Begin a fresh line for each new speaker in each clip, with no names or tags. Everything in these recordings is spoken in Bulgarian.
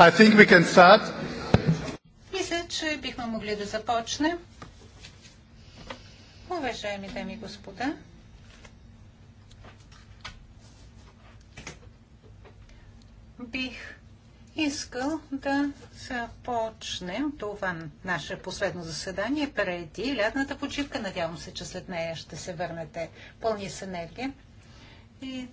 I think we can start.
Мисля, че бихме могли да започнем. Уважаеми дами и господа, бих искал да започнем това наше последно заседание преди лятната почивка. Надявам се, че след нея ще се върнете пълни с енергия. И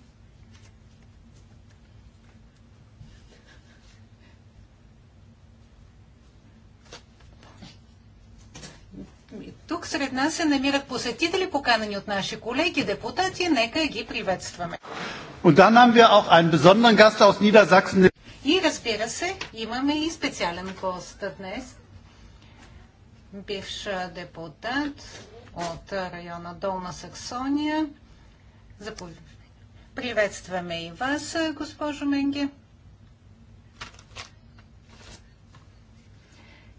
Тук сред нас се намират посетители, поканени от наши колеги депутати. Нека ги приветстваме. И разбира се, имаме и специален гост днес. Бивш депутат от района Долна Саксония. Приветстваме и вас, госпожо Менге.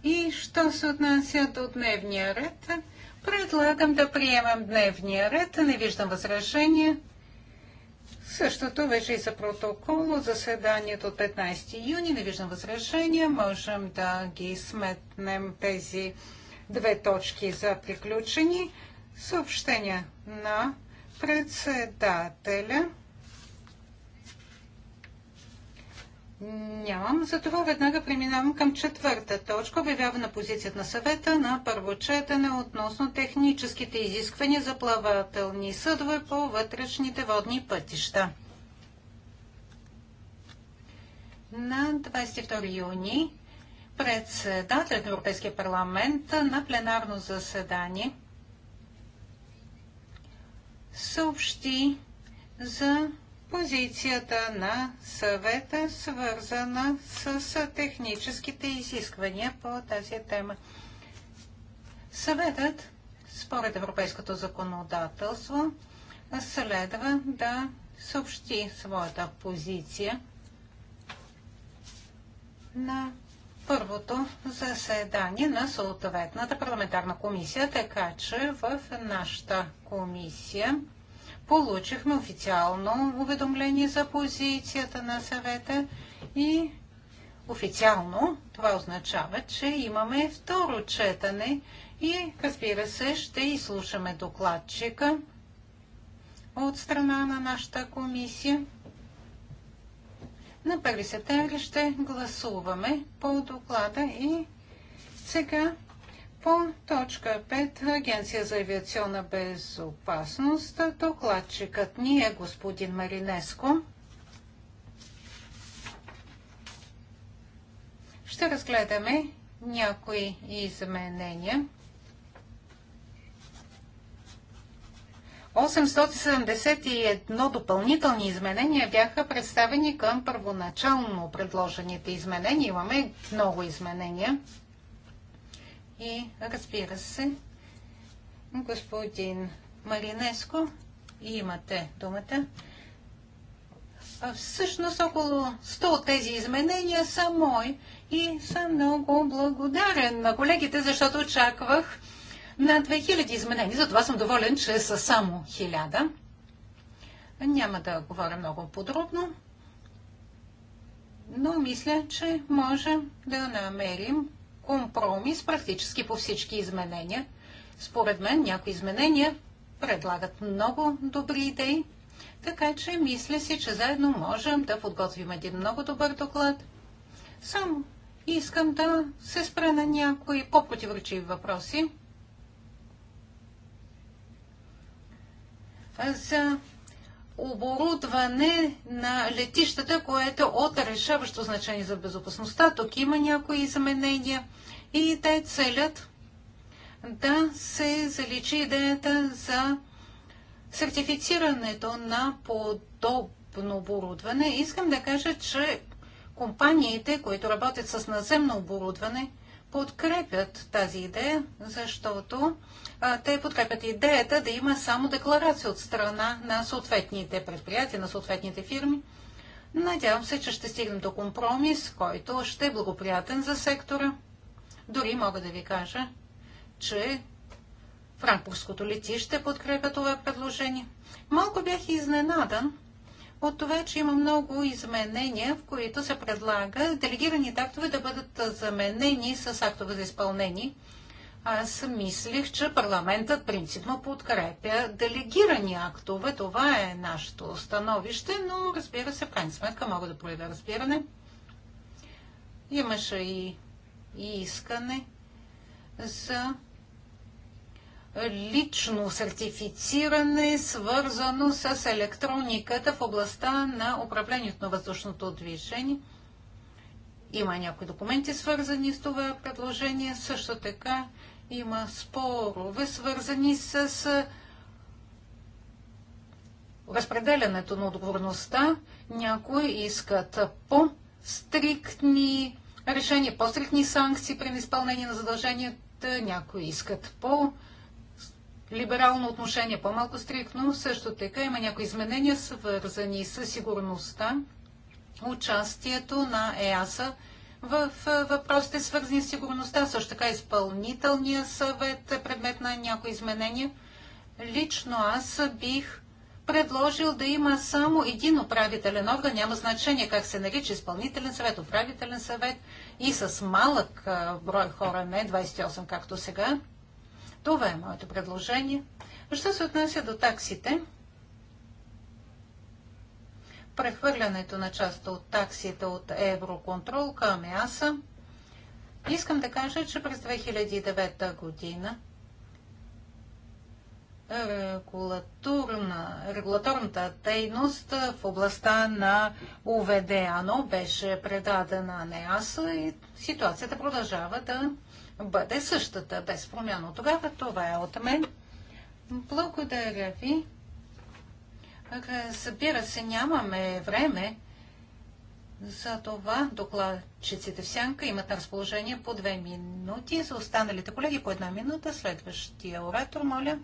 И що се отнася до дневния ред, предлагам да приемам дневния ред. Не виждам възражения. Същото вече и за протокол от заседанието от 15 юни. Не виждам възражения. Можем да ги сметнем тези две точки за приключени. Съобщения на председателя. Нямам, затова веднага преминавам към четвърта точка, обявява на позицията на съвета на първо четене относно техническите изисквания за плавателни съдове по вътрешните водни пътища. На 22 юни председателят на Европейския парламент на пленарно заседание съобщи за позицията на съвета, свързана с техническите изисквания по тази тема. Съветът, според европейското законодателство, следва да съобщи своята позиция на първото заседание на съответната парламентарна комисия, така че в нашата комисия Получихме официално уведомление за позицията на съвета и официално това означава, че имаме второ четане и разбира се ще изслушаме докладчика от страна на нашата комисия. На 1 септември ще гласуваме по доклада и сега по точка 5 Агенция за авиационна безопасност докладчикът ни е господин Маринеско. Ще разгледаме някои изменения. 871 допълнителни изменения бяха представени към първоначално предложените изменения. Имаме много изменения. И разбира се, господин Маринеско, имате думата. Всъщност около 100 от тези изменения са мои и съм много благодарен на колегите, защото очаквах на 2000 изменения. Затова съм доволен, че са само 1000. Няма да говоря много подробно, но мисля, че можем да намерим компромис практически по всички изменения. Според мен някои изменения предлагат много добри идеи, така че мисля си, че заедно можем да подготвим един много добър доклад. Само искам да се спра на някои по-противоречиви въпроси. За оборудване на летищата, което е от решаващо значение за безопасността. Тук има някои изменения и те целят да се заличи идеята за сертифицирането на подобно оборудване. Искам да кажа, че компаниите, които работят с наземно оборудване – подкрепят тази идея, защото а, те подкрепят идеята да има само декларация от страна на съответните предприятия, на съответните фирми. Надявам се, че ще стигнем до компромис, който ще е благоприятен за сектора. Дори мога да ви кажа, че Франкфуртското летище подкрепя това предложение. Малко бях изненадан, от това, че има много изменения, в които се предлага делегираните актове да бъдат заменени с актове за изпълнение. Аз мислих, че парламентът принципно подкрепя делегирани актове. Това е нашето становище, но разбира се, в крайна сметка мога да проведа разбиране. Имаше и, и искане за лично сертифициране, свързано с електрониката в областта на управлението на въздушното движение. Има някои документи, свързани с това предложение. Също така има спорове, свързани с разпределянето на отговорността. Някои искат по-стриктни решения, по-стриктни санкции при изпълнение на задълженията, някои искат по- либерално отношение, по-малко стриктно. Също така има някои изменения, свързани с сигурността, участието на ЕАСА в въпросите, свързани с сигурността. Също така изпълнителния съвет е предмет на някои изменения. Лично аз бих предложил да има само един управителен орган, няма значение как се нарича изпълнителен съвет, управителен съвет и с малък брой хора, не 28 както сега. Това е моето предложение. Що се отнася до таксите? Прехвърлянето на част от таксите от Евроконтрол към ЕАСА. Искам да кажа, че през 2009 година регулаторна, регулаторната дейност в областта на УВД АНО беше предадена на ЕАС и ситуацията продължава да бъде същата, без промяна. Тогава това е от мен. Благодаря ви. Разбира се, нямаме време. За това докладчиците в сянка имат на разположение по две минути. За останалите колеги по една минута. Следващия оратор, моля.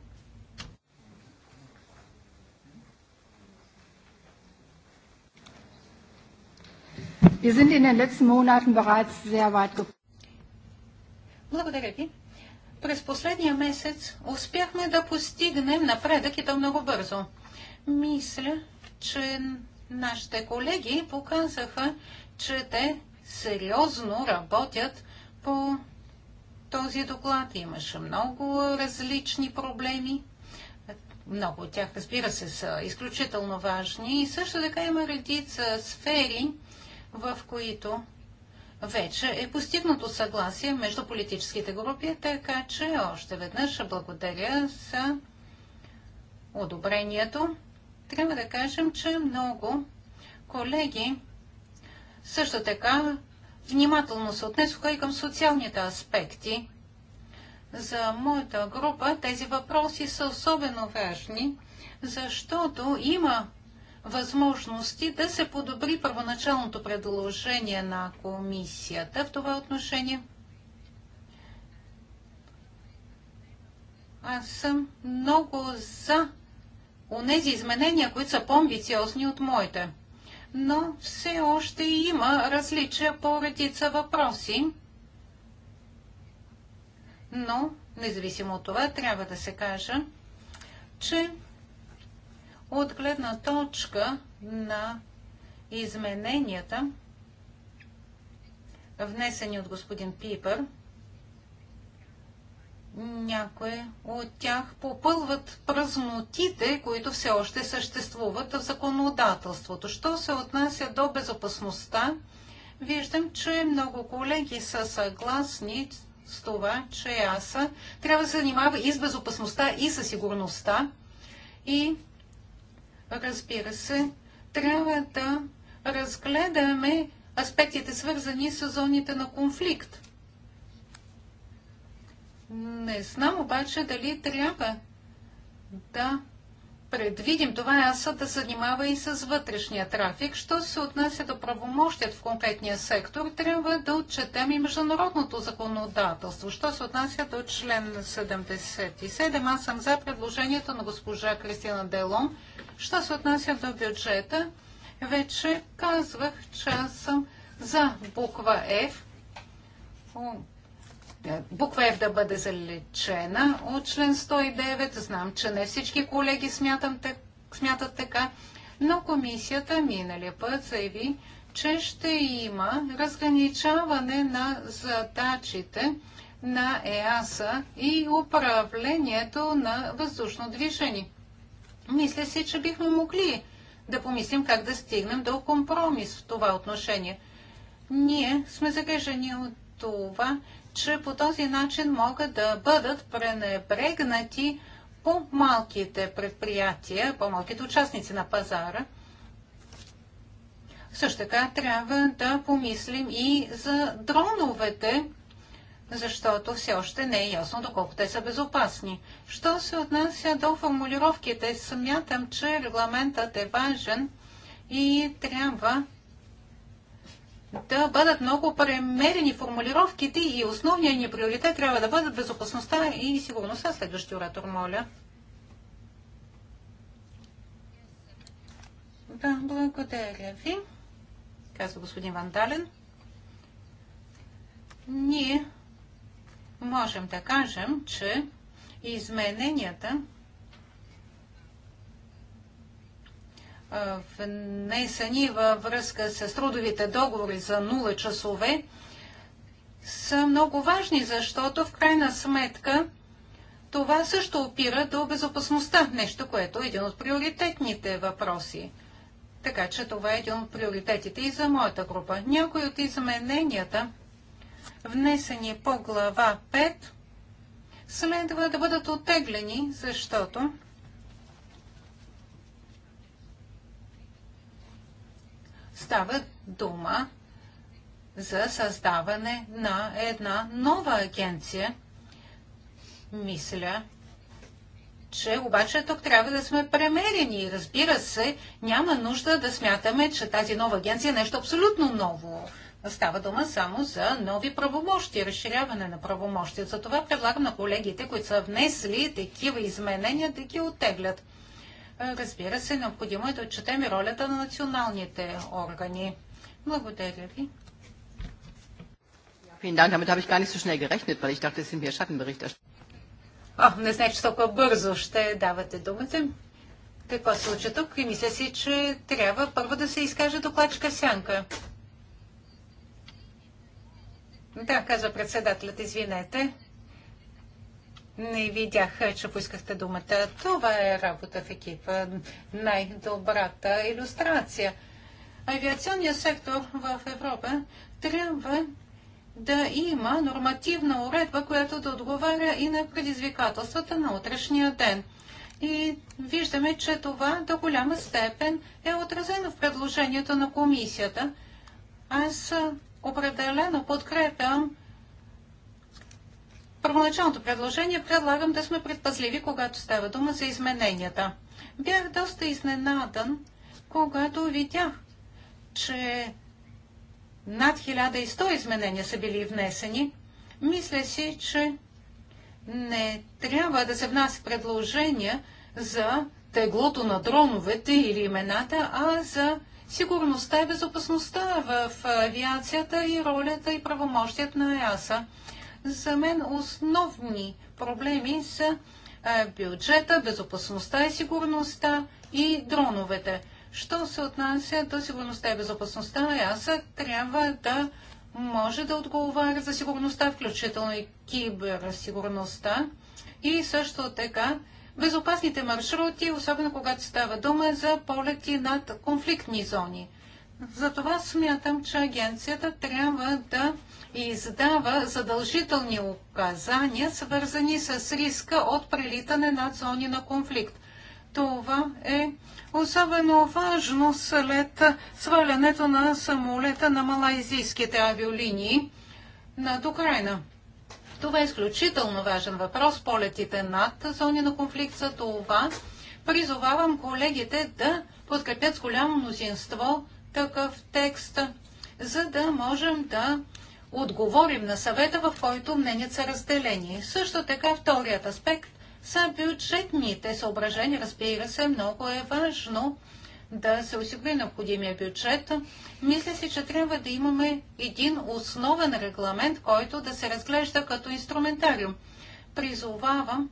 Wir sind in den letzten Monaten bereits sehr weit благодаря ви. През последния месец успяхме да постигнем напредък и то много бързо. Мисля, че нашите колеги показаха, че те сериозно работят по този доклад. Имаше много различни проблеми. Много от тях, разбира се, са изключително важни. И също така има редица сфери, в които вече е постигнато съгласие между политическите групи, така че още веднъж благодаря за одобрението. Трябва да кажем, че много колеги също така внимателно се отнесоха и към социалните аспекти. За моята група тези въпроси са особено важни, защото има възможности да се подобри първоначалното предложение на комисията в това отношение. Аз съм много за онези изменения, които са по-амбициозни от моите. Но все още има различия по редица въпроси. Но, независимо от това, трябва да се каже, че от гледна точка на измененията, внесени от господин Пипър, някои от тях попълват празнотите, които все още съществуват в законодателството. Що се отнася до безопасността, виждам, че много колеги са съгласни с това, че АСА трябва да се занимава и с безопасността, и със сигурността. И разбира се, трябва да разгледаме аспектите, свързани с зоните на конфликт. Не знам обаче дали трябва да предвидим това ЕАСА да занимава и с вътрешния трафик. Що се отнася до правомощият в конкретния сектор, трябва да отчетем и международното законодателство. Що се отнася до член 77, аз съм за предложението на госпожа Кристина Делон. Що се отнася до бюджета, вече казвах, че аз съм за буква F буква F да бъде залечена от член 109. Знам, че не всички колеги смятам, смятат така, но комисията миналия път заяви, че ще има разграничаване на задачите на ЕАСА и управлението на въздушно движение. Мисля си, че бихме могли да помислим как да стигнем до компромис в това отношение. Ние сме загрежени от това, че по този начин могат да бъдат пренебрегнати по-малките предприятия, по-малките участници на пазара. Също така трябва да помислим и за дроновете, защото все още не е ясно доколко те са безопасни. Що се отнася до формулировките, смятам, че регламентът е важен и трябва да бъдат много премерени формулировките и основният ни приоритет трябва да бъдат безопасността и сигурността. Следващия оратор, моля. Да, благодаря ви, казва господин Вандален. Ние можем да кажем, че измененията внесени във връзка с трудовите договори за 0 часове, са много важни, защото в крайна сметка това също опира до безопасността, нещо, което е един от приоритетните въпроси. Така че това е един от приоритетите и за моята група. Някои от измененията, внесени по глава 5, следва да бъдат оттеглени, защото става дума за създаване на една нова агенция. Мисля, че обаче тук трябва да сме премерени. Разбира се, няма нужда да смятаме, че тази нова агенция е нещо абсолютно ново. Става дума само за нови правомощи, разширяване на правомощи. Затова предлагам на колегите, които са внесли такива изменения, да ги оттеглят. Разбира се, необходимо е да отчетем и ролята на националните органи. Благодаря ви. не знаех, че толкова бързо ще давате думата. Какво се случи тук? И мисля си, че трябва първо да се изкаже докладчка Сянка. Да, казва председателят, извинете не видях, е, че поискахте думата. Това е работа в екипа. Най-добрата иллюстрация. Авиационният сектор в Европа трябва да има нормативна уредба, която да отговаря и на предизвикателствата на утрешния ден. И виждаме, че това до голяма степен е отразено в предложението на комисията. Аз определено подкрепям първоначалното предложение предлагам да сме предпазливи, когато става дума за измененията. Бях доста изненадан, когато видях, че над 1100 изменения са били внесени. Мисля си, че не трябва да се внася предложения за теглото на дроновете или имената, а за сигурността и безопасността в авиацията и ролята и правомощият на ЕАСА. За мен основни проблеми са е, бюджета, безопасността и сигурността и дроновете. Що се отнася до сигурността и безопасността, аз трябва да може да отговаря за сигурността, включително и киберсигурността. И също така безопасните маршрути, особено когато става дума за полети над конфликтни зони. Затова смятам, че агенцията трябва да издава задължителни указания, свързани с риска от прелитане над зони на конфликт. Това е особено важно след свалянето на самолета на малайзийските авиолинии над Украина. Това е изключително важен въпрос. Полетите над зони на конфликт за това призовавам колегите да подкрепят с голямо мнозинство такъв текст, за да можем да отговорим на съвета, в който мненията са разделени. Също така вторият аспект са бюджетните съображения. Разбира се, много е важно да се осигури необходимия бюджет. Мисля си, че трябва да имаме един основен регламент, който да се разглежда като инструментариум. Призовавам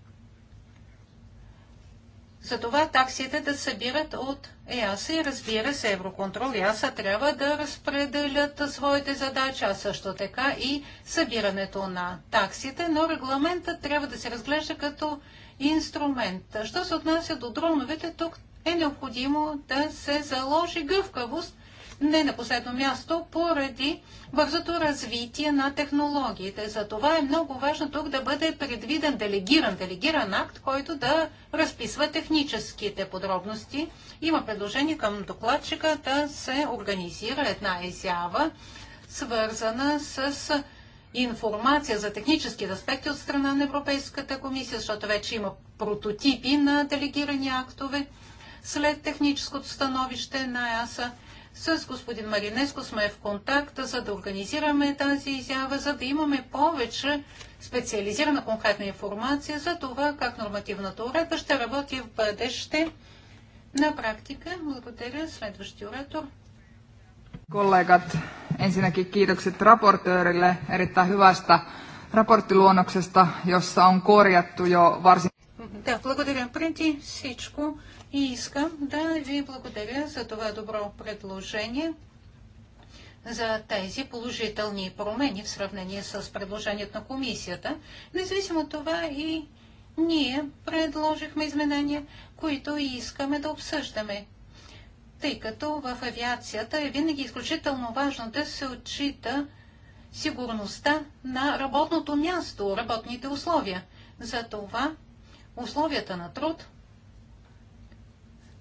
затова таксите да събират от ЕАСА и разбира се, Евроконтрол ЕАСА трябва да разпределят своите задачи, а също така и събирането на таксите, но регламентът трябва да се разглежда като инструмент. Що се отнася до дроновете, тук е необходимо да се заложи гъвкавост, не на последно място, поради бързото развитие на технологиите. За това е много важно тук да бъде предвиден делегиран, делегиран акт, който да разписва техническите подробности. Има предложение към докладчика да се организира една изява, свързана с информация за технически аспекти от страна на Европейската комисия, защото вече има прототипи на делегирани актове. След техническото становище на ЕАСА с господин Маринеско сме в контакт, за да организираме тази изява, за да имаме повече специализирана конкретна информация за това как нормативната уредба ще работи в бъдеще. На практика, благодаря. Следващия оратор.
Колегат, ensinnäkin kiitokset raportöörille erittäin hyvästä raporttiluonnoksesta, jossa on korjattu jo varsin...
Да, благодаря Принти, всичко. И искам да ви благодаря за това добро предложение, за тези положителни промени в сравнение с предложението на комисията. Независимо от това и ние предложихме изменения, които искаме да обсъждаме тъй като в авиацията е винаги изключително важно да се отчита сигурността на работното място, работните условия. За това условията на труд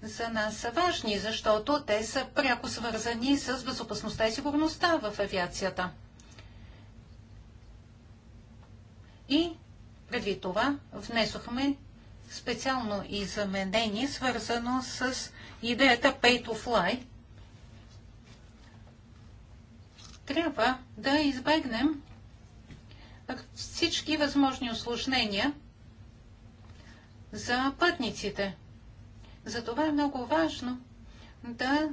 за нас са важни, защото те са пряко свързани с безопасността и сигурността в авиацията. И преди това внесохме специално изменение, свързано с идеята Pay to Fly. Трябва да избегнем всички възможни осложнения за пътниците. Затова е много важно да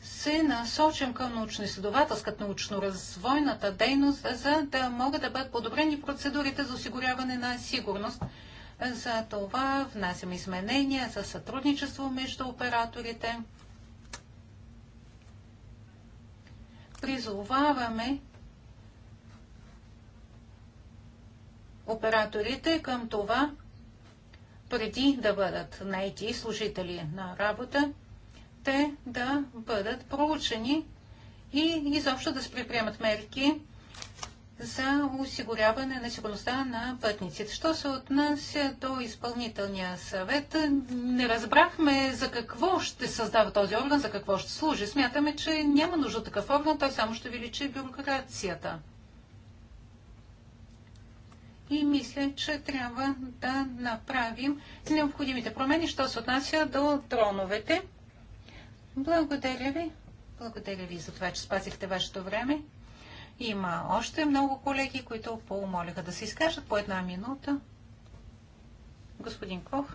се насочим към научно-изследователската, научно-развойната дейност, за да могат да бъдат подобрени процедурите за осигуряване на сигурност. За това внасяме изменения за сътрудничество между операторите. Призоваваме операторите към това преди да бъдат наети служители на работа, те да бъдат проучени и изобщо да се приприемат мерки за осигуряване на сигурността на пътниците. Що се отнася до изпълнителния съвет, не разбрахме за какво ще създава този орган, за какво ще служи. Смятаме, че няма нужда такъв орган, той само ще увеличи бюрокрацията и мисля, че трябва да направим необходимите промени, що се отнася до дроновете. Благодаря ви. Благодаря ви за това, че спазихте вашето време. Има още много колеги, които помолиха да се изкажат по една минута. Господин Кох.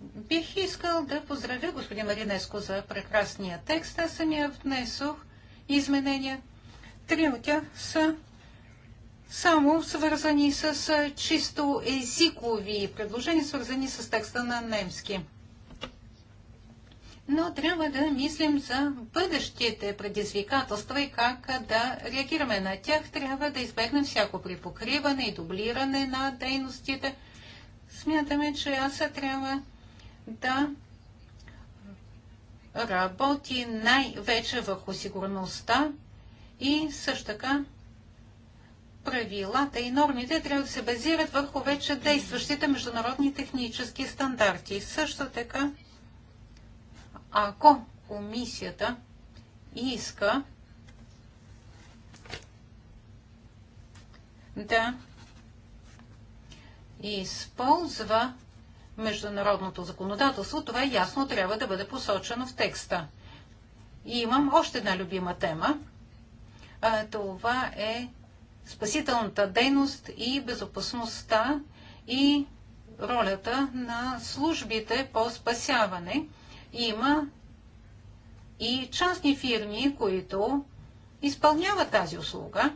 Бих искал да поздравя господин Маринеско за прекрасния текст. Аз самия внесох изменения. Три от тях са само свързани с чисто езикови предложения, свързани с текста на немски. Но трябва да мислим за бъдещите предизвикателства и как да реагираме на тях. Трябва да избегнем всяко припокриване и дублиране на дейностите. Смятаме, че аз трябва да работи най-вече върху сигурността и също така правилата и нормите трябва да се базират върху вече действащите международни технически стандарти. Също така, ако комисията иска да използва международното законодателство, това ясно трябва да бъде посочено в текста. И имам още една любима тема. Това е спасителната дейност и безопасността и ролята на службите по спасяване. Има и частни фирми, които изпълняват тази услуга.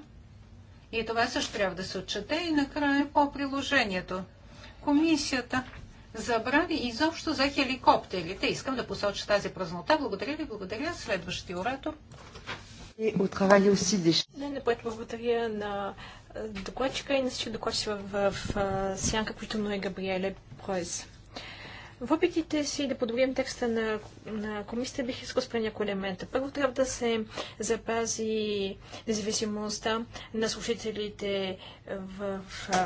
И това също трябва да се отчете и накрая по приложението. Комисията забрави изобщо за хеликоптерите. Искам да посоча тази празнота. Благодаря ви, благодаря. Следващия оратор.
Не,
напред благодаря на докладчика и на всички докладчици в, в, сянка, но е Габриеле Проез. В опитите си да подобрим текста на, на комисията бих искал спрени няколко елемента. Първо трябва да се запази независимостта на слушателите в,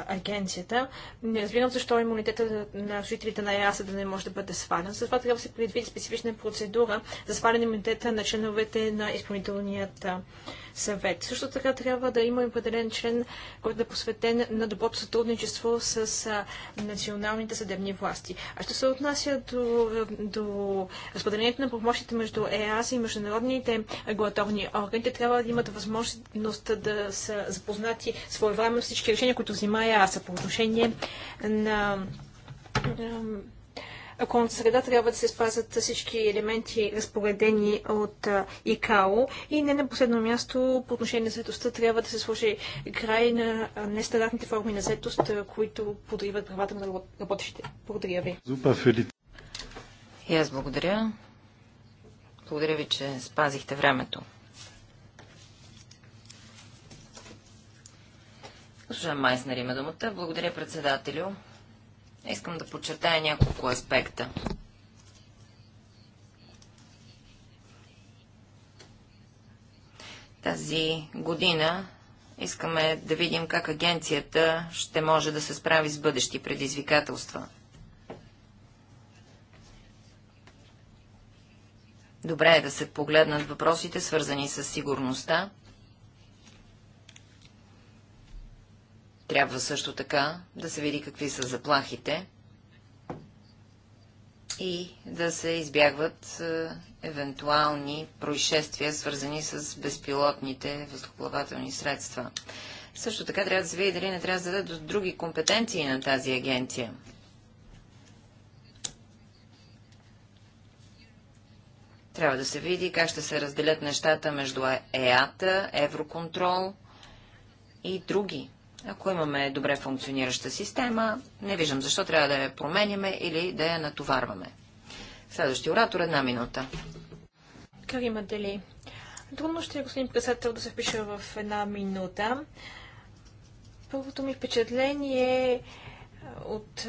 агенцията. Не разбирам защо имунитета на жителите на ЕАСА да не може да бъде свален. Затова трябва да се предвиди специфична процедура за сваляне имунитета на членовете на изпълнителният съвет. Също така трябва да има определен член, който да е посветен на доброто сътрудничество с националните съдебни власти. А що се отнася до, до разпределението на помощите между ЕАС и международните регулаторни органи, те трябва да имат възможност да са запознати своевременно с всички решения, които взима аз по отношение на околната среда трябва да се спазят всички елементи, разпоредени от ИКАО. И не на последно място, по отношение на заедостта, трябва да се сложи край на нестандартните форми на заедост,
които подриват правата на работещите. Благодаря ви. И аз благодаря. Благодаря ви, че спазихте времето. Госпожа Майснер има думата. Благодаря, председателю. Искам да подчертая няколко аспекта. Тази година искаме да видим как агенцията ще може да се справи с бъдещи предизвикателства. Добре е да се погледнат въпросите, свързани с сигурността Трябва също така да се види какви са заплахите и да се избягват е, евентуални происшествия, свързани с безпилотните въздухоплавателни средства. Също така трябва да се види дали не трябва да дадат други компетенции на тази агенция. Трябва да се види как ще се разделят нещата между е- ЕАТА, Евроконтрол и други ако имаме добре функционираща система, не виждам защо трябва да я променяме или да я натоварваме. Следващия оратор една минута.
Карима Дели. Трудно ще е, господин председател, да се впиша в една минута. Първото ми впечатление е от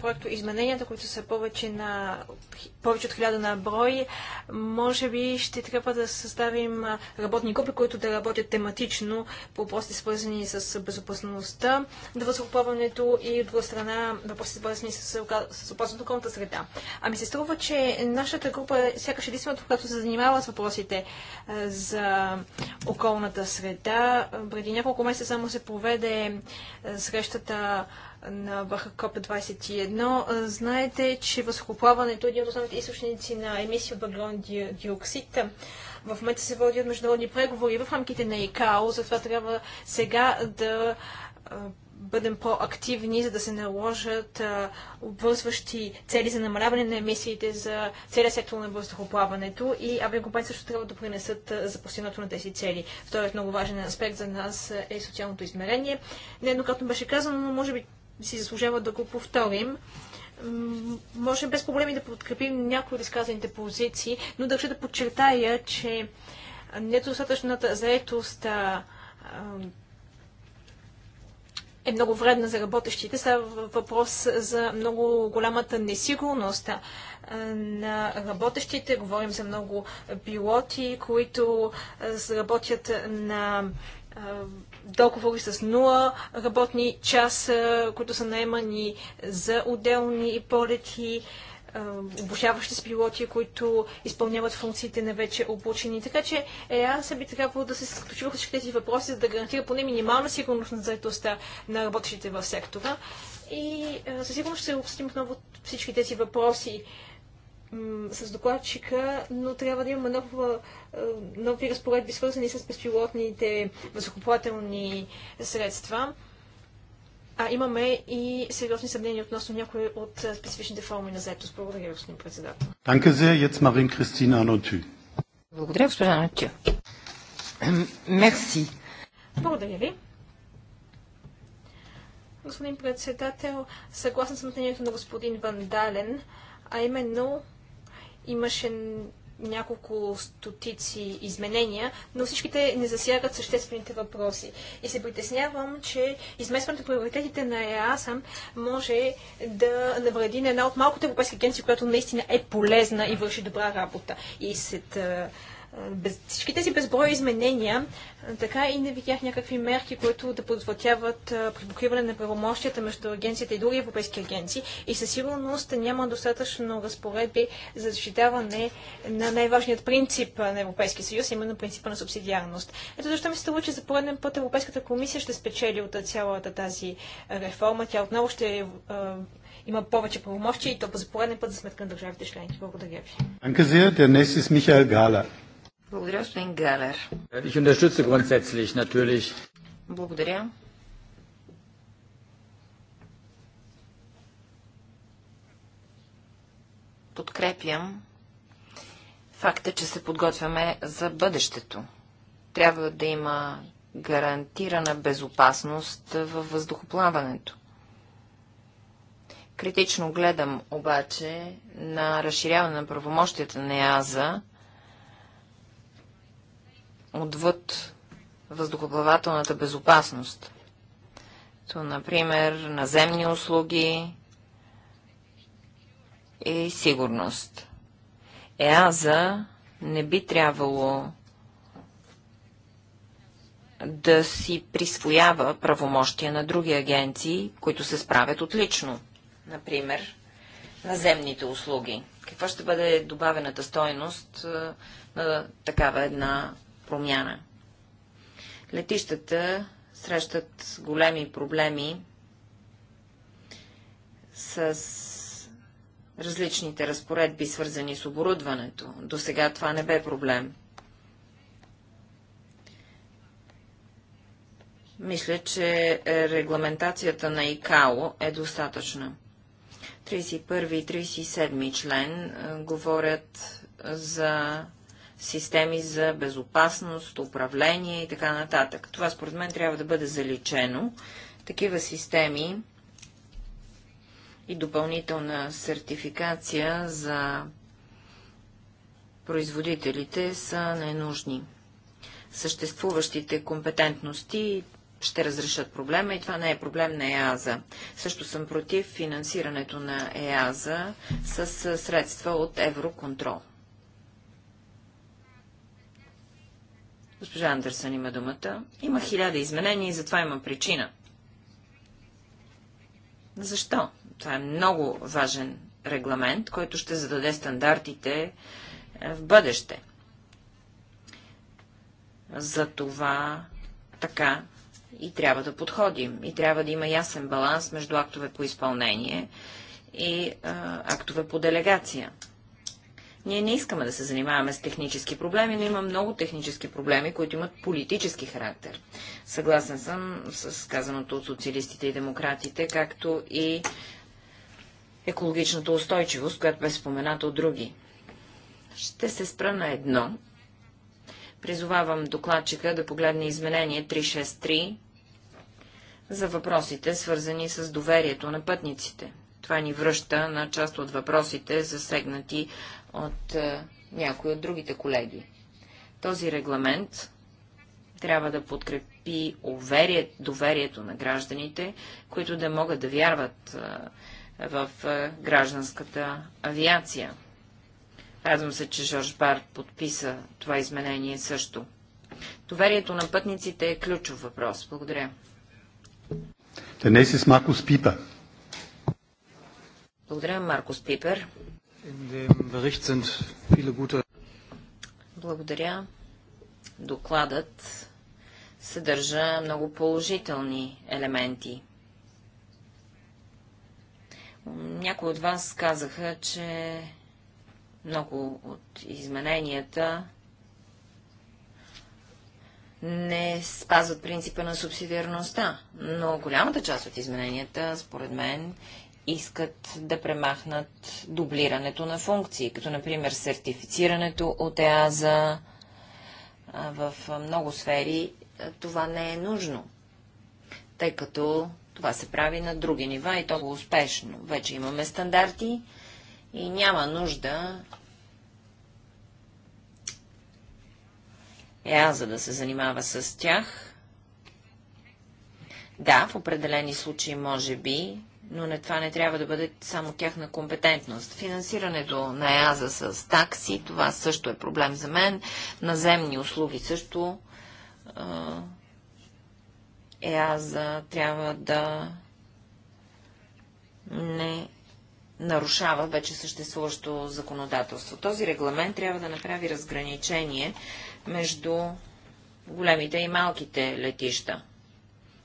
проекто измененията, които са повече, на, повече от хиляда на брой, може би ще трябва да съставим работни групи, които да работят тематично по въпроси, свързани с безопасността, дървосъкопаването и от друга страна въпроси, свързани с, с опасност на околната среда. Ами се струва, че нашата група е сякаш единствената, която се занимава с въпросите за околната среда. Преди няколко месеца само се проведе срещата на Баха КОП-21. Знаете, че възхоплаването е един от основните източници на емисии от въглероден диоксид. В момента се водят международни преговори в рамките на ИКАО, затова трябва сега да бъдем по-активни, за да се наложат обвързващи цели за намаляване на емисиите за целия сектор на въздухоплаването и авиакомпании също трябва да принесат за постигнато на тези цели. Вторият много важен аспект за нас е социалното измерение. Нееднократно беше казано, но може би си заслужава да го повторим. Можем без проблеми да подкрепим някои от изказаните позиции, но държа да подчертая, че недостатъчната заетост е много вредна за работещите. Става въпрос за много голямата несигурност на работещите. Говорим за много пилоти, които работят на договори с нула работни часа, които са наемани за отделни полети, обучаващи с пилоти, които изпълняват функциите на вече обучени. Така че се би трябвало да се съсредоточи всички тези въпроси, за да гарантира поне минимална сигурност на заедостта на работещите в сектора. И със сигурност ще се обсъдим отново всички тези въпроси с докладчика, но трябва да имаме нова, нови разпоредби, свързани с безпилотните въздухоплавателни средства. А имаме и сериозни съмнения относно някои от специфичните форми на заетост. Благодаря, господин председател.
Благодаря, госпожа Анатю. Мерси.
Благодаря ви. Господин председател, съгласен съм с мнението на господин Вандален, а именно Имаше няколко стотици изменения, но всичките не засягат съществените въпроси. И се притеснявам, че изместването приоритетите на ЕАСА може да навреди на една от малкото европейски агенции, която наистина е полезна и върши добра работа. И след без, всички тези безброя изменения, така и не видях някакви мерки, които да подвратяват припокриване на правомощията между агенцията и други европейски агенции. И със сигурност няма достатъчно разпоредби за защитаване на най-важният принцип на Европейския съюз, именно принципа на субсидиарност. Ето защо ми се че за пореден път Европейската комисия ще спечели от цялата тази реформа. Тя отново ще е, има повече правомощия и то за пореден път за сметка на държавите членки.
Благодаря ви.
Анказия, Михаил Гала.
Благодаря, господин Галер.
Ich unterstütze grundsätzlich, natürlich.
Благодаря. Подкрепям факта, че се подготвяме за бъдещето. Трябва да има гарантирана безопасност във въздухоплаването. Критично гледам обаче на разширяване на правомощията на ЕАЗа отвъд въздухоплавателната безопасност. То, например, наземни услуги и сигурност. ЕАЗа не би трябвало да си присвоява правомощия на други агенции, които се справят отлично. Например, наземните услуги. Каква ще бъде добавената стойност на такава една промяна. Летищата срещат големи проблеми с различните разпоредби, свързани с оборудването. До сега това не бе проблем. Мисля, че регламентацията на ИКАО е достатъчна. 31 и 37 член говорят за системи за безопасност, управление и така нататък. Това според мен трябва да бъде заличено. Такива системи и допълнителна сертификация за производителите са ненужни. Съществуващите компетентности ще разрешат проблема и това не е проблем на ЕАЗа. Също съм против финансирането на ЕАЗа с средства от Евроконтрол. Госпожа Андерсън има думата. Има хиляда изменения и затова има причина. Защо? Това е много важен регламент, който ще зададе стандартите е, в бъдеще. За това така и трябва да подходим. И трябва да има ясен баланс между актове по изпълнение и а, актове по делегация. Ние не искаме да се занимаваме с технически проблеми, но има много технически проблеми, които имат политически характер. Съгласен съм с казаното от социалистите и демократите, както и екологичната устойчивост, която бе спомената от други. Ще се спра на едно. Призовавам докладчика да погледне изменение 363 за въпросите, свързани с доверието на пътниците. Това ни връща на част от въпросите, засегнати от е, някои от другите колеги. Този регламент трябва да подкрепи уверие, доверието на гражданите, които да могат да вярват е, в е, гражданската авиация. Радвам се, че Жорж Бар подписа това изменение също. Доверието на пътниците е ключов въпрос. Благодаря.
Днес е Маркус Пипер.
Благодаря, Маркус Пипер. Благодаря. Докладът съдържа много положителни елементи. Някои от вас казаха, че много от измененията не спазват принципа на субсидиарността, но голямата част от измененията, според мен, искат да премахнат дублирането на функции, като например сертифицирането от ЕАЗа. В много сфери това не е нужно, тъй като това се прави на други нива и то е успешно. Вече имаме стандарти и няма нужда ЕАЗа да се занимава с тях. Да, в определени случаи може би но не, това не трябва да бъде само тяхна компетентност. Финансирането на ЕАЗа с такси, това също е проблем за мен. Наземни услуги също. ЕАЗа трябва да не нарушава вече съществуващо законодателство. Този регламент трябва да направи разграничение между големите и малките летища.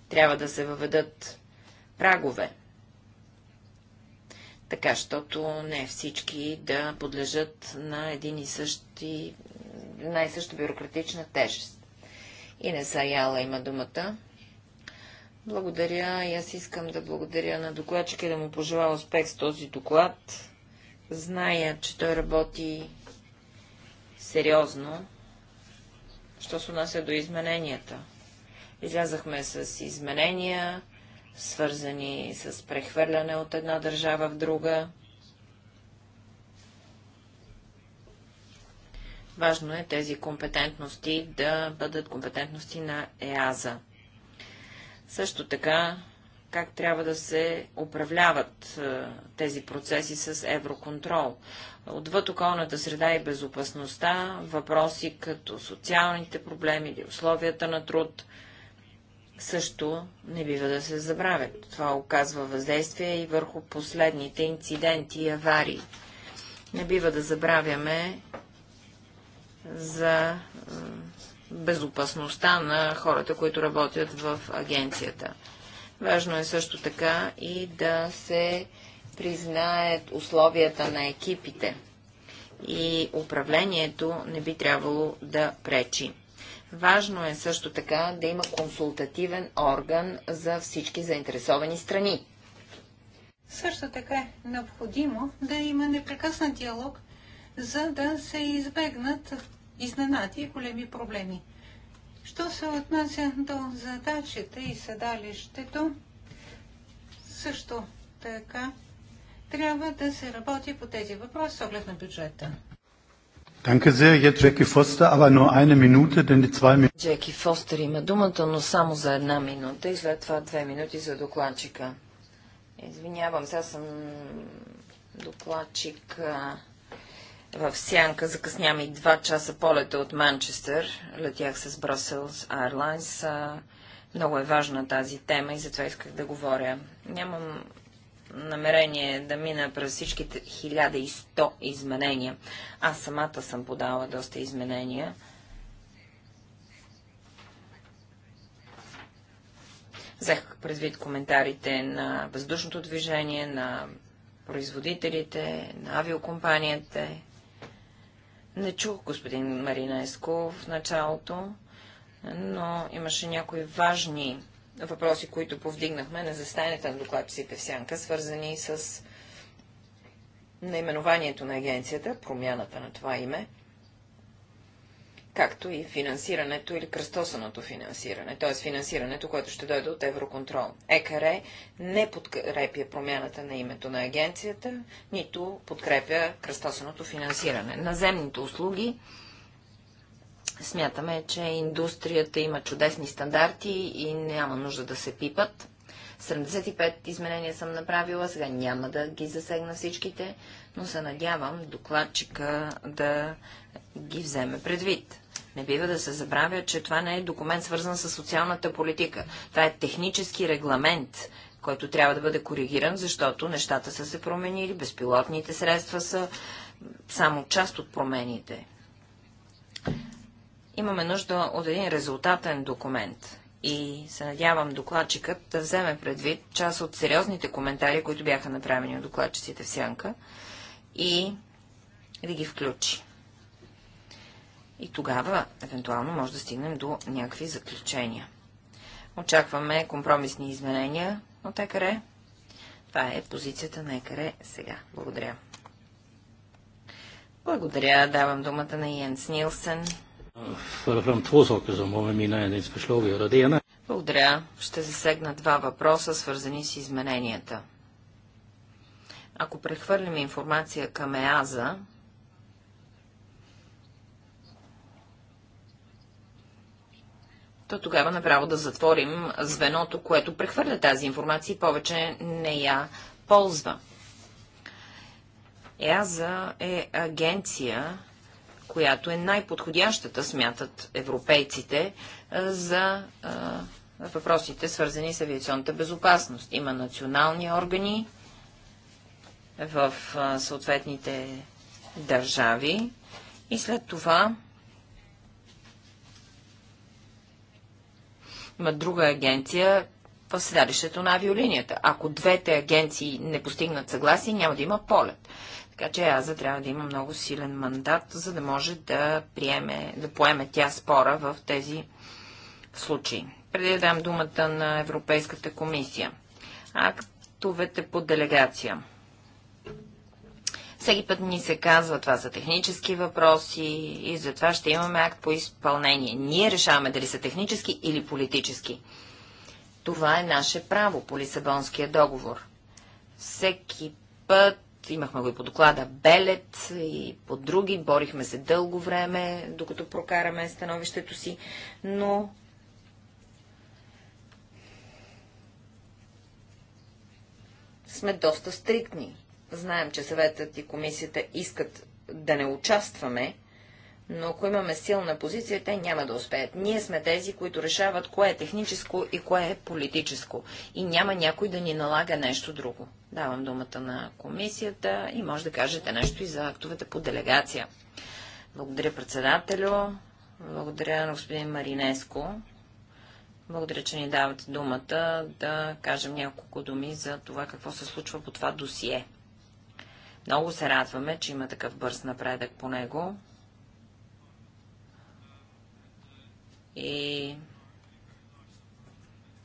Трябва да се въведат прагове така, щото не всички да подлежат на един и същи, най-съща бюрократична тежест. И не са яла има думата. Благодаря и аз искам да благодаря на докладчика и да му пожелая успех с този доклад. Зная, че той работи сериозно, що се отнася до измененията. Излязахме с изменения, свързани с прехвърляне от една държава в друга. Важно е тези компетентности да бъдат компетентности на ЕАЗа. Също така, как трябва да се управляват е, тези процеси с евроконтрол. Отвъд околната среда и безопасността, въпроси като социалните проблеми или условията на труд – също не бива да се забравят. Това оказва въздействие и върху последните инциденти и аварии. Не бива да забравяме за безопасността на хората, които работят в агенцията. Важно е също така и да се признаят условията на екипите и управлението не би трябвало да пречи. Важно е също така да има консултативен орган за всички заинтересовани страни.
Също така е необходимо да има непрекъснат диалог, за да се избегнат изненади и големи проблеми. Що се отнася до задачите и седалището, също така трябва да се работи по тези въпроси с оглед на бюджета.
Danke sehr, jetzt Jackie Foster, aber nur eine Minute, denn die zwei Minuten... Джеки
Фостер има думата, но само за една минута и след това две минути за докладчика. Извинявам, сега съм докладчик в Сянка. закъснявам и два часа полета от Манчестър. Летях с Brussels Airlines. Много е важна тази тема и затова исках да говоря. Нямам намерение е да мина през всичките 1100 изменения. Аз самата съм подала доста изменения. Взех предвид коментарите на въздушното движение, на производителите, на авиокомпаниите. Не чух господин Маринеско в началото, но имаше някои важни въпроси, които повдигнахме на застанията на докладците в Сянка, свързани с наименованието на агенцията, промяната на това име, както и финансирането или кръстосаното финансиране, т.е. финансирането, което ще дойде от Евроконтрол. ЕКР не подкрепя промяната на името на агенцията, нито подкрепя кръстосаното финансиране. Наземните услуги Смятаме, че индустрията има чудесни стандарти и няма нужда да се пипат. 75 изменения съм направила, сега няма да ги засегна всичките, но се надявам докладчика да ги вземе предвид. Не бива да се забравя, че това не е документ свързан с социалната политика. Това е технически регламент, който трябва да бъде коригиран, защото нещата са се променили, безпилотните средства са само част от промените. Имаме нужда от един резултатен документ. И се надявам докладчикът да вземе предвид част от сериозните коментари, които бяха направени от докладчиците в Сянка и да ги включи. И тогава, евентуално, може да стигнем до някакви заключения. Очакваме компромисни изменения от ЕКР. Това е позицията на ЕКР сега. Благодаря. Благодаря. Давам думата на Йенс Нилсен.
Благодаря.
Ще засегна два въпроса, свързани с измененията. Ако прехвърлим информация към ЕАЗа, то тогава направо да затворим звеното, което прехвърля тази информация и повече не я ползва. ЕАЗа е агенция, която е най-подходящата, смятат европейците, за въпросите, свързани с авиационната безопасност. Има национални органи в съответните държави и след това има друга агенция в седалището на авиолинията. Ако двете агенции не постигнат съгласие, няма да има полет. Така че Аза трябва да има много силен мандат, за да може да, приеме, да поеме тя спора в тези случаи. Преди да дам думата на Европейската комисия. Актовете по делегация. Всеки път ни се казва, това са технически въпроси и затова ще имаме акт по изпълнение. Ние решаваме дали са технически или политически. Това е наше право по Лисабонския договор. Всеки път Имахме го и по доклада Белет и по други. Борихме се дълго време, докато прокараме становището си, но сме доста стриктни. Знаем, че съветът и комисията искат да не участваме но ако имаме силна позиция, те няма да успеят. Ние сме тези, които решават кое е техническо и кое е политическо. И няма някой да ни налага нещо друго. Давам думата на комисията и може да кажете нещо и за актовете по делегация. Благодаря председателю, благодаря на господин Маринеско, благодаря, че ни давате думата да кажем няколко думи за това какво се случва по това досие. Много се радваме, че има такъв бърз напредък по него И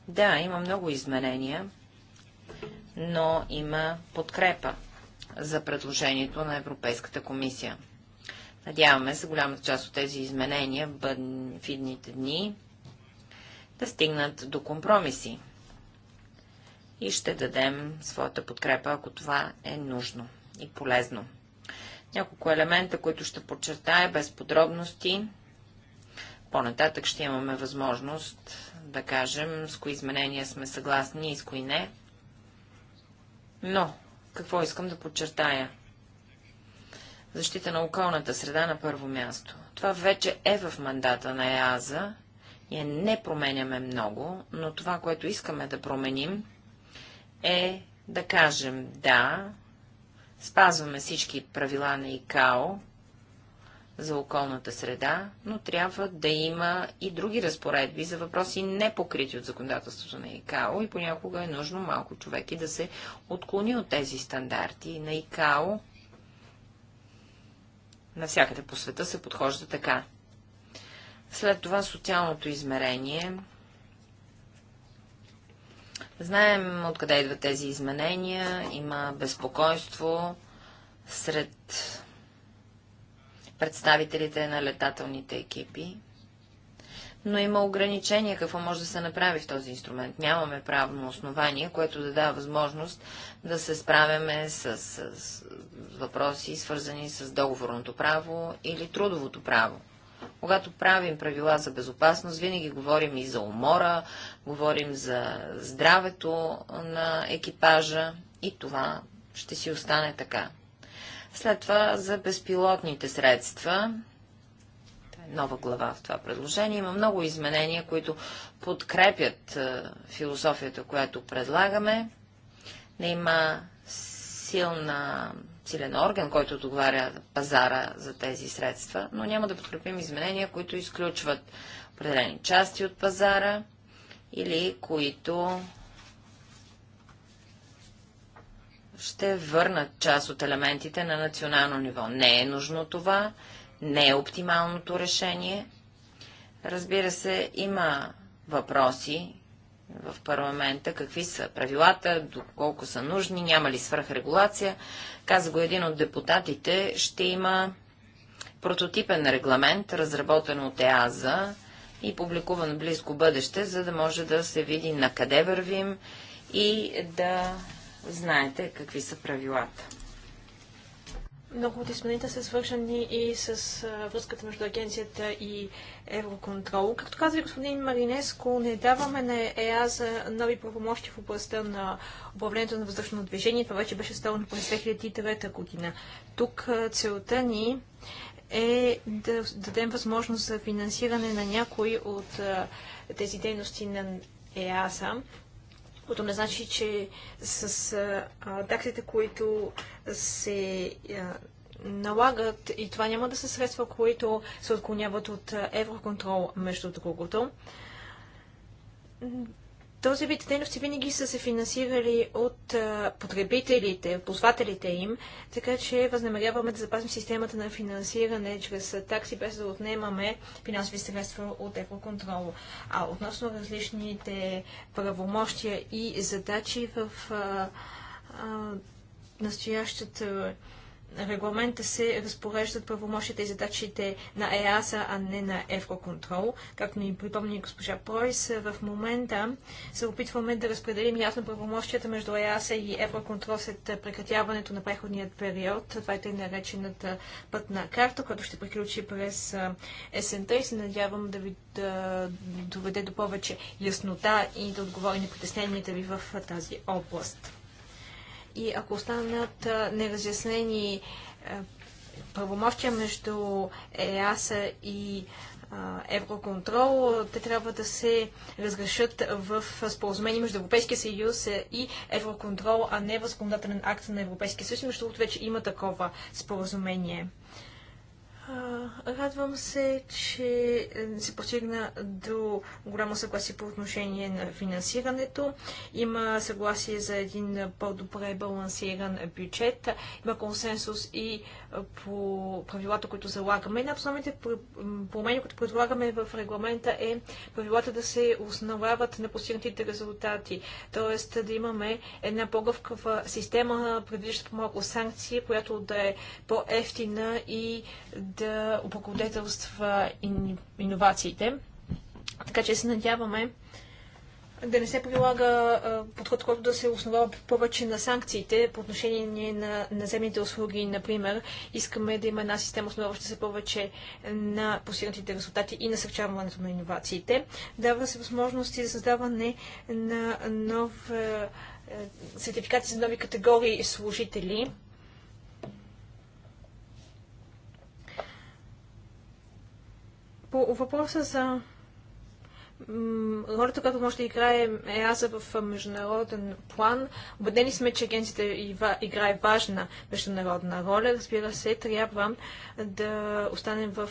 да, има много изменения, но има подкрепа за предложението на Европейската комисия. Надяваме се голямата част от тези изменения в идните дни да стигнат до компромиси и ще дадем своята подкрепа, ако това е нужно и полезно. Няколко елемента, които ще подчертая без подробности. По-нататък ще имаме възможност да кажем с кои изменения сме съгласни и с кои не. Но, какво искам да подчертая? Защита на околната среда на първо място. Това вече е в мандата на ЕАЗа. Ние не променяме много, но това, което искаме да променим, е да кажем да, спазваме всички правила на ИКАО, за околната среда, но трябва да има и други разпоредби за въпроси не покрити от законодателството на ИКАО и понякога е нужно малко човек и да се отклони от тези стандарти на ИКАО. Навсякъде по света се подхожда така. След това социалното измерение. Знаем откъде идват тези изменения. Има безпокойство сред представителите на летателните екипи. Но има ограничения какво може да се направи в този инструмент. Нямаме правно основание, което да дава възможност да се справяме с, с, с въпроси, свързани с договорното право или трудовото право. Когато правим правила за безопасност, винаги говорим и за умора, говорим за здравето на екипажа и това ще си остане така. След това за безпилотните средства. Е нова глава в това предложение. Има много изменения, които подкрепят е, философията, която предлагаме. Не има силна силен орган, който договаря пазара за тези средства, но няма да подкрепим изменения, които изключват определени части от пазара или които ще върнат част от елементите на национално ниво. Не е нужно това, не е оптималното решение. Разбира се, има въпроси в парламента, какви са правилата, доколко са нужни, няма ли свръхрегулация. Каза го един от депутатите, ще има прототипен регламент, разработен от ЕАЗа и публикуван в близко бъдеще, за да може да се види на къде вървим и да знаете какви са правилата.
Много от изпълнените са свършени и с връзката между агенцията и Евроконтрол. Както каза и господин Маринеско, не даваме на ЕАЗа нови правомощи в областта на управлението на въздушно движение. Това вече беше ставано през 2009 година. Тук целта ни е да дадем възможност за финансиране на някои от тези дейности на ЕАСА, което не значи, че с а, таксите, които се а, налагат и това няма да са средства, които се отклоняват от Евроконтрол, между другото. Този вид дейности винаги са се финансирали от потребителите, ползвателите им, така че възнамеряваме да запазим системата на финансиране чрез такси, без да отнемаме финансови средства от Евроконтрол. А относно различните правомощия и задачи в а, а, настоящата регламента се разпореждат правомощите и задачите на ЕАСА, а не на Евроконтрол. Както ми припомни госпожа Пройс, в момента се опитваме да разпределим ясно правомощията между ЕАСА и Евроконтрол след прекратяването на преходният период. Това е тъй наречената пътна карта, която ще приключи през есента и се надявам да ви да доведе до повече яснота и да отговори на притесненията ви в тази област и ако останат неразяснени е, правомощия между ЕАСА и Евроконтрол, те трябва да се разрешат в споразумение между Европейския съюз и Евроконтрол, а не в законодателен акт на Европейския съюз. защото вече има такова споразумение. Радвам се, че е, се постигна до голямо съгласие по отношение на финансирането. Има съгласие за един по-добре балансиран бюджет. Има консенсус и е, по правилата, които залагаме. Една от основните промени, които предлагаме в регламента е правилата да се основават на постигнатите резултати. Тоест да имаме една по-гъвкава система, предвиждаща по-малко санкции, която да е по-ефтина и да да облагодетелства иновациите. Така че се надяваме да не се прилага подход, който да се основава повече на санкциите по отношение на наземните услуги, например. Искаме да има една система, основаваща се повече на постигнатите резултати и насърчаването на иновациите. Дава се възможности за създаване на нов сертификати за нови категории служители По въпроса за ролята, която може да играе ЕАЗа в международен план. Обедени сме, че агенцията играе важна международна роля. Разбира се, трябва да останем в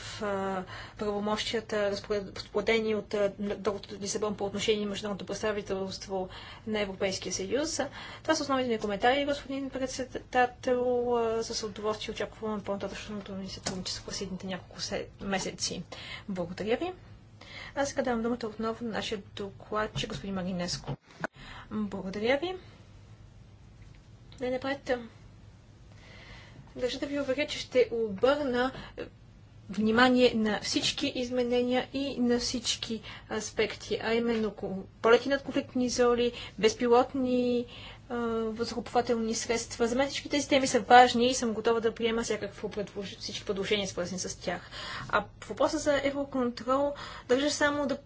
правомощията, разплодени от договорът Лисабон по отношение на международното представителство на Европейския съюз. Това са основните ми коментари, господин председател. С удоволствие очакваме по-нататъчното ни сътрудничество в последните няколко месеци. Благодаря ви. Аз сега давам думата отново на нашия докладчик, господин Магинеско. Благодаря ви. Не, не правите. Държа да ви уверя, че ще обърна внимание на всички изменения и на всички аспекти, а именно полети над конфликтни золи, безпилотни възхоплвателни средства. За мен всички тези теми са важни и съм готова да приема всякакво предлож... всички предложения, свързани с тях. А въпроса за евроконтрол, държа само да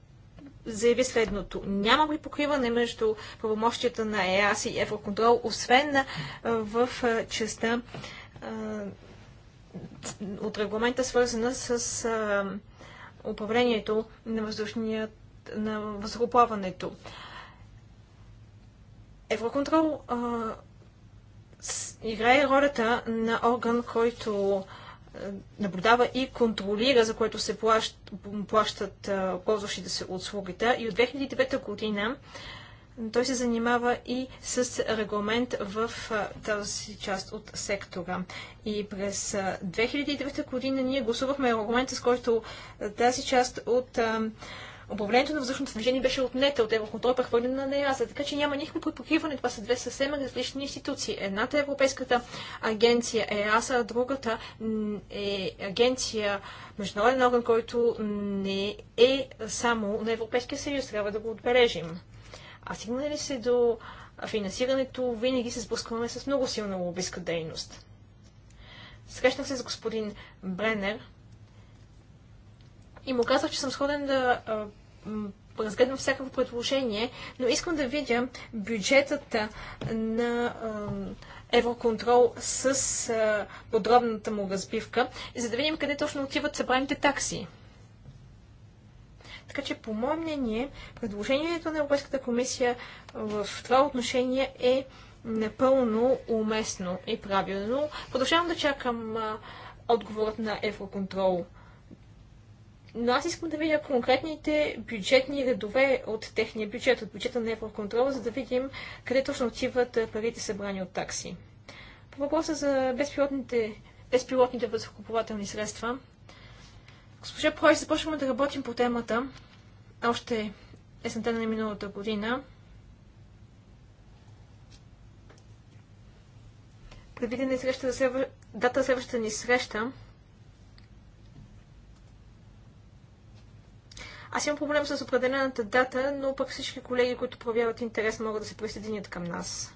заяви следното. Няма ли покриване между правомощията на ЕАС и Евроконтрол, освен в частта от регламента, свързана с управлението на въздушния на възхоплаването. Евроконтрол играе ролята на орган, който наблюдава и контролира, за което се плащ, плащат ползващите се услугите. И от 2009 година той се занимава и с регламент в тази част от сектора. И през 2009 година ние гласувахме регламент, с който тази част от управлението на въздушното движение беше отнета от Евроконтрол и е прехвърлена на ЕАСа. така че няма никакво припокриване. Това са две съвсем различни институции. Едната е Европейската агенция ЕАСА, а другата е агенция международен орган, който не е само на Европейския съюз. Трябва да го отбележим. А сигнали ли се до финансирането, винаги се сблъскваме с много силна лобистка дейност. Срещнах се с господин Бренер, и му казах, че съм сходен да а, разгледам всякакво предложение, но искам да видя бюджетата на а, Евроконтрол с а, подробната му разбивка, за да видим къде точно отиват събраните такси. Така че, по мое мнение, предложението на Европейската комисия в това отношение е напълно уместно и правилно. Продължавам да чакам а, отговорът на Евроконтрол но аз искам да видя конкретните бюджетни редове от техния бюджет, от бюджета на Евроконтрол, за да видим къде точно отиват парите събрани от такси. По въпроса за безпилотните, безпилотните въздухоплавателни средства, госпожа Прой, започваме да работим по темата още есента на миналата година. Предвидена е среща за следва... дата следващата ни среща Аз имам проблем с определената дата, но пък всички колеги, които проявяват интерес, могат да се присъединят към нас.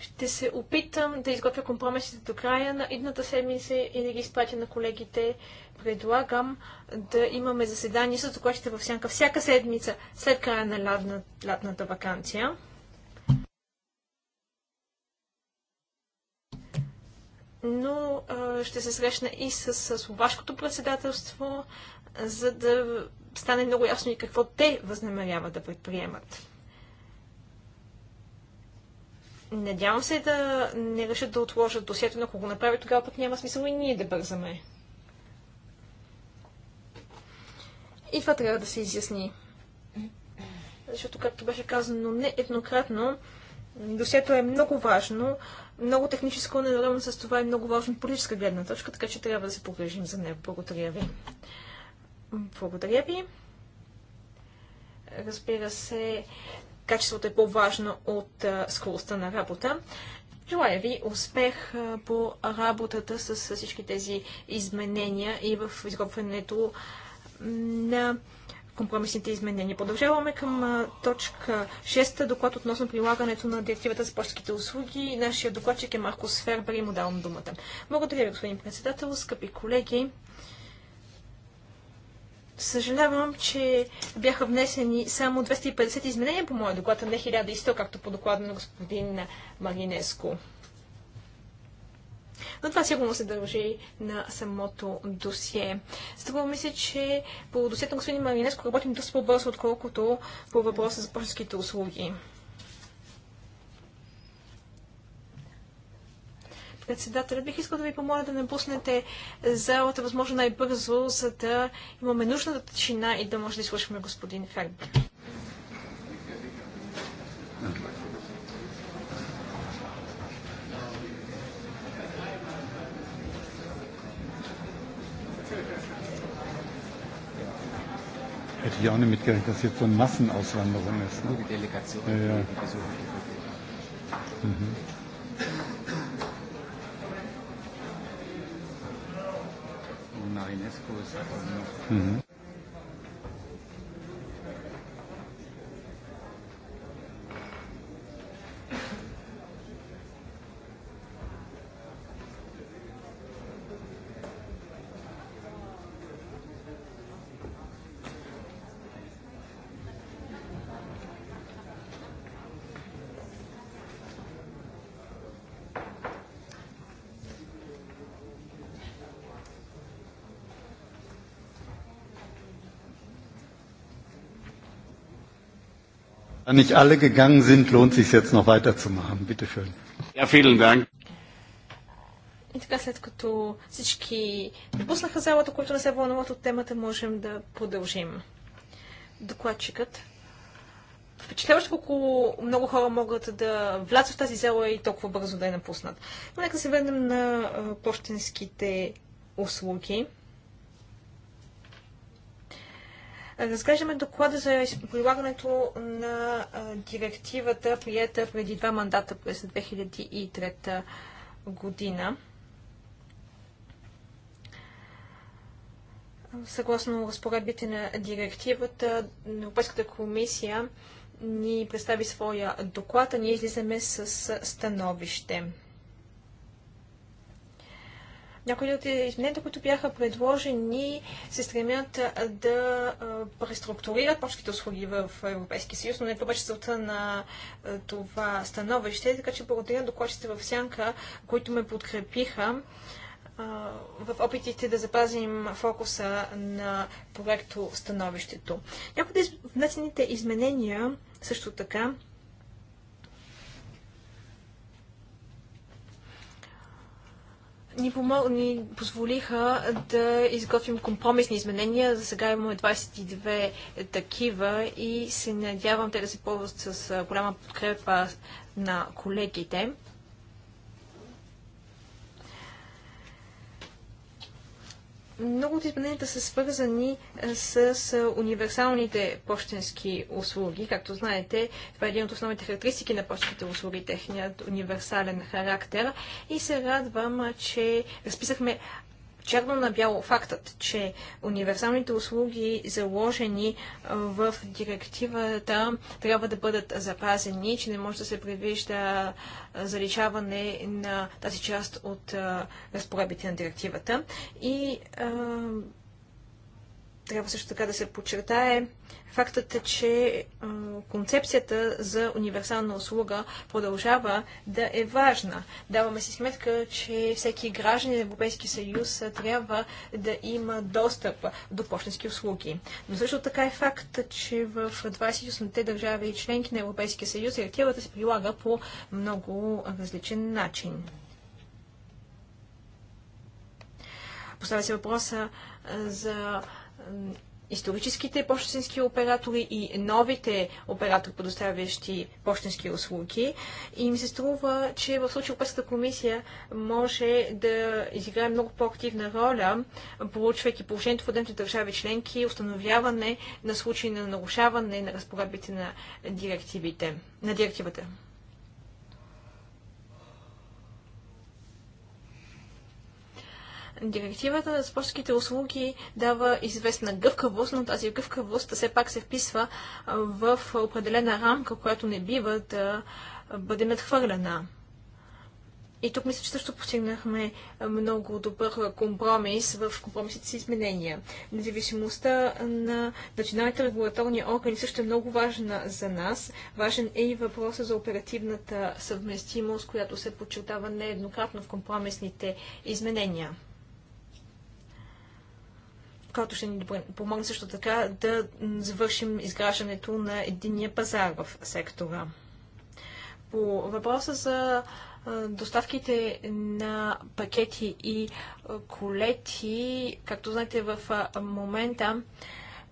Ще се опитам да изготвя компромисите до края на идната седмица и да ги изпратя на колегите. Предлагам да имаме заседание с докладчите в сянка всяка седмица след края на лятната вакансия. но а, ще се срещна и с, с словашкото председателство, за да стане много ясно и какво те възнамеряват да предприемат. Надявам се да не решат да отложат досието, но ако го направят, тогава пък няма смисъл и ние да бързаме. И това трябва да се изясни. Защото, както беше казано не еднократно, досието е много важно, много техническо, но с това е много важно политическа гледна точка, така че трябва да се погрежим за него. Благодаря ви. Благодаря ви. Разбира се, качеството е по-важно от скоростта на работа. Желая ви успех по работата с, с всички тези изменения и в изготвянето на компромисните изменения. Продължаваме към точка 6, доклад относно прилагането на директивата за почтските услуги. Нашия докладчик е Маркус Фербер и му давам думата. Благодаря ви, господин председател, скъпи колеги. Съжалявам, че бяха внесени само 250 изменения по моя доклад, а не 1100, както по доклада на господин
Маринеско.
Но това сигурно се дължи на самото досие. Струва ми се, че по досието на господин Маринеско работим доста по-бързо, отколкото по въпроса за почтенските услуги. председателя. Бих искал да ви помоля да напуснете залата, възможно най-бързо, за да имаме нужната тишина и да може да изслушаме господин Фербер.
Hätte ich auch nicht mitgerechnet, dass jetzt so eine Massenauswanderung ist. Ne? Nur Die Delegation. Ja, ja. Mhm. Marinesco ist mhm. nicht alle gegangen sind, lohnt sich jetzt noch weiterzumachen. Bitte schön. Ja, vielen Dank.
И така, след като всички допуснаха залата, които не се вълнуват от темата, можем да продължим. Докладчикът. Впечатляващо колко много хора могат да влязат в тази зала и толкова бързо да я напуснат. Но нека се върнем на почтенските услуги. Е, разглеждаме доклада за прилагането на директивата, прията преди два мандата през 2003 година. Съгласно разпоредбите на директивата, Европейската комисия ни представи своя доклад, а ние излизаме с становище. Някои от измененията, които бяха предложени, се стремят да преструктурират почтите услуги в Европейския съюз, но не това беше целта на това становище, така че благодаря на докладчите в Сянка, които ме подкрепиха в опитите да запазим фокуса на проекто становището. Някои от внесените изменения също така ни, помог, ни позволиха да изготвим компромисни изменения. За сега имаме 22 такива и се надявам те да се ползват с голяма подкрепа на колегите. много от измененията са свързани е, с, с универсалните почтенски услуги. Както знаете, това е един от основните характеристики на почтените услуги, техният универсален характер. И се радвам, че разписахме черно на бяло фактът, че универсалните услуги, заложени в директивата, трябва да бъдат запазени, че не може да се предвижда заличаване на тази част от разпоредбите на директивата. И а, трябва също така да се подчертае фактът, че концепцията за универсална услуга продължава да е важна. Даваме си сметка, че всеки гражданин на Европейския съюз трябва да има достъп до почтенски услуги. Но също така е факт, че в 28-те държави и членки на Европейския съюз директивата се прилага по много различен начин. Поставя се въпроса за историческите почтенски оператори и новите оператори, предоставящи почтенски услуги. И ми се струва, че в случая Европейската комисия може да изиграе много по-активна роля, получвайки положението в отделните държави членки, установяване на случаи на нарушаване на разпоредбите на директивите, на директивата. Директивата за спортските услуги дава известна гъвкавост, но тази гъвкавост все пак се вписва в определена рамка, която не бива да бъде надхвърлена. И тук мисля, че също постигнахме много добър компромис в компромисите си изменения. Независимостта на националните регулаторни органи също е много важна за нас. Важен е и въпроса за оперативната съвместимост, която се подчертава нееднократно в компромисните изменения който ще ни помогне също така да завършим изграждането на единния пазар в сектора. По въпроса за доставките на пакети и колети, както знаете в момента,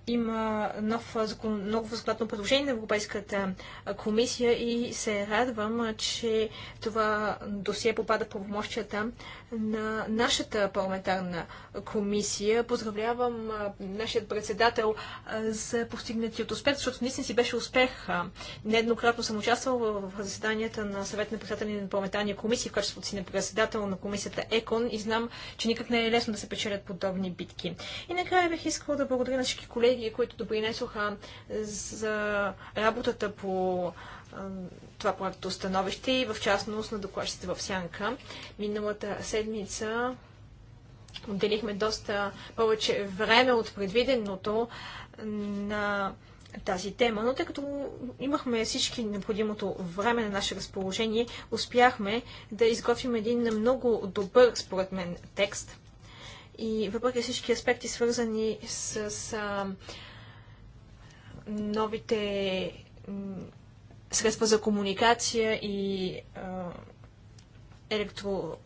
има нов, закон, ново възглавно предложение на Европейската комисия и се радвам, че това досие попада по помощята на нашата парламентарна комисия. Поздравлявам нашия председател за постигнатият успех, защото наистина си беше успех. Нееднократно съм участвал в заседанията на съвет на председатели на парламентарния комисия, в качеството си на председател на комисията ЕКОН и знам, че никак не е лесно да се печелят подобни битки. И накрая бих искала да благодаря на всички колеги, които допринесоха за работата по това е проекто становище и в частност на докладчите в Сянка. Миналата седмица отделихме доста повече време от предвиденото на тази тема, но тъй като имахме всички необходимото време на наше разположение, успяхме да изготвим един много добър, според мен, текст. И въпреки всички аспекти, свързани с а, новите средства за комуникация и а, електро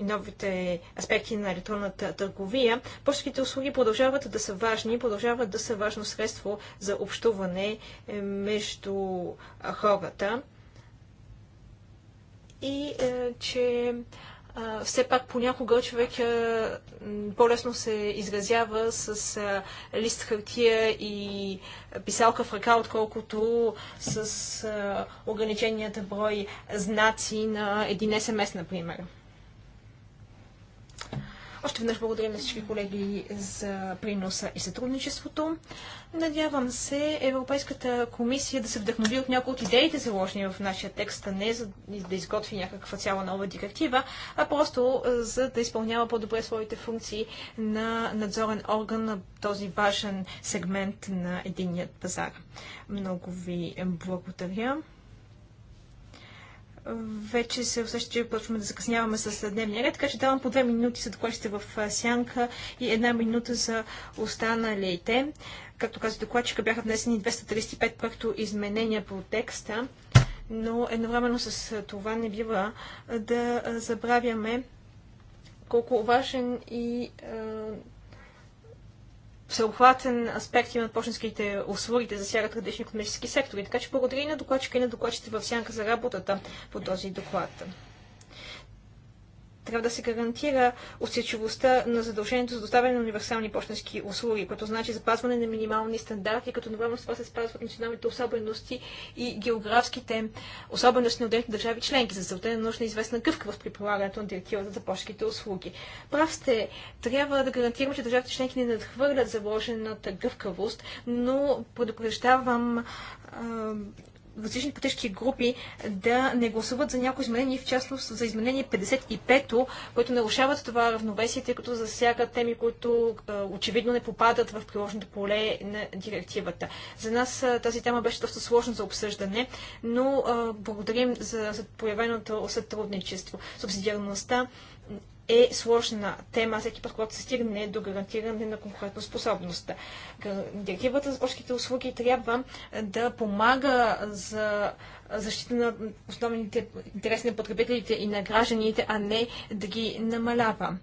новите аспекти на електронната търговия, почтовите услуги продължават да са важни, продължават да са важно средство за общуване е, между хората. И е, че все пак понякога човек по-лесно се изразява с а, лист хартия и писалка в ръка, отколкото с а, ограниченията брой знаци на един СМС, например. Още веднъж благодарим на всички колеги за приноса и сътрудничеството. Надявам се Европейската комисия да се вдъхнови от някои от идеите, заложени в нашия текст, а не за да изготви някаква цяла нова директива, а просто за да изпълнява по-добре своите функции на надзорен орган на този важен сегмент на единият пазар. Много ви благодаря вече се усеща, че почваме да закъсняваме с дневния ред, така че давам по две минути за докладчите в сянка и една минута за останалите. Както каза докладчика, бяха внесени 235 проекто изменения по текста, но едновременно с това не бива да забравяме колко важен и всеобхватен аспект имат почтенските услуги, да засягат различни економически сектори. Така че благодаря и на докладчика и на докладчите в сянка за работата по този доклад трябва да се гарантира усечивостта на задължението за доставяне на универсални почтенски услуги, което значи запазване на минимални стандарти, като едновременно с това се спазват националните особености и географските особености на отделните държави членки. За целта е нужна известна гъвкавост при прилагането на директивата за почтенските услуги. Прав сте, трябва да гарантираме, че държавите членки не надхвърлят заложената гъвкавост, но предупреждавам различни политически групи да не гласуват за някои изменения, в частност за изменение 55-то, което нарушават това равновесие, тъй като засягат теми, които очевидно не попадат в приложното поле на директивата. За нас тази тема беше доста сложна за обсъждане, но благодарим за, за проявеното сътрудничество. Субсидиарността е сложна тема всеки път, когато се стигне до гарантиране на конкурентоспособността. Директивата за почтите услуги трябва да помага за защита на основните интереси на потребителите и на гражданите, а не да ги намалява.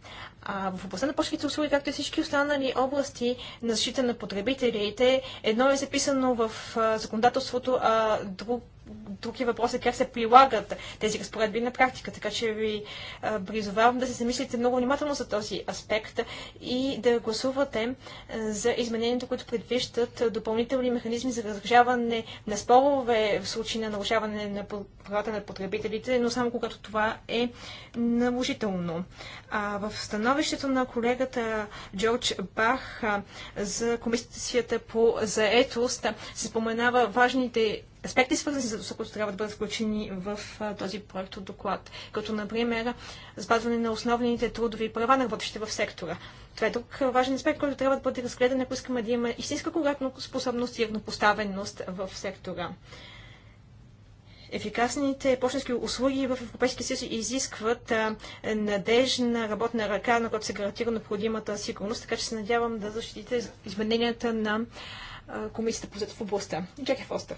А в областта на почтовите услуги, както и всички останали области на защита на потребителите, едно е записано в законодателството, а друг други въпроси, как се прилагат тези разпоредби на практика. Така че ви призовавам да се замислите много внимателно за този аспект и да гласувате за изменението, които предвиждат допълнителни механизми за разрешаване на спорове в случай на нарушаване на правата на потребителите, но само когато това е наложително. А, в становището на колегата Джордж Бах за комисията по заетост се споменава важните аспекти, свързани с които трябва да бъдат включени в този проект от доклад. Като, например, спазване на основните трудови права на работещите в сектора. Това е друг важен аспект, който трябва да бъде разгледан, ако искаме да има истинска конкретна способност и равнопоставеност в сектора. Ефикасните почтенски услуги в Европейския съюз изискват а, надежна работна ръка, на която се гарантира необходимата сигурност, така че се надявам да защитите измененията на комисията по в областта. Джеки
Фостер.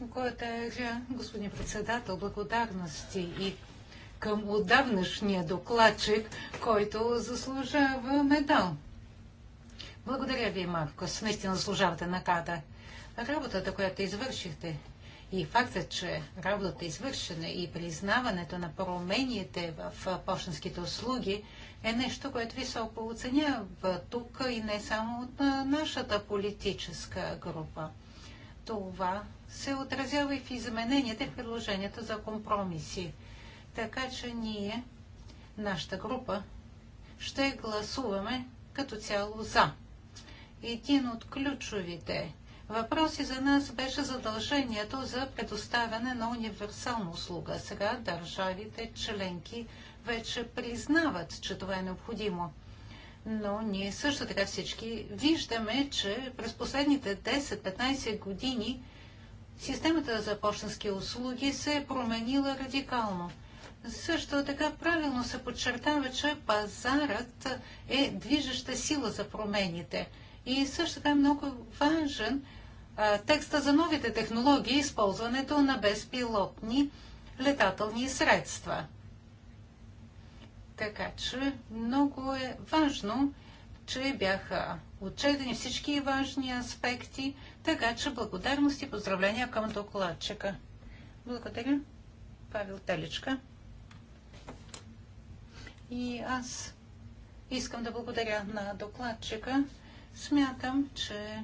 Благодаря, господин председател. Благодарности и към отдавнашния докладчик, който заслужава медал. Благодаря ви, Маркос. Наистина заслужавате накада. Работата, която извършихте и фактът, че работата е извършена и признаването на промените в почтенските услуги – е нещо, което високо оценява тук и не само от нашата политическа група. Това се отразява и в измененията в предложенията за компромиси. Така че ние, нашата група, ще гласуваме като цяло за. Един от ключовите въпроси за нас беше задължението за предоставяне на универсална услуга. Сега държавите членки вече признават, че това е необходимо. Но ние също така всички виждаме, че през последните 10-15 години системата за почтенски услуги се е променила радикално. Също така правилно се подчертава, че пазарът е движеща сила за промените. И също така е много важен а, текста за новите технологии и използването на безпилотни летателни средства. Така че много е важно, че бяха отчетени всички важни аспекти, така че благодарност и поздравления към докладчика. Благодаря, Павел Теличка. И аз искам да благодаря на докладчика. Смятам, че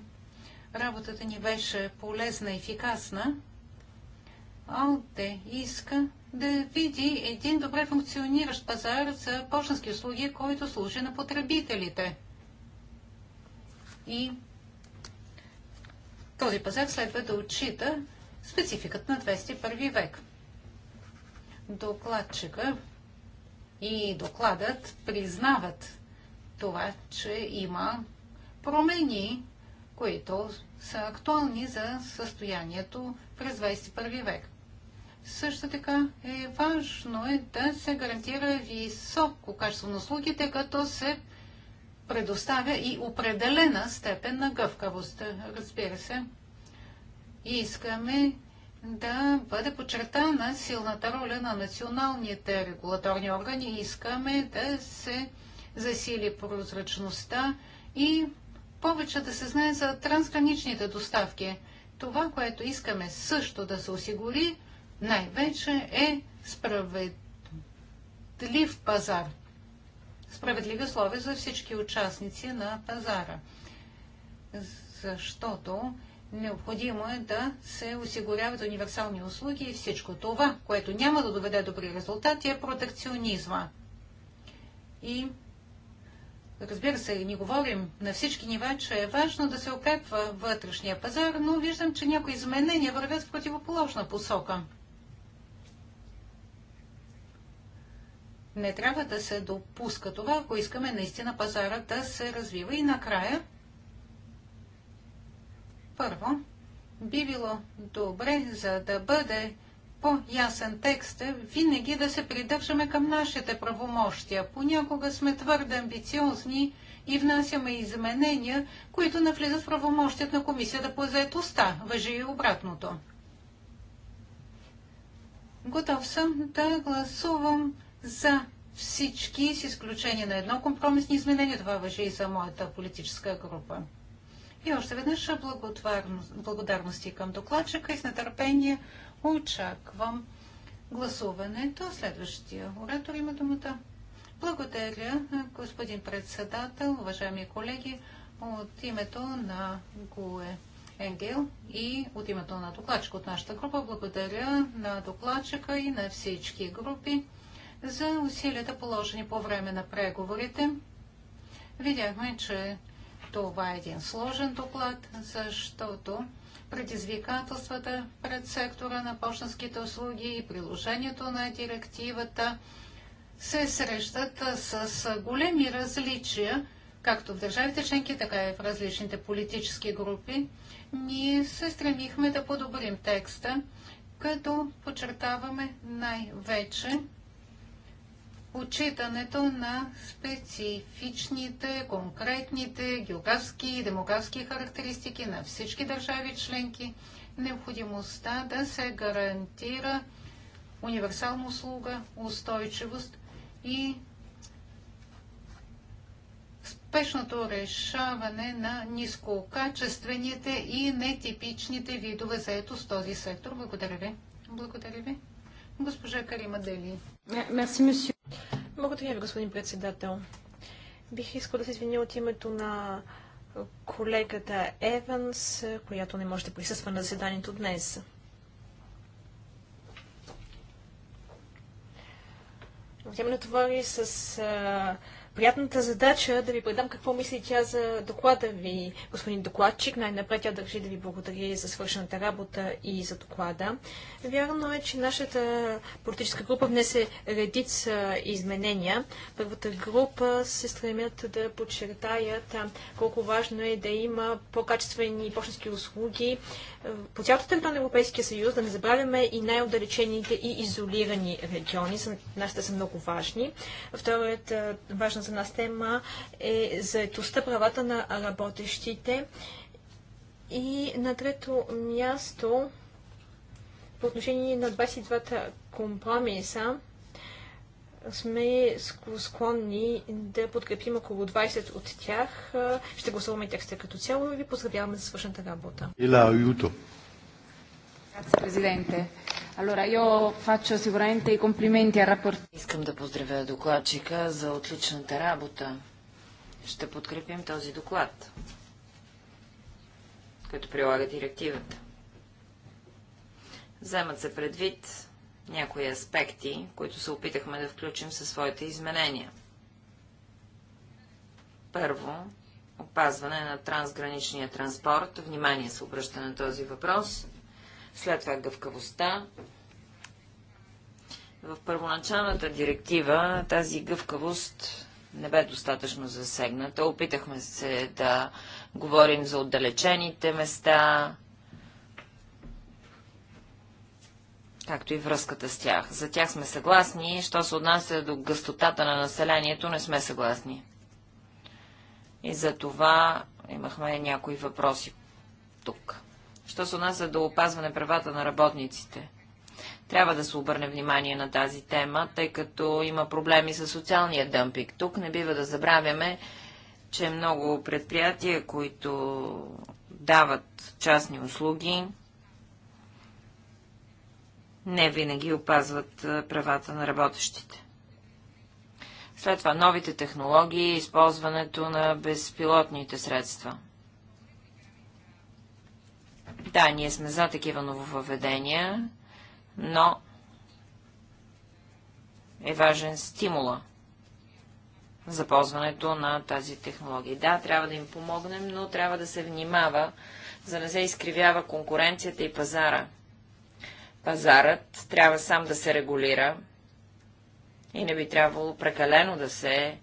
работата ни беше полезна и ефикасна. Алте иска да види един добре функциониращ пазар за почтенски услуги, който служи на потребителите. И този пазар следва да отчита спецификът на 21 век. Докладчика и докладът признават това, че има промени, които са актуални за състоянието през 21 век. Също така е важно е да се гарантира високо качество на услугите, като се предоставя и определена степен на гъвкавост. Разбира се, искаме да бъде подчертана силната роля на националните регулаторни органи. Искаме да се засили прозрачността и повече да се знае за трансграничните доставки. Това, което искаме също да се осигури, най-вече е справедлив пазар. Справедливи условия за всички участници на пазара. Защото необходимо е да се осигуряват универсални услуги и всичко това, което няма да доведе добри резултати, е протекционизма. И Разбира се, ни говорим на всички нива, че е важно да се укрепва вътрешния пазар, но виждам, че някои изменения вървят в противоположна посока. Не трябва да се допуска това, ако искаме наистина пазара да се развива. И накрая, първо, би било добре, за да бъде по-ясен текст е винаги да се придържаме към нашите правомощия. Понякога сме твърде амбициозни и внасяме изменения, които навлизат в правомощият на комисията по заедостта. Въжи и обратното. Готов съм да гласувам за всички, с изключение на едно компромисни изменения. Това въжи и за моята политическа група. И още веднъж благодарности към докладчика и с нетърпение очаквам гласуването. Следващия оратор има думата. Благодаря, господин председател, уважаеми колеги, от името на ГУЕ. Енгел и от името на докладчика от нашата група благодаря на докладчика и на всички групи за усилията положени по време на преговорите. Видяхме, че това е един сложен доклад, защото предизвикателствата пред сектора на почтенските услуги и приложението на директивата се срещат с големи различия, както в държавите членки, така и в различните политически групи. Ние се стремихме да подобрим текста, като подчертаваме най-вече отчитането на специфичните, конкретните географски и демографски характеристики на всички държави членки, необходимостта да се гарантира универсална услуга, устойчивост и спешното решаване на нискокачествените и нетипичните видове заето с този сектор. Благодаря ви. Благодаря ви. Госпожа Карима Дели.
Мерси, месю. Благодаря ви, господин председател. Бих искал да се извиня от името на колегата Еванс, която не може да присъства на заседанието днес. Тя ме натовари с а, приятната задача да ви предам какво мисли тя за доклада ви, господин докладчик. Най-напред тя държи да ви благодари за свършената работа и за доклада. Вярно е, че нашата политическа група внесе редица изменения. Първата група се стремят да подчертаят колко важно е да има по-качествени почтенски услуги по цялата територия на Европейския съюз, да не забравяме и най-отдалечените и изолирани региони. Нашите са много важни. Втората важна за нас тема е заедостта, правата на работещите. И на трето място, по отношение на 22-та компромиса, сме склонни да подкрепим около 20 от тях. Ще гласуваме текста като цяло и ви поздравяваме за свършната работа.
Ела, Юто.
Grazie Presidente. Allora, io faccio sicuramente i complimenti al rapporto. Искам да поздравя докладчика за отличната работа. Ще подкрепим този доклад, който прилага директивата. Вземат се предвид някои аспекти, които се опитахме да включим със своите изменения. Първо, опазване на трансграничния транспорт. Внимание се обръща на този въпрос. След това гъвкавостта. В първоначалната директива тази гъвкавост не бе достатъчно засегната. Опитахме се да говорим за отдалечените места, както и връзката с тях. За тях сме съгласни, що се отнася до гъстотата на населението, не сме съгласни. И за това имахме някои въпроси тук що се отнася до опазване правата на работниците. Трябва да се обърне внимание на тази тема, тъй като има проблеми с социалния дъмпинг. Тук не бива да забравяме, че много предприятия, които дават частни услуги, не винаги опазват правата на работещите. След това новите технологии и използването на безпилотните средства. Да, ние сме за такива нововъведения, но е важен стимула за ползването на тази технология. Да, трябва да им помогнем, но трябва да се внимава, за да не се изкривява конкуренцията и пазара. Пазарът трябва сам да се регулира и не би трябвало прекалено да се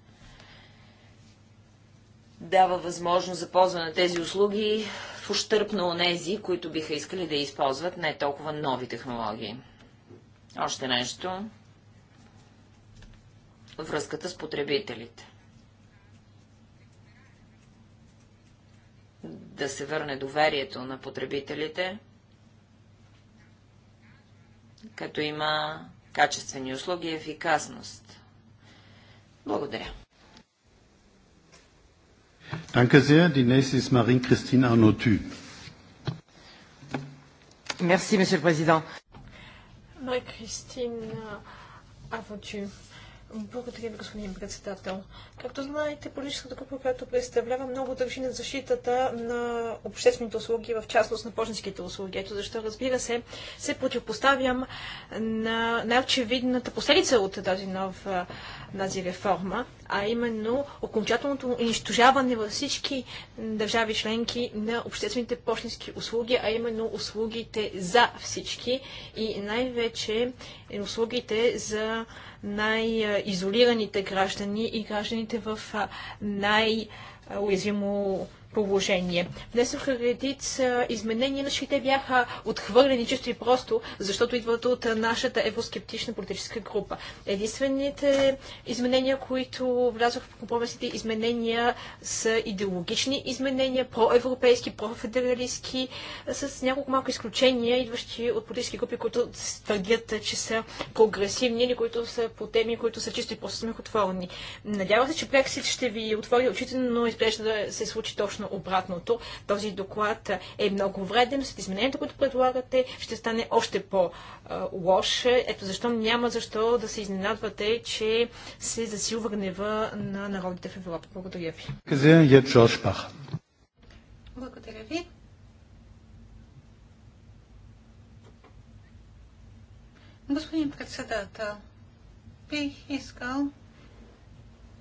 дава възможност за ползване на тези услуги в ущърп на онези, които биха искали да използват не толкова нови технологии. Още нещо. Връзката с потребителите. Да се върне доверието на потребителите, като има качествени услуги и ефикасност. Благодаря.
Danke sehr. Die nächste ist Marie-Christine Arnautu.
Merci, Monsieur le Président. Marie-Christine Arnautu. Благодаря ви, господин председател. Както знаете, политическата група, която представлява, много държи на защитата на обществените услуги, в частност на почтенските услуги. Ето защо, разбира се, се противопоставям на най-очевидната последица от тази нова тази реформа, а именно окончателното унищожаване във всички държави членки на обществените почтенски услуги, а именно услугите за всички и най-вече услугите за най-изолираните граждани и гражданите в най- уязвимо положение. Внесоха редица изменения, но те бяха отхвърлени чисто и просто, защото идват от нашата евроскептична политическа група. Единствените изменения, които влязоха в компромисните изменения, са идеологични изменения, проевропейски, профедералистски, с няколко малко изключения, идващи от политически групи, които твърдят, че са прогресивни или които са по теми, които са чисто и просто смехотворни. Надявам се, че Брексит ще ви отвори очите, но изглежда да се случи точно точно обратното. Този доклад е много вреден. С измененията, които предлагате, ще стане още по-лош. Ето защо няма защо да се изненадвате, че се засилва гнева на народите в Европа.
Благодаря ви. Благодаря ви. Господин председател, бих искал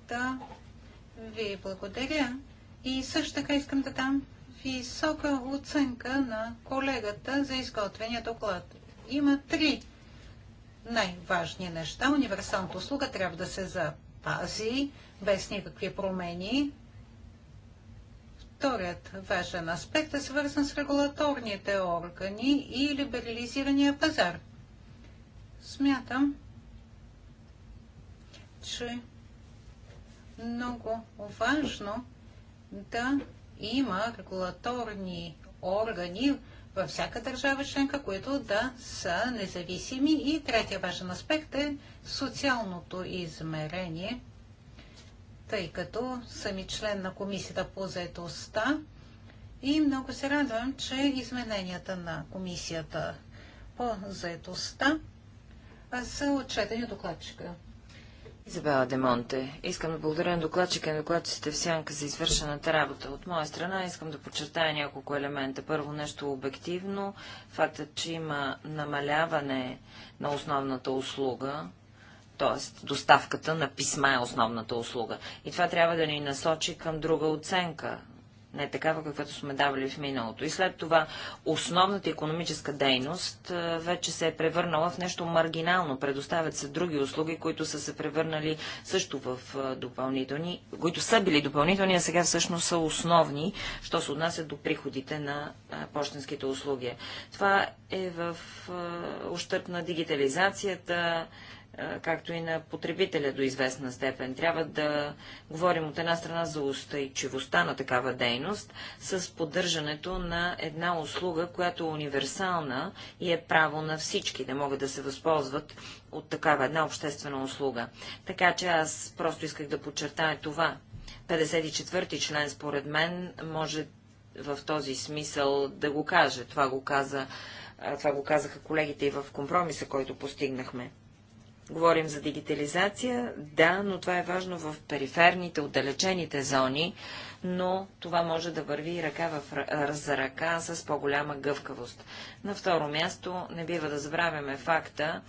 да ви благодаря и също така искам да дам висока оценка на колегата за изготвения доклад. Има три най-важни неща. Универсалната услуга трябва да се запази без никакви промени. Вторият важен аспект е свързан с регулаторните органи и либерализирания пазар. Смятам, че много важно да има регулаторни органи във всяка държава членка, които да са независими. И третия важен аспект е социалното измерение, тъй като съм и член на комисията по заедостта и много се радвам, че измененията на комисията по заедостта са отчетени докладчика.
Изабела Демонте, искам да благодаря на докладчика и докладчиците в сянка за извършената работа. От моя страна искам да подчертая няколко елемента. Първо нещо обективно, фактът, че има намаляване на основната услуга, т.е. доставката на писма е основната услуга. И това трябва да ни насочи към друга оценка не такава, каквато сме давали в миналото. И след това основната економическа дейност вече се е превърнала в нещо маргинално. Предоставят се други услуги, които са се превърнали също в допълнителни, които са били допълнителни, а сега всъщност са основни, що се отнася до приходите на почтенските услуги. Това е в ущърп на дигитализацията, както и на потребителя до известна степен. Трябва да говорим от една страна за устойчивостта на такава дейност с поддържането на една услуга, която е универсална и е право на всички да могат да се възползват от такава една обществена услуга. Така че аз просто исках да подчертая това. 54-ти член, според мен, може в този смисъл да го каже. Това го, каза, това го казаха колегите и в компромиса, който постигнахме. Говорим за дигитализация, да, но това е важно в периферните, отдалечените зони, но това може да върви ръка в, за ръка с по-голяма гъвкавост. На второ място не бива да забравяме факта,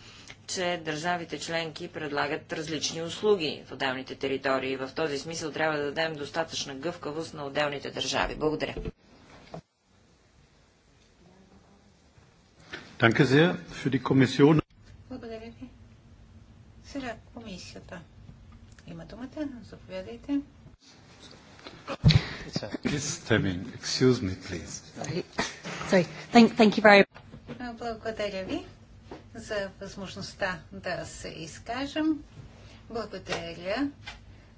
че държавите членки предлагат различни услуги в отделните територии. В този смисъл трябва да дадем достатъчна гъвкавост на отделните държави. Благодаря.
Danke sehr für die Kommission.
Сега комисията. Има думата. Заповядайте. Благодаря ви за възможността да се изкажем. Благодаря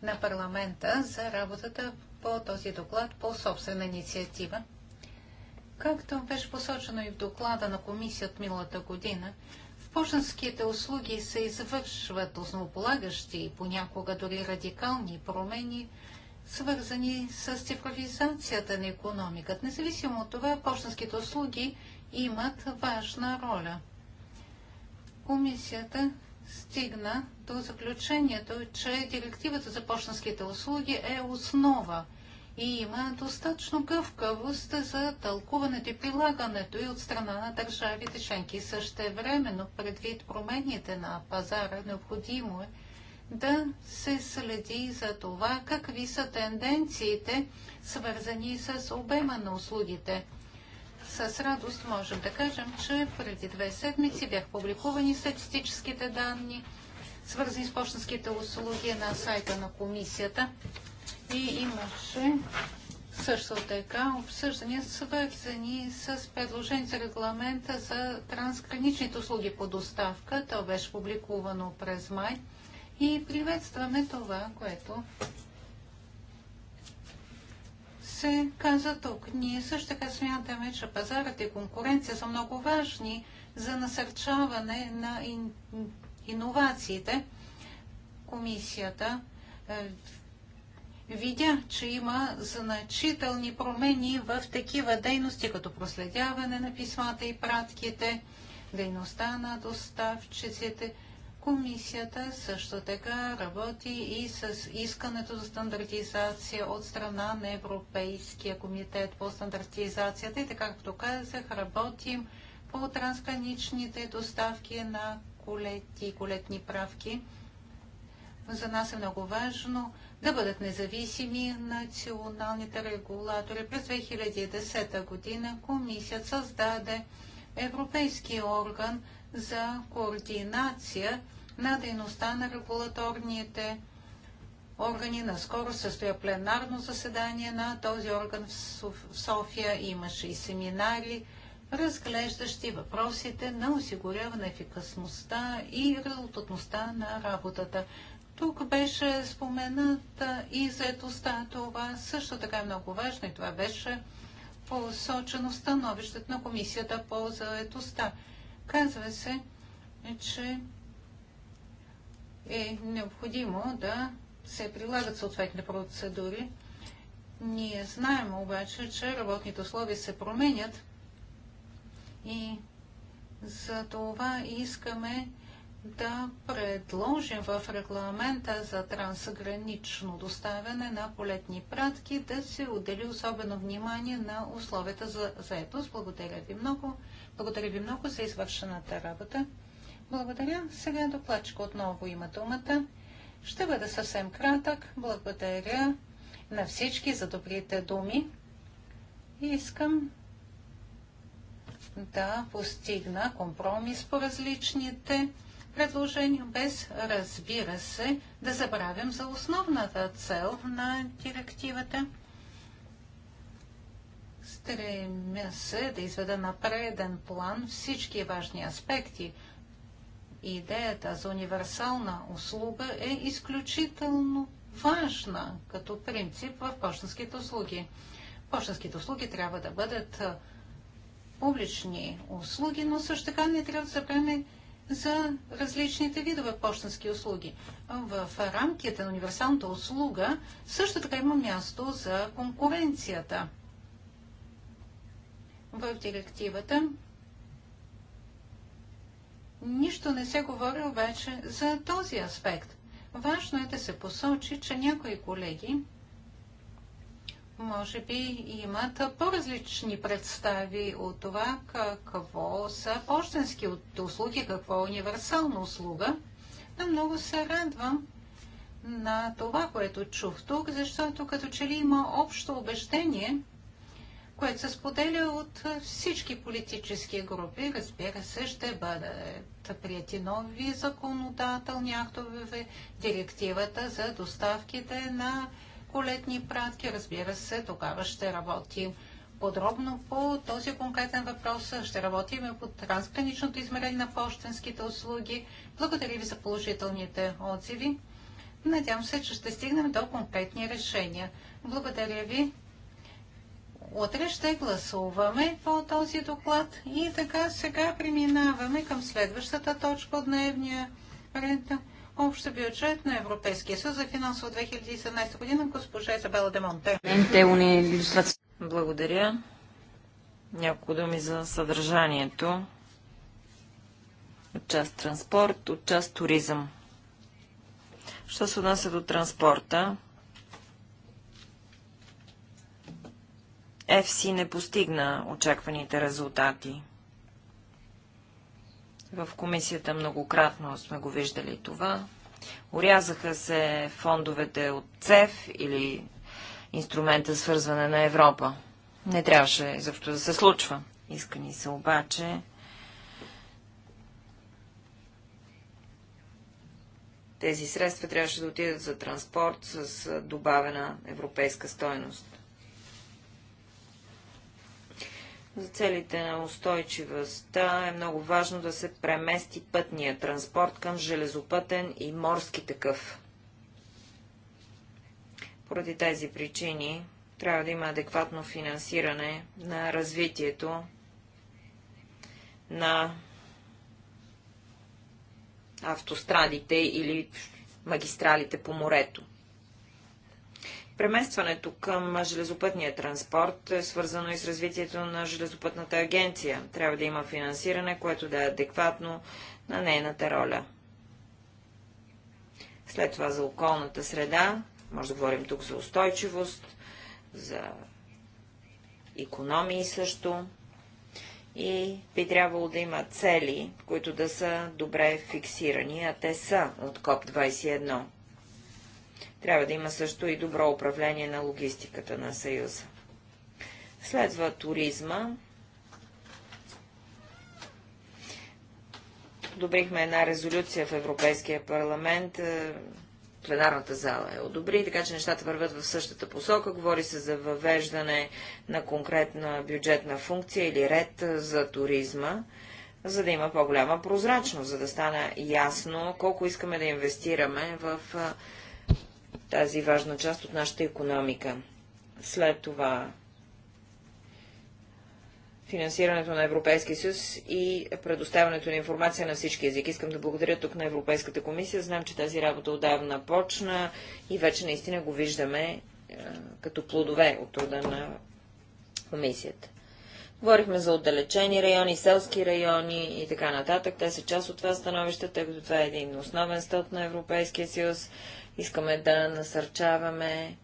на парламента за работата по този доклад по собствена инициатива. Както беше посочено и в доклада на комисията от миналата година, Почтенските услуги се извършват основополагащи и понякога дори радикални промени, свързани с цифровизацията на економиката. Независимо от това, пощенските услуги имат важна роля. Комисията стигна до заключението, че директивата за пощенските услуги е основа – и има достатъчно гъвкавост за тълкуването и прилагането и от страна на държавите членки. Също е времено, предвид промените на пазара, необходимо е да се следи за това какви са тенденциите, свързани с обема на услугите. С радост можем да кажем, че преди две седмици бях публикувани статистическите данни, свързани с почтенските услуги на сайта на комисията. И имаше също така обсъждания, свързани с предложение за регламента за трансграничните услуги по доставка. То беше публикувано през май. И приветстваме това, което се каза тук. Ние също така смятаме, че пазарът и конкуренция са много важни за насърчаване на ин... иновациите. Комисията е, видях, че има значителни промени в такива дейности, като проследяване на писмата и пратките, дейността на доставчиците. Комисията също така работи и с искането за стандартизация от страна на Европейския комитет по стандартизацията и така, както казах, работим по трансграничните доставки на колети и колетни правки. За нас е много важно да бъдат независими националните регулатори. През 2010 година комисията създаде Европейски орган за координация на дейността на регулаторните органи. Наскоро състоя пленарно заседание на този орган в София. Имаше и семинари, разглеждащи въпросите на осигуряване ефикасността и резултатността на работата. Тук беше спомената и заедостта. Това също така е много важно и това беше посочено в становището на комисията по заедостта. Казва се, че е необходимо да се прилагат съответни процедури. Ние знаем обаче, че работните условия се променят и за това искаме да предложим в регламента за трансгранично доставяне на полетни пратки да се отдели особено внимание на условията за заедност. Благодаря ви много. Благодаря ви много за извършената работа. Благодаря. Сега докладчик отново има думата. Ще бъда съвсем кратък. Благодаря на всички за добрите думи. И искам да постигна компромис по различните предложения, без, разбира се, да забравим за основната цел на директивата. Стремя се да изведа на преден план всички важни аспекти. Идеята за универсална услуга е изключително важна като принцип в почтенските услуги. Почтенските услуги трябва да бъдат публични услуги, но също така не трябва да забравяме за различните видове почтенски услуги. В рамките на универсалната услуга също така има място за конкуренцията. В директивата нищо не се говори обаче за този аспект. Важно е да се посочи, че някои колеги може би имат по-различни представи от това какво са почтенски услуги, какво е универсална услуга. Но много се радвам на това, което чух тук, защото като че ли има общо убеждение, което се споделя от всички политически групи. Разбира се, ще бъдат прияти нови законодателни актове, директивата за доставките на коледни пратки. Разбира се, тогава ще работим подробно по този конкретен въпрос. Ще работим и по трансграничното измерение на почтенските услуги. Благодаря ви за положителните отзиви. Надявам се, че ще стигнем до конкретни решения. Благодаря ви. Утре ще гласуваме по този доклад и така сега преминаваме към следващата точка от дневния ред общ бюджет на Европейския съюз за финансово 2017 година, госпожа Изабела Демонте.
Благодаря. Няколко думи за съдържанието. От част транспорт, от част туризъм. Що се отнася до транспорта? ФСИ не постигна очакваните резултати – в комисията многократно сме го виждали това. Орязаха се фондовете от ЦЕФ или инструмента свързване на Европа. Не трябваше изобщо да се случва. Иска ни се обаче тези средства трябваше да отидат за транспорт с добавена европейска стойност. За целите на устойчивостта е много важно да се премести пътния транспорт към железопътен и морски такъв. Поради тези причини трябва да има адекватно финансиране на развитието на автострадите или магистралите по морето. Преместването към железопътния транспорт е свързано и с развитието на железопътната агенция. Трябва да има финансиране, което да е адекватно на нейната роля. След това за околната среда, може да говорим тук за устойчивост, за економии също. И би трябвало да има цели, които да са добре фиксирани, а те са от КОП 21 трябва да има също и добро управление на логистиката на Съюза. Следва туризма. Одобрихме една резолюция в Европейския парламент. Е, пленарната зала е одобри, така че нещата върват в същата посока. Говори се за въвеждане на конкретна бюджетна функция или ред е, за туризма за да има по-голяма прозрачност, за да стана ясно колко искаме да инвестираме в е, тази важна част от нашата економика. След това финансирането на Европейския съюз и предоставянето на информация на всички езики. Искам да благодаря тук на Европейската комисия. Знам, че тази работа отдавна почна и вече наистина го виждаме е, като плодове от труда на комисията. Говорихме за отдалечени райони, селски райони и така нататък. Те са част от това становище, тъй като това е един основен стълб на Европейския съюз. Искаме да насърчаваме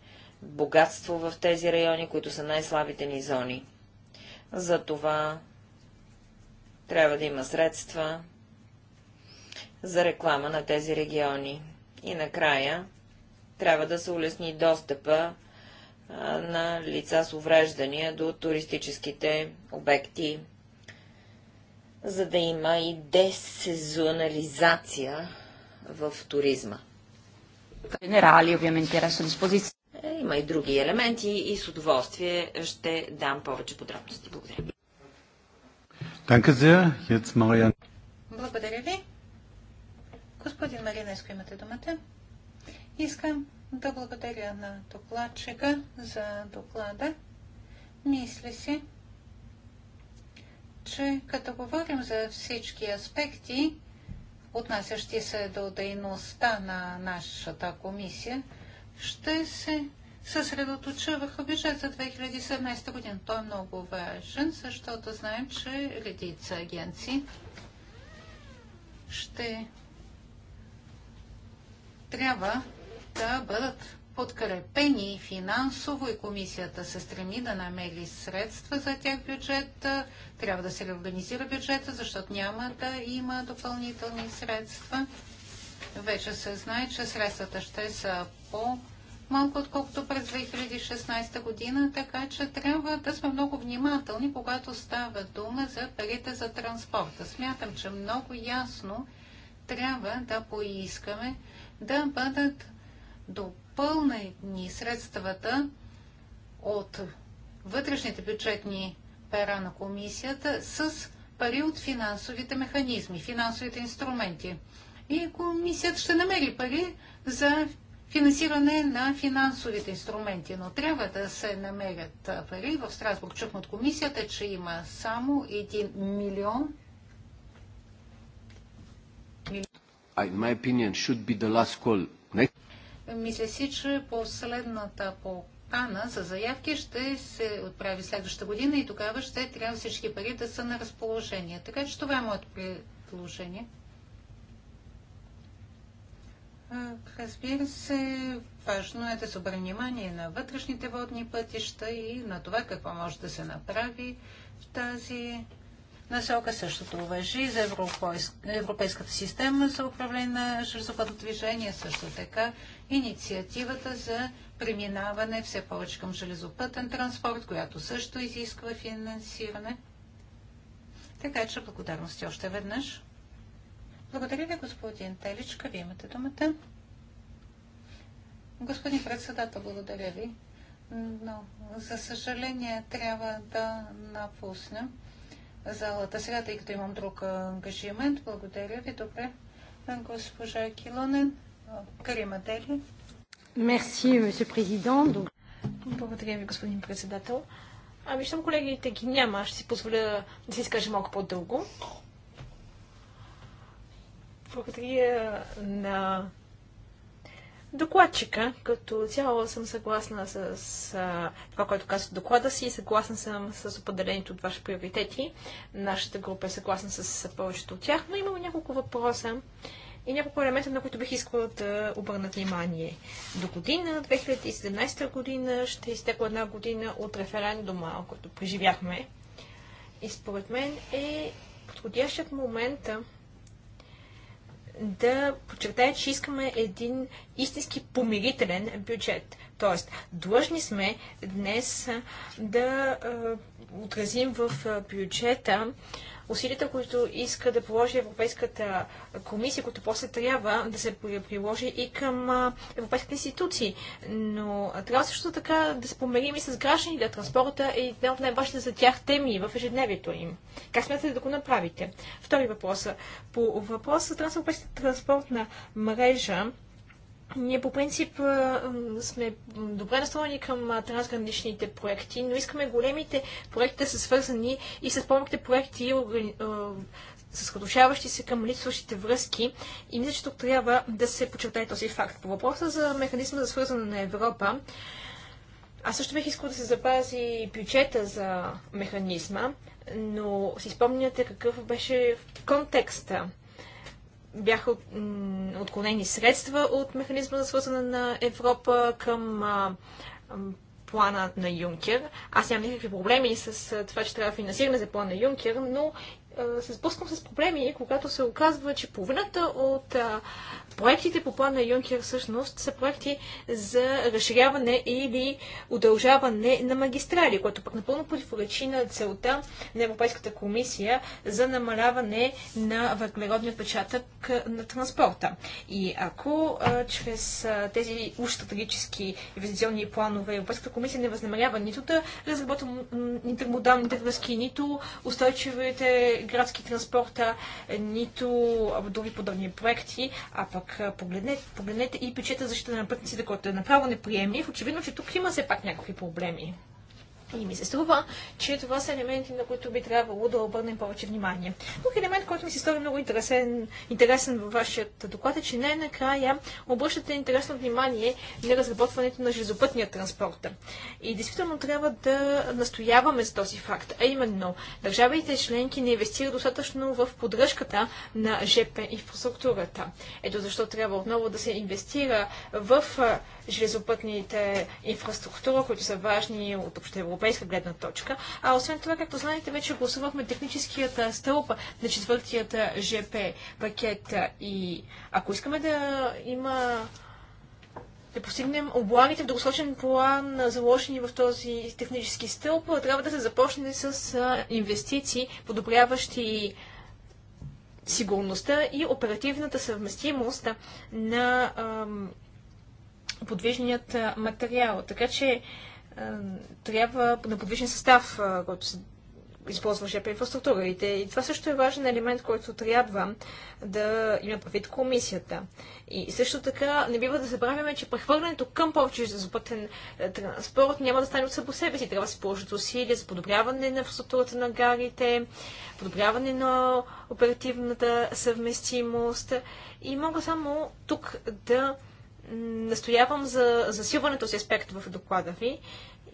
богатство в тези райони, които са най-слабите ни зони. За това трябва да има средства за реклама на тези региони. И накрая трябва да се улесни достъпа на лица с увреждания до туристическите обекти, за да има и десезонализация в туризма. Генерали, обяменти, диспозиция. Е, има и други елементи и с удоволствие ще дам повече подробности. Благодаря.
Danke sehr. Jetzt Marianne.
Благодаря ви. Господин Маринеско, имате думата. Искам да благодаря на докладчика за доклада. Мисля си, че като говорим за всички аспекти, отнасящи се до дейността на нашата комисия, ще се съсредоточа върху бюджет за 2017 година. Той е много важен, защото знаем, че редица агенции ще трябва да бъдат подкрепени финансово и комисията се стреми да намери средства за тях бюджет. бюджета. Трябва да се реорганизира бюджета, защото няма да има допълнителни средства. Вече се знае, че средствата ще са по малко отколкото през 2016 година, така че трябва да сме много внимателни, когато става дума за парите за транспорта. Смятам, че много ясно трябва да поискаме да бъдат допълнителни пълнени средствата от вътрешните бюджетни пера на комисията с пари от финансовите механизми, финансовите инструменти. И комисията ще намери пари за финансиране на финансовите инструменти, но трябва да се намерят пари. В Страсбург чухме от комисията, че има само 1 милион.
In my opinion, should be the last call. Next.
Мисля си, че последната покана за заявки ще се отправи следващата година и тогава ще трябва всички пари да са на разположение. Така че това е моето предложение. Разбира се, важно е да се обърне внимание на вътрешните водни пътища и на това какво може да се направи в тази насока. Същото уважи за европейската система за управление на железопътно движение, също така инициативата за преминаване все повече към железопътен транспорт, която също изисква финансиране. Така че благодарности още веднъж. Благодаря ви, господин Теличка. Вие имате думата. Господин председател, благодаря ви. Но, за съжаление, трябва да напусна залата сега, тъй като имам друг ангажимент. Благодаря ви. Добре. Госпожа Килонен. Карима
Мерси, месье Благодаря ви, господин председател. А виждам, колегите ги няма. Ще си позволя да си изкажа малко по-дълго. Благодаря на докладчика. Като цяло съм съгласна с а, това, което казва доклада си. Съгласна съм с определението от ваши приоритети. Нашата група е съгласна с повечето от тях, но имам няколко въпроса и няколко елемента, на които бих искала да обърна внимание. До година, 2017 година, ще изтекла една година от референдума, който преживяхме. И според мен е подходящият момент да подчертая, че искаме един истински помирителен бюджет. Тоест, длъжни сме днес да отразим в бюджета усилията, които иска да положи Европейската комисия, които после трябва да се приложи и към европейските институции. Но трябва също така да се померим и с гражданите. Транспорта е една от най-важните за тях теми в ежедневието им. Как смятате да го направите? Втори въпрос. По въпроса за транспортна мрежа, ние по принцип сме добре настроени към трансграничните проекти, но искаме големите проекти да са свързани и с по-малките проекти, с разрушаващи се към липсващите връзки. И мисля, че тук трябва да се подчертае този факт. По въпроса за механизма за свързване на Европа, аз също бих искал да се запази бюджета за механизма, но си спомняте какъв беше контекста бяха отклонени средства от механизма за свързане на Европа към плана на Юнкер. Аз нямам никакви проблеми с това, че трябва да финансиране за плана на Юнкер, но се сблъсквам с проблеми, когато се оказва, че половината от проектите по плана Юнкер всъщност са проекти за разширяване или удължаване на магистрали, което пък напълно противоречи на целта на Европейската комисия за намаляване на въглеродния отпечатък на транспорта. И ако а, чрез а, тези уж стратегически инвестиционни планове Европейската комисия не възнамерява нито да разработва интермодалните връзки, нито устойчивите градски транспорта, нито други подобни проекти, а пък пък Погледнете, погледнете и печета защита на пътниците, който е направо неприемлив. Очевидно, че тук има все пак някакви проблеми. И ми се струва, че това са елементи, на които би трябвало да обърнем повече внимание. Друг елемент, който ми се стори много интересен, интересен във вашия доклад е, че не накрая обръщате интересно внимание на разработването на железопътния транспорт. И действително трябва да настояваме за този факт. А именно, държавите членки не инвестират достатъчно в поддръжката на ЖП инфраструктурата. Ето защо трябва отново да се инвестира в железопътните инфраструктура, които са важни от общоевропейски европейска гледна точка. А освен това, както знаете, вече гласувахме техническият стълб на четвъртият ЖП пакет и ако искаме да има да постигнем облагите в дългосрочен план, заложени в този технически стълб, трябва да се започне с инвестиции, подобряващи сигурността и оперативната съвместимост на ам, подвижният материал. Така че е, трябва на подвижен състав, е, който се използва ЖП инфраструктура. И това също е важен елемент, който трябва да има предвид комисията. И също така не бива да забравяме, че прехвърлянето към повече железопътен е, транспорт няма да стане от само себе си. Трябва да се положат усилия за подобряване на инфраструктурата на гарите, подобряване на оперативната съвместимост. И мога само тук да настоявам за засилването си аспект в доклада ви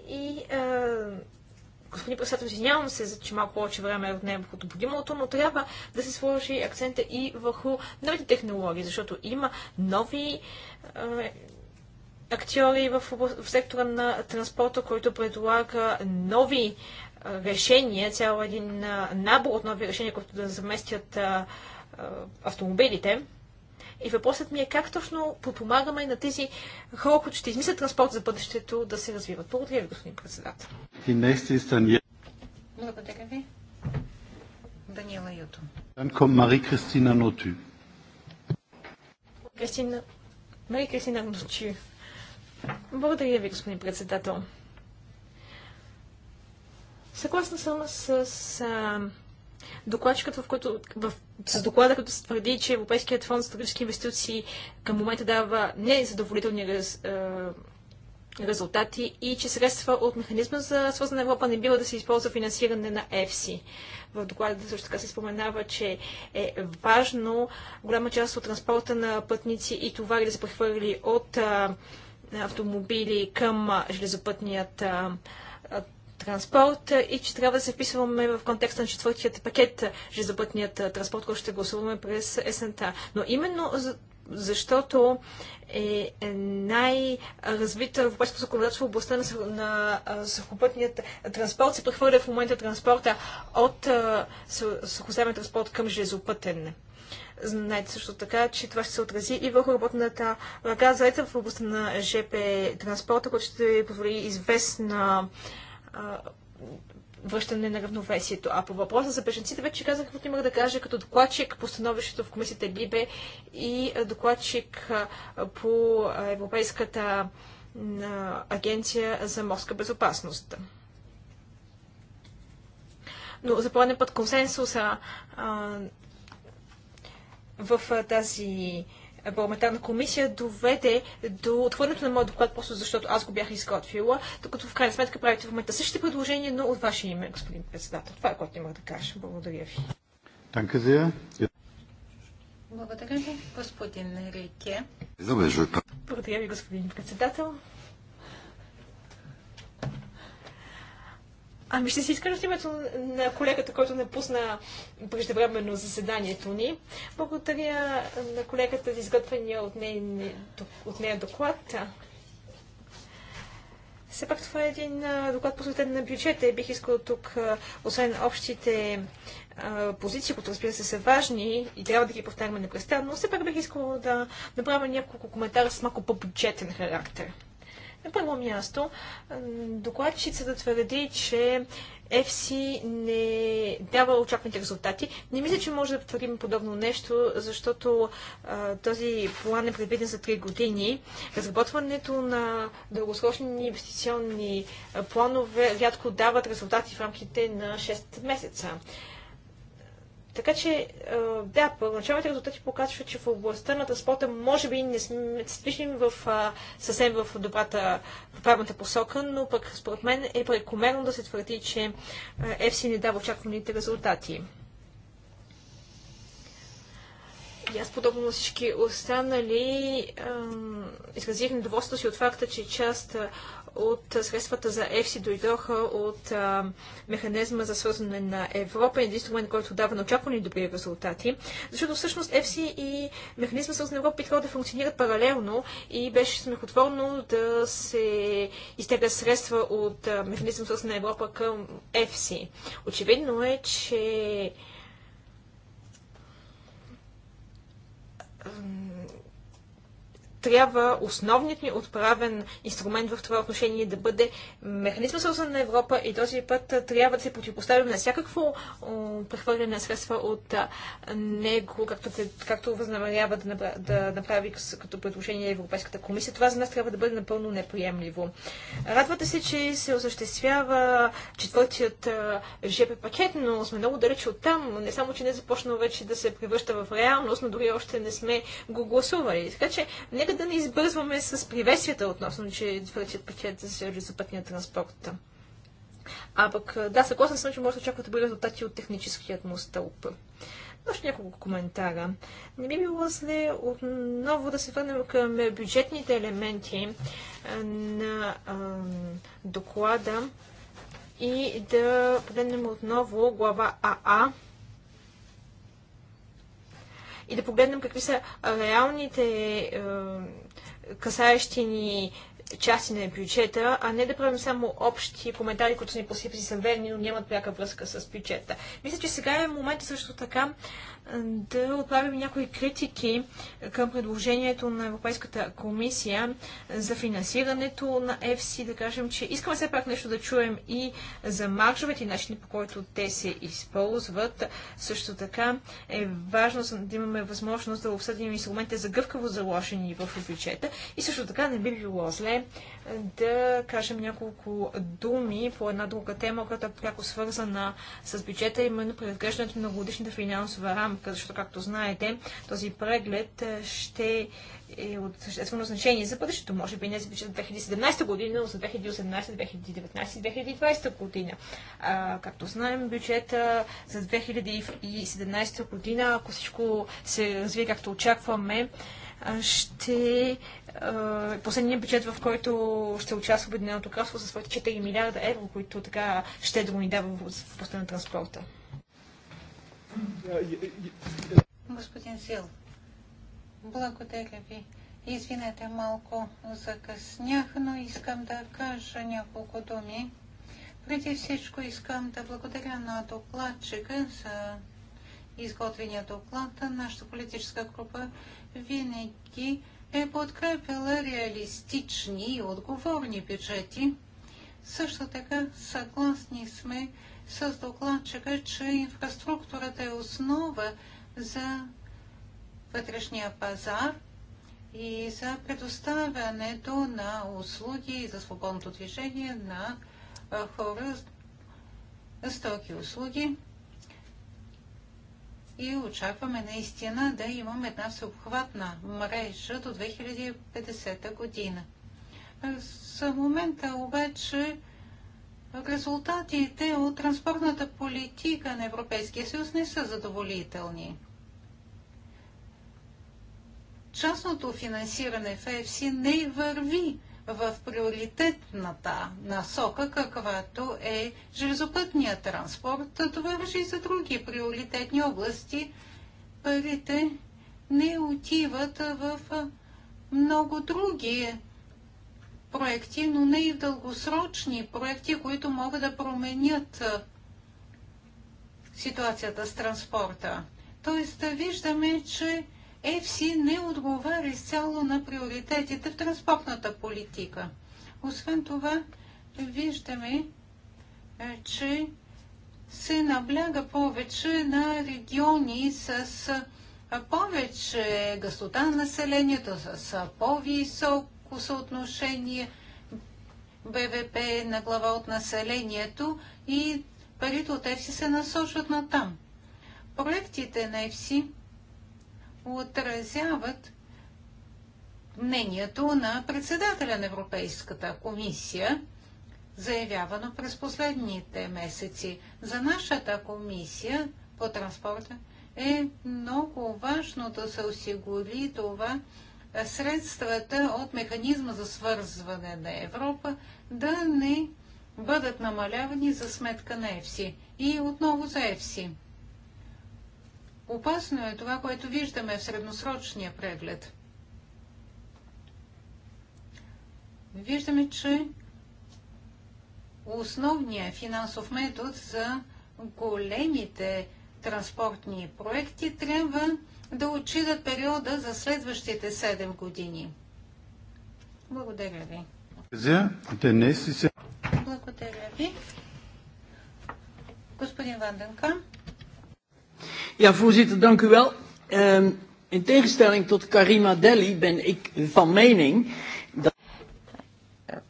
и е, господин председател, извинявам се, за че малко повече време е от него необходимото, но трябва да се сложи акцента и върху новите технологии, защото има нови е, актьори в, в сектора на транспорта, който предлага нови е, решения, цял един е, набор от нови решения, които да заместят автомобилите. И въпросът ми е как точно подпомагаме на тези хора, които ще измислят транспорт за бъдещето да се развиват. Благодаря
ви, господин председател. Е Благодаря ви. Даниела Юто.
Dann Мари Кристина Ноти.
Кристина... Мари-Кристина Ноти. Благодаря ви, господин председател. Съгласна съм с, с а, докладчикът, в който, в, с доклада, като се твърди, че Европейският фонд за стратегически инвестиции към момента дава незадоволителни раз, е, резултати и че средства от механизма за свързана Европа не бива да се използва финансиране на ЕФСИ. В доклада също така се споменава, че е важно голяма част от транспорта на пътници и товари да се прехвърли от е, автомобили към железопътният е, транспорт и че трябва да се вписваме в контекста на четвъртият пакет железопътният транспорт, който ще гласуваме през есента. Но именно защото е най-развита европейско законодателство в областта на, на сухопътният транспорт, се прехвърля в момента транспорта от сухоземен транспорт към железопътен. Знаете също така, че това ще се отрази и върху работната ръка, заета в областта на ЖП транспорта, който ще позволи известна връщане на равновесието. А по въпроса за беженците вече казах каквото имах да кажа като докладчик по становището в комисията Либе и докладчик по Европейската агенция за морска безопасност. Но за пореден път консенсуса а, в тази парламентарна комисия доведе до отхвърлянето на моят доклад, просто защото аз го бях изготвила, докато в крайна сметка правите в момента същите предложения, но от ваше име, господин председател. Това е което имах да кажа. Благодаря ви.
Благодаря ви, господин Рейке. Е Благодаря ви, господин председател.
Ами ще си изкажа в името на колегата, който напусна преждевременно заседанието ни. Благодаря на колегата за изготвения от нея, от нея доклад. Все пак това е един доклад посветен на бюджета и бих искал тук, освен общите позиции, които разбира се са важни и трябва да ги повтаряме непрестанно, все пак бих искал да направя няколко коментара с малко по-бюджетен характер. На първо място, докладчицата твърди, че FC не дава очакваните резултати. Не мисля, че може да твърдим подобно нещо, защото а, този план е предвиден за 3 години. Разработването на дългосрочни инвестиционни планове рядко дават резултати в рамките на 6 месеца. Така че, да, първоначалните резултати показват, че в областта на транспорта може би не сме в, съвсем в добрата, в правилната посока, но пък според мен е прекомерно да се твърди, че ЕФСИ не дава очакваните резултати. И аз, подобно на всички останали, изразих недоволството си от факта, че част от средствата за ЕФСИ дойдоха от а, механизма за свързване на Европа, един инструмент, който дава на очаквани добри резултати. Защото всъщност ЕФСИ и механизма свързване на Европа трябва да функционират паралелно и беше смехотворно да се изтегля средства от а, механизма свързване на Европа към ЕФСИ. Очевидно е, че трябва основният ни отправен инструмент в това отношение да бъде механизма Съюза на Европа и този път трябва да се противопоставим на всякакво прехвърляне на средства от него, както, както възнамерява да, направи, да направи като предложение Европейската комисия. Това за нас трябва да бъде напълно неприемливо. Радвате се, че се осъществява четвъртият ЖП пакет, но сме много далеч от там. Не само, че не е започна вече да се превръща в реалност, но дори още не сме го гласували. Така че не нека да не избързваме с приветствията относно, че твърдият пакет за железопътния транспорт. А пък, да, съгласен съм, че може да очакват бъде резултати от техническият му стълб. Още няколко коментара. Не би било зле отново да се върнем към бюджетните елементи на а, доклада и да погледнем отново глава АА и да погледнем какви са реалните е, касаещи ни части на бюджета, а не да правим само общи коментари, които са ни посипи са верни, но нямат пряка връзка с бюджета. Мисля, че сега е момента също така да отправим някои критики към предложението на Европейската комисия за финансирането на ЕФСИ, да кажем, че искаме все пак нещо да чуем и за маржовете и начини по който те се използват. Също така е важно да имаме възможност да обсъдим инструментите за гъвкаво заложени в бюджета и също така не би било зле да кажем няколко думи по една друга тема, която е пряко свързана с бюджета, именно преразглеждането на годишната финансова рамка, защото, както знаете, този преглед ще е от съществено значение за бъдещето, може би не за бюджета 2017 година, но за 2018, 2019, 2020 година. А, както знаем, бюджета за 2017 година, ако всичко се развие както очакваме, ще последния бюджет, в който ще участва Обединеното кралство със своите 4 милиарда евро, които така ще да ни дава в областта на транспорта.
Господин Зил, благодаря ви. Извинете, малко закъснях, но искам да кажа няколко думи. Преди всичко искам да благодаря на докладчика за изготвения доклад. Нашата политическа група винаги е подкрепила реалистични и отговорни бюджети. Също така съгласни сме с докладчика, че инфраструктурата е основа за вътрешния пазар и за предоставянето на услуги и за свободното движение на хора, стоки и услуги и очакваме наистина да имаме една всеобхватна мрежа до 2050 година. За момента обаче резултатите от транспортната политика на Европейския съюз не са задоволителни. Частното финансиране в ЕФСИ не върви в приоритетната насока, каквато е железопътния транспорт. Това въжи и за други приоритетни области. Парите не отиват в много други проекти, но не и в дългосрочни проекти, които могат да променят ситуацията с транспорта. Тоест, виждаме, че ЕФСИ не отговаря изцяло на приоритетите в транспортната политика. Освен това, виждаме, е, че се набляга повече на региони с е, повече гъстота на населението, с е, по-високо съотношение БВП на глава от населението и парите от ЕФСИ се насочват на там. Проектите на ЕФСИ отразяват мнението на председателя на Европейската комисия, заявявано през последните месеци. За нашата комисия по транспорта е много важно да се осигури това средствата от механизма за свързване на Европа да не бъдат намалявани за сметка на ЕФСИ. И отново за ЕФСИ. Опасно е това, което виждаме в средносрочния преглед. Виждаме, че основният финансов метод за големите транспортни проекти трябва да отчитат периода за следващите 7 години. Благодаря ви. Благодаря ви. Господин Ванденка.
Ja, voorzitter, dank u wel. Um, in tegenstelling tot Karima Deli ben ik van mening dat...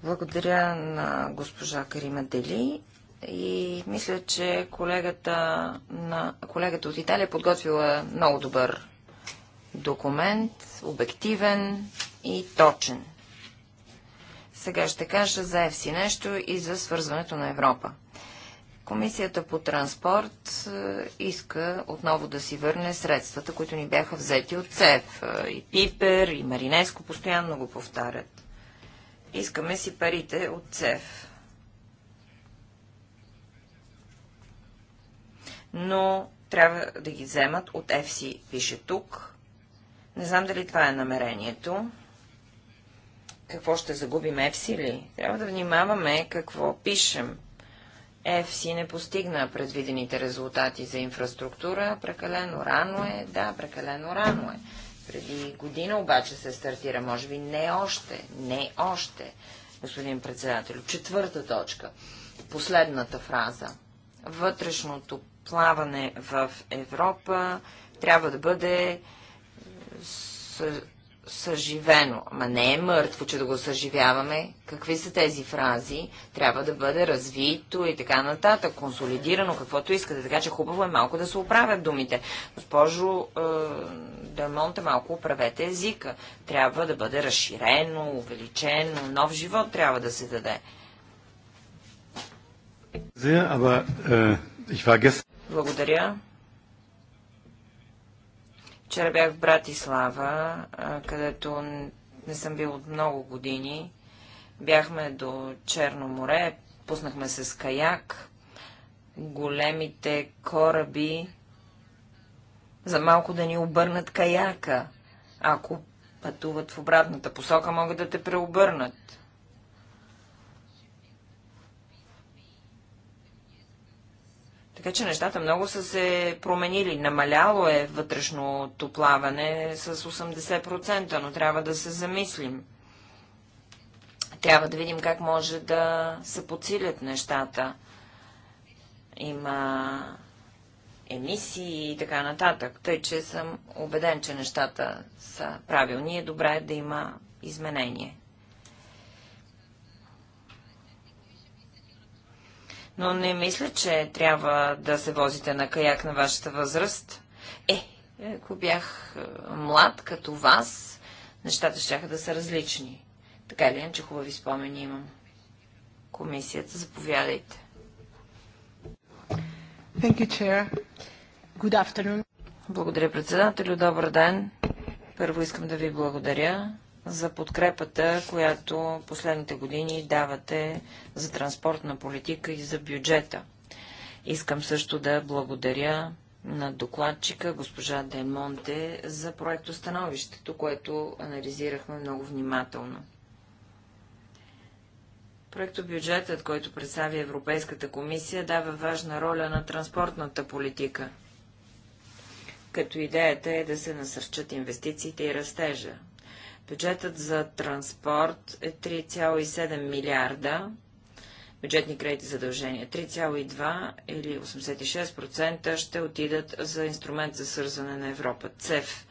Благодаря на госпожа Карима Дели и мисля, че колегата, на, колегата от Италия е подготвила много добър документ, обективен и точен. Сега ще кажа за ЕФСИ нещо и за свързването на Европа. Комисията по транспорт е, иска отново да си върне средствата, които ни бяха взети от ЦЕФ. Е, и Пипер, и Маринеско постоянно го повтарят. Искаме си парите от ЦЕФ. Но трябва да ги вземат от ЕФСИ, пише тук. Не знам дали това е намерението. Какво ще загубим ЕФСИ ли? Трябва да внимаваме какво пишем ЕФСИ не постигна предвидените резултати за инфраструктура. Прекалено рано е, да, прекалено рано е. Преди година обаче се стартира, може би не още, не още, господин председател. Четвърта точка, последната фраза. Вътрешното плаване в Европа трябва да бъде съживено, ама не е мъртво, че да го съживяваме. Какви са тези фрази? Трябва да бъде развито и така нататък, консолидирано, каквото искате. Така че хубаво е малко да се оправят думите. Госпожо е, Дамонте, малко оправете езика. Трябва да бъде разширено, увеличено, нов живот трябва да се даде. Благодаря. Е, Вчера бях в Братислава, където не съм бил от много години. Бяхме до Черно море, пуснахме се с каяк. Големите кораби за малко да ни обърнат каяка. Ако пътуват в обратната посока, могат да те преобърнат. Така че нещата много са се променили. Намаляло е вътрешното плаване с 80%, но трябва да се замислим. Трябва да видим как може да се подсилят нещата. Има емисии и така нататък. Тъй, че съм убеден, че нещата са правилни и е добре е да има изменение. но не мисля, че трябва да се возите на каяк на вашата възраст. Е, ако бях е, млад като вас, нещата ще да са различни. Така ли е, че хубави спомени имам? Комисията, заповядайте.
Thank you, Chair. Good
afternoon. Благодаря, председателю. Добър ден. Първо искам да ви благодаря за подкрепата, която последните години давате за транспортна политика и за бюджета. Искам също да благодаря на докладчика госпожа Демонте за Становището, което анализирахме много внимателно. бюджетът, който представи Европейската комисия, дава важна роля на транспортната политика, като идеята е да се насърчат инвестициите и растежа. Бюджетът за транспорт е 3,7 милиарда, бюджетни кредити задължения 3,2 или 86% ще отидат за инструмент за свързване на Европа, ЦЕФ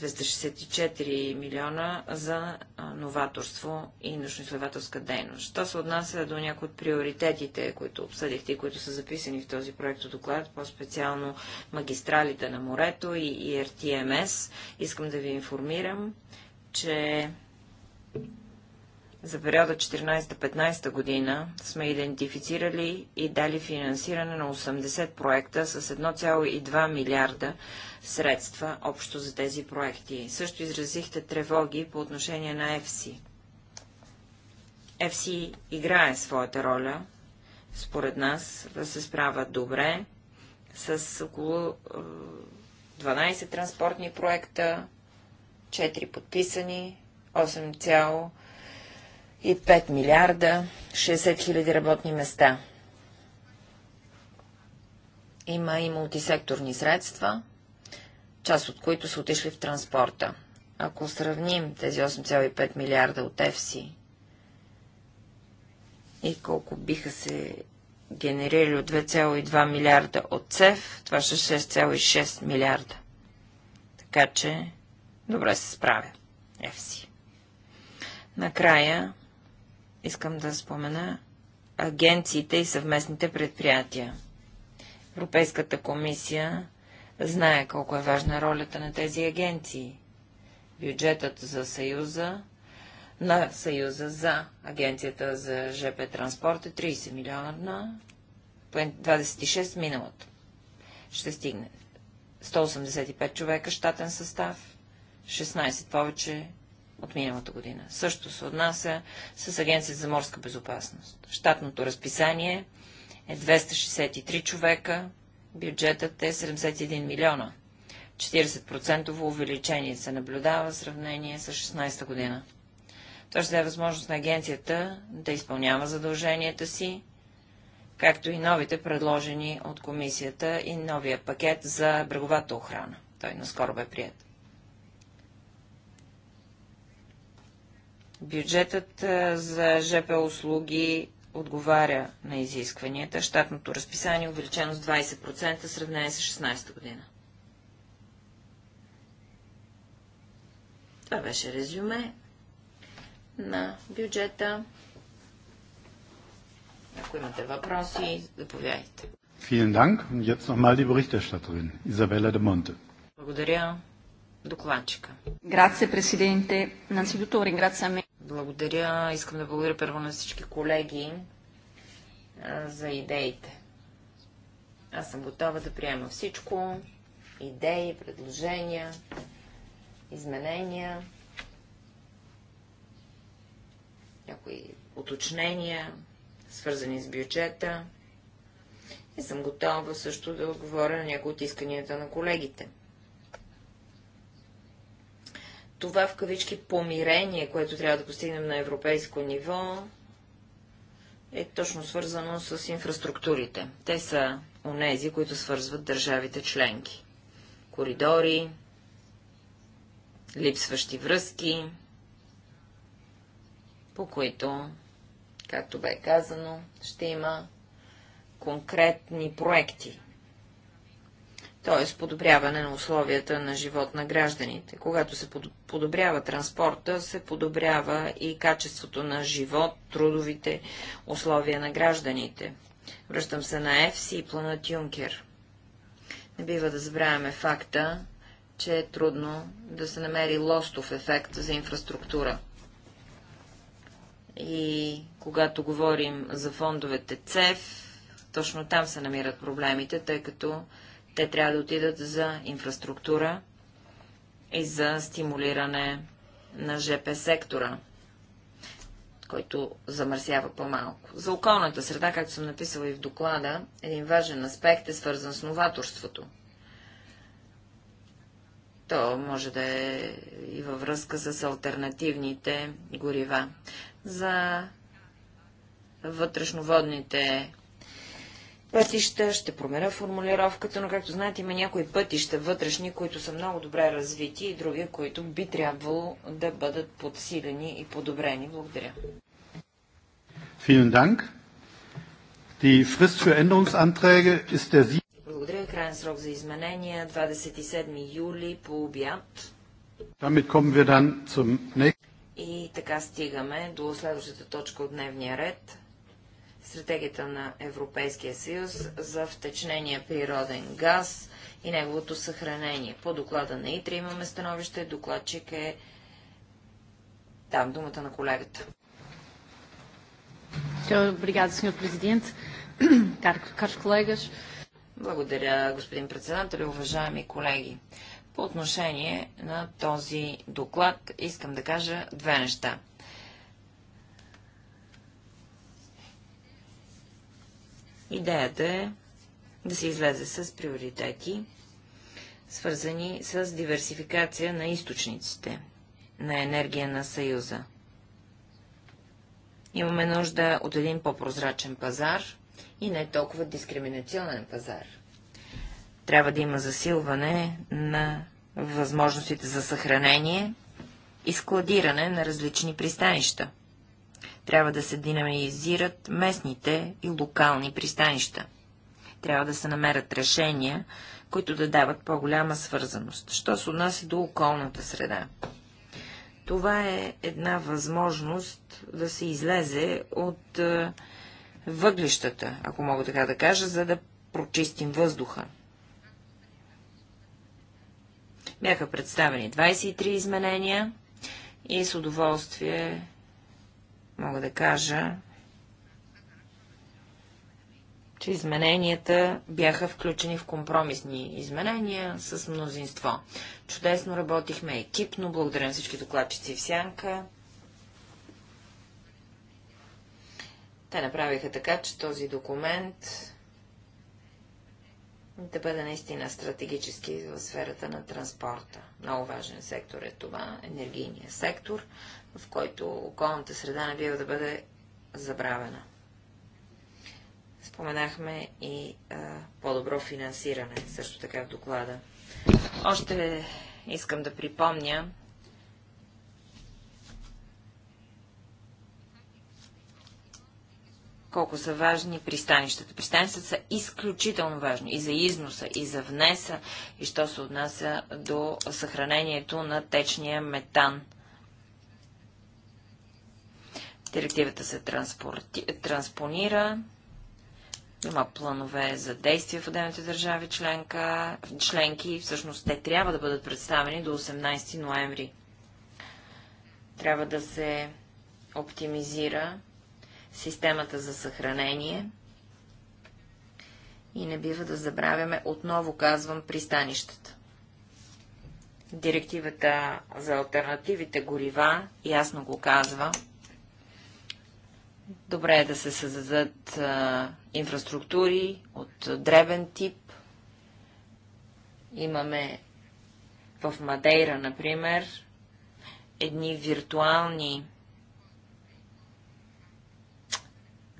264 милиона за новаторство и научно-изследователска дейност. Що се отнася до някои от приоритетите, които обсъдихте и които са записани в този проект доклад, по-специално магистралите на морето и, и РТМС, искам да ви информирам, че за периода 14-15 година сме идентифицирали и дали финансиране на 80 проекта с 1,2 милиарда средства общо за тези проекти. Също изразихте тревоги по отношение на ЕФСИ. ЕФСИ играе своята роля, според нас, да се справя добре с около 12 е, транспортни проекта, 4 подписани, 8,5 милиарда, 60 хиляди работни места. Има и мултисекторни средства, част от които са отишли в транспорта. Ако сравним тези 8,5 милиарда от ЕФСИ и колко биха се генерирали от 2,2 милиарда от ЦЕФ, това е са 6,6 милиарда. Така че добре се справя. ЕФСИ. Накрая искам да спомена агенциите и съвместните предприятия. Европейската комисия знае колко е важна ролята на тези агенции. Бюджетът за Съюза, на Съюза за Агенцията за ЖП транспорт е 30 милиона на 26 миналото. Ще стигне. 185 човека щатен състав, 16 повече от миналата година. Също се отнася с Агенция за морска безопасност. Штатното разписание е 263 човека, бюджетът е 71 милиона. 40% увеличение се наблюдава в сравнение с 16-та година. Това ще даде възможност на агенцията да изпълнява задълженията си, както и новите предложени от комисията и новия пакет за бреговата охрана. Той наскоро бе прият. Бюджетът за ЖП услуги отговаря на изискванията. Штатното разписание е увеличено с 20% сравнение с 16 година. Това беше резюме на бюджета. Ако имате въпроси, заповядайте.
Vielen Dank. Und jetzt nochmal die Berichterstatterin, Isabella de Monte.
Благодаря. Докладчика. Grazie, Presidente. Innanzitutto ringraziamento. Благодаря. Искам да благодаря първо на всички колеги за идеите. Аз съм готова да приема всичко. Идеи, предложения, изменения, някои уточнения, свързани с бюджета. И съм готова също да отговоря на някои от исканията на колегите това в кавички помирение, което трябва да постигнем на европейско ниво, е точно свързано с инфраструктурите. Те са онези, които свързват държавите членки. Коридори, липсващи връзки, по които, както бе казано, ще има конкретни проекти т.е. подобряване на условията на живот на гражданите. Когато се подобрява транспорта, се подобрява и качеството на живот, трудовите условия на гражданите. Връщам се на ЕФСИ и планът Юнкер. Не бива да забравяме факта, че е трудно да се намери лостов ефект за инфраструктура. И когато говорим за фондовете ЦЕФ, точно там се намират проблемите, тъй като те трябва да отидат за инфраструктура и за стимулиране на ЖП сектора, който замърсява по-малко. За околната среда, както съм написала и в доклада, един важен аспект е свързан с новаторството. То може да е и във връзка с альтернативните горива. За вътрешноводните пътища, ще промера формулировката, но както знаете има някои пътища вътрешни, които са много добре развити и други, които би трябвало да бъдат подсилени и подобрени. Благодаря. Благодаря. Крайен срок за изменения 27 юли по обяд. И така стигаме до следващата точка от дневния ред стратегията на Европейския съюз за втечнения природен газ и неговото съхранение. По доклада на ИТРА имаме становище, докладчик е... там думата на колегата. Благодаря, господин председател. Уважаеми колеги, по отношение на този доклад искам да кажа две неща. Идеята е да се излезе с приоритети, свързани с диверсификация на източниците на енергия на Съюза. Имаме нужда от един по-прозрачен пазар и не толкова дискриминационен пазар. Трябва да има засилване на възможностите за съхранение и складиране на различни пристанища. Трябва да се динамизират местните и локални пристанища. Трябва да се намерят решения, които да дават по-голяма свързаност. Що се отнася до околната среда? Това е една възможност да се излезе от е, въглищата, ако мога така да кажа, за да прочистим въздуха. Бяха представени 23 изменения и с удоволствие мога да кажа, че измененията бяха включени в компромисни изменения с мнозинство. Чудесно работихме екипно, благодаря на всички докладчици в Сянка. Те направиха така, че този документ да бъде наистина стратегически в сферата на транспорта. Много важен сектор е това, енергийния сектор в който околната среда не бива да бъде забравена. Споменахме и по-добро финансиране, също така в доклада. Още искам да припомня, колко са важни пристанищата. Пристанищата са изключително важни и за износа, и за внеса, и що се отнася до съхранението на течния метан – Директивата се транспонира. Има планове за действие в отделните държави членка, членки. Всъщност те трябва да бъдат представени до 18 ноември. Трябва да се оптимизира системата за съхранение. И не бива да забравяме, отново казвам, пристанищата. Директивата за альтернативите горива ясно го казва. Добре е да се създадат а, инфраструктури от древен тип. Имаме в Мадейра, например, едни виртуални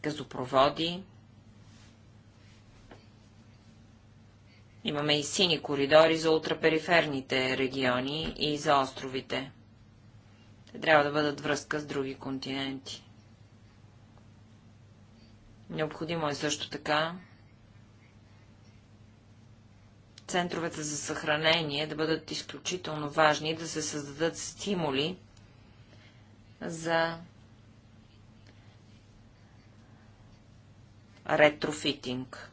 газопроводи. Имаме и сини коридори за ултрапериферните региони и за островите. Те трябва да бъдат връзка с други континенти. Необходимо е също така центровете за съхранение да бъдат изключително важни, да се създадат стимули за ретрофитинг.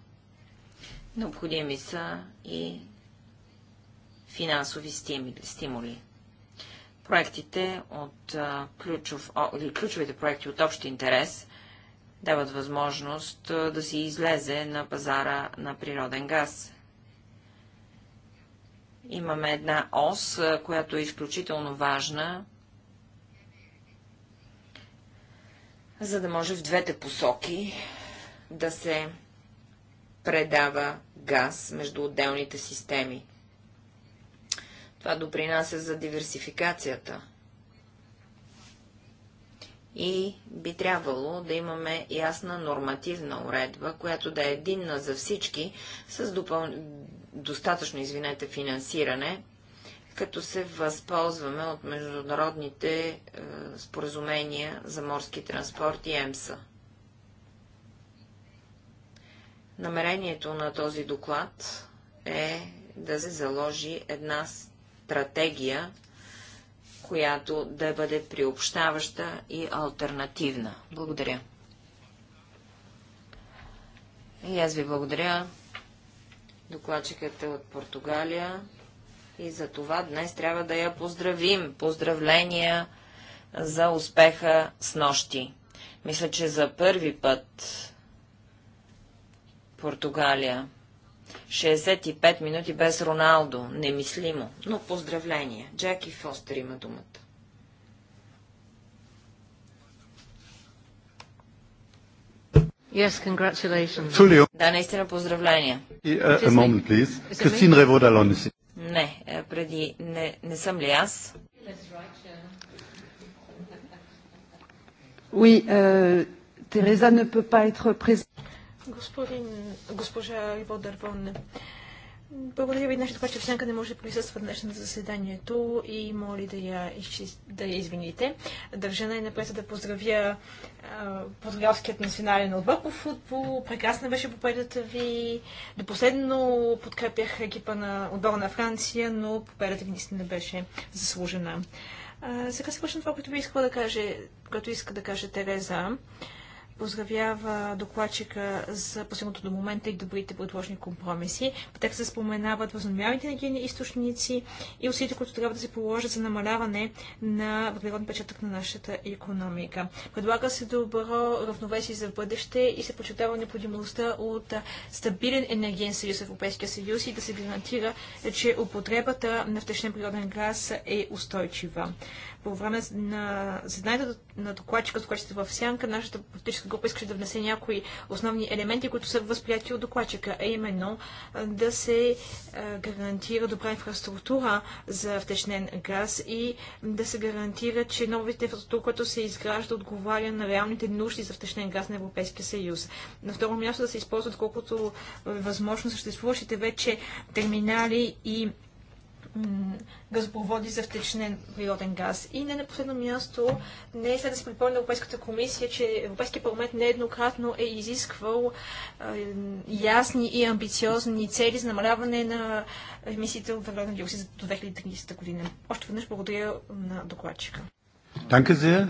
Необходими са и финансови стимули. Проектите от ключов, ключовите проекти от общ интерес дават възможност да се излезе на пазара на природен газ. Имаме една ос, която е изключително важна, за да може в двете посоки да се предава газ между отделните системи. Това допринася за диверсификацията и би трябвало да имаме ясна нормативна уредба, която да е единна за всички, с допъл... достатъчно извинете, финансиране, като се възползваме от международните е, споразумения за морски транспорт и ЕМСА. Намерението на този доклад е да се заложи една стратегия която да бъде приобщаваща и альтернативна. Благодаря. И аз ви благодаря, докладчикът е от Португалия и за това днес трябва да я поздравим. Поздравления за успеха с нощи. Мисля, че за първи път Португалия 65 минути без Роналдо. Немислимо. Но поздравления. Джеки Фостер има думата. Yes, congratulations. Да, наистина поздравления. A е, е, moment, please.
Christine
Не, е, преди не, не съм ли аз?
Oui, euh, Teresa peut pas être présente.
Господин, госпожа Иво Дървон, благодаря ви, нашата че Всянка не може да присъства днес на заседанието и моли да я, изчист... да я извините. Държа най-напред да поздравя португалският национален отбор по футбол. Прекрасна беше победата ви. До последно подкрепях екипа на отбора на Франция, но победата ви наистина беше заслужена. А, сега се връщам това, което ви искала да каже, което иска да каже Тереза. А, поздравява докладчика за постигнато до момента и добрите предложени компромиси. В текста се споменават възобновяемите енергийни източници и усилията, които трябва да се положат за намаляване на въглероден печатък на нашата економика. Предлага се добро равновесие за бъдеще и се почетава необходимостта от стабилен енергиен съюз в Европейския съюз и да се гарантира, че употребата на втечнен природен газ е устойчива по време на заседанието на докладчика, докладчите в Сянка, нашата политическа група искаше да внесе някои основни елементи, които са възприяти от докладчика, а именно да се гарантира добра инфраструктура за втечнен газ и да се гарантира, че новите инфраструктура, която се изгражда, отговаря на реалните нужди за втечнен газ на Европейския съюз. На второ място да се използват колкото е възможно съществуващите вече терминали и газопроводи за втечнен природен газ. И не на последно място, не е след да се припомня Европейската комисия, че Европейския парламент нееднократно е изисквал е, ясни и амбициозни цели за намаляване на емисиите от въглероден диоксид до 2030 година. Още веднъж благодаря на докладчика.
Благодаря,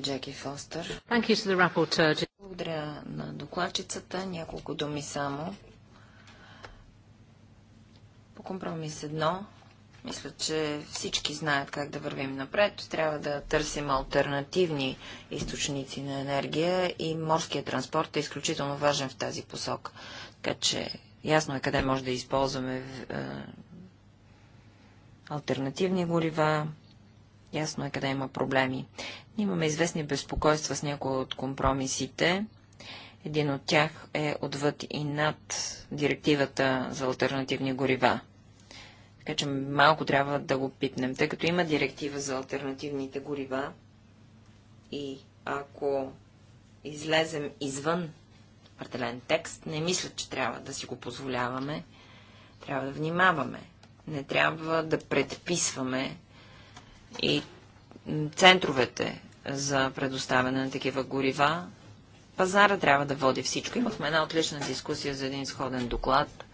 Джеки Фостер. Благодаря на докладчицата. Няколко думи само по компромис едно, мисля, че всички знаят как да вървим напред. Трябва да търсим альтернативни източници на енергия и морския транспорт е изключително важен в тази посока. Така че ясно е къде може да използваме е, альтернативни горива, ясно е къде има проблеми. Имаме известни безпокойства с някои от компромисите един от тях е отвъд и над директивата за альтернативни горива. Така че малко трябва да го пипнем, тъй като има директива за альтернативните горива и ако излезем извън определен текст, не мисля, че трябва да си го позволяваме. Трябва да внимаваме. Не трябва да предписваме и центровете за предоставяне на такива горива Пазара трябва да води всичко. Имахме една отлична дискусия за един сходен доклад.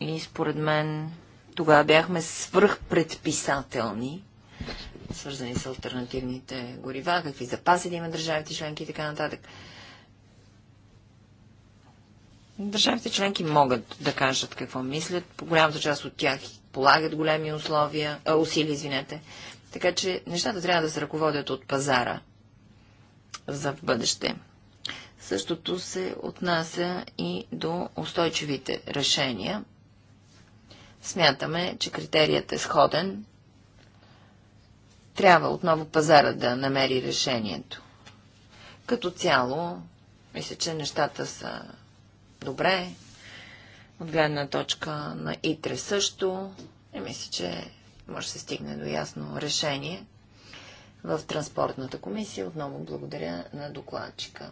И според мен тогава бяхме свръхпредписателни, свързани с альтернативните горива, какви запаси да има държавите членки и така нататък. Държавите членки могат да кажат какво мислят. По голямата част от тях полагат големи условия, а, усилия, извинете. Така че нещата трябва да се ръководят от пазара за в бъдеще. Същото се отнася и до устойчивите решения. Смятаме, че критерият е сходен. Трябва отново пазара да намери решението. Като цяло, мисля, че нещата са добре. От гледна точка на ИТРЕ също. И мисля, че може да се стигне до ясно решение в Транспортната комисия. Отново благодаря на докладчика.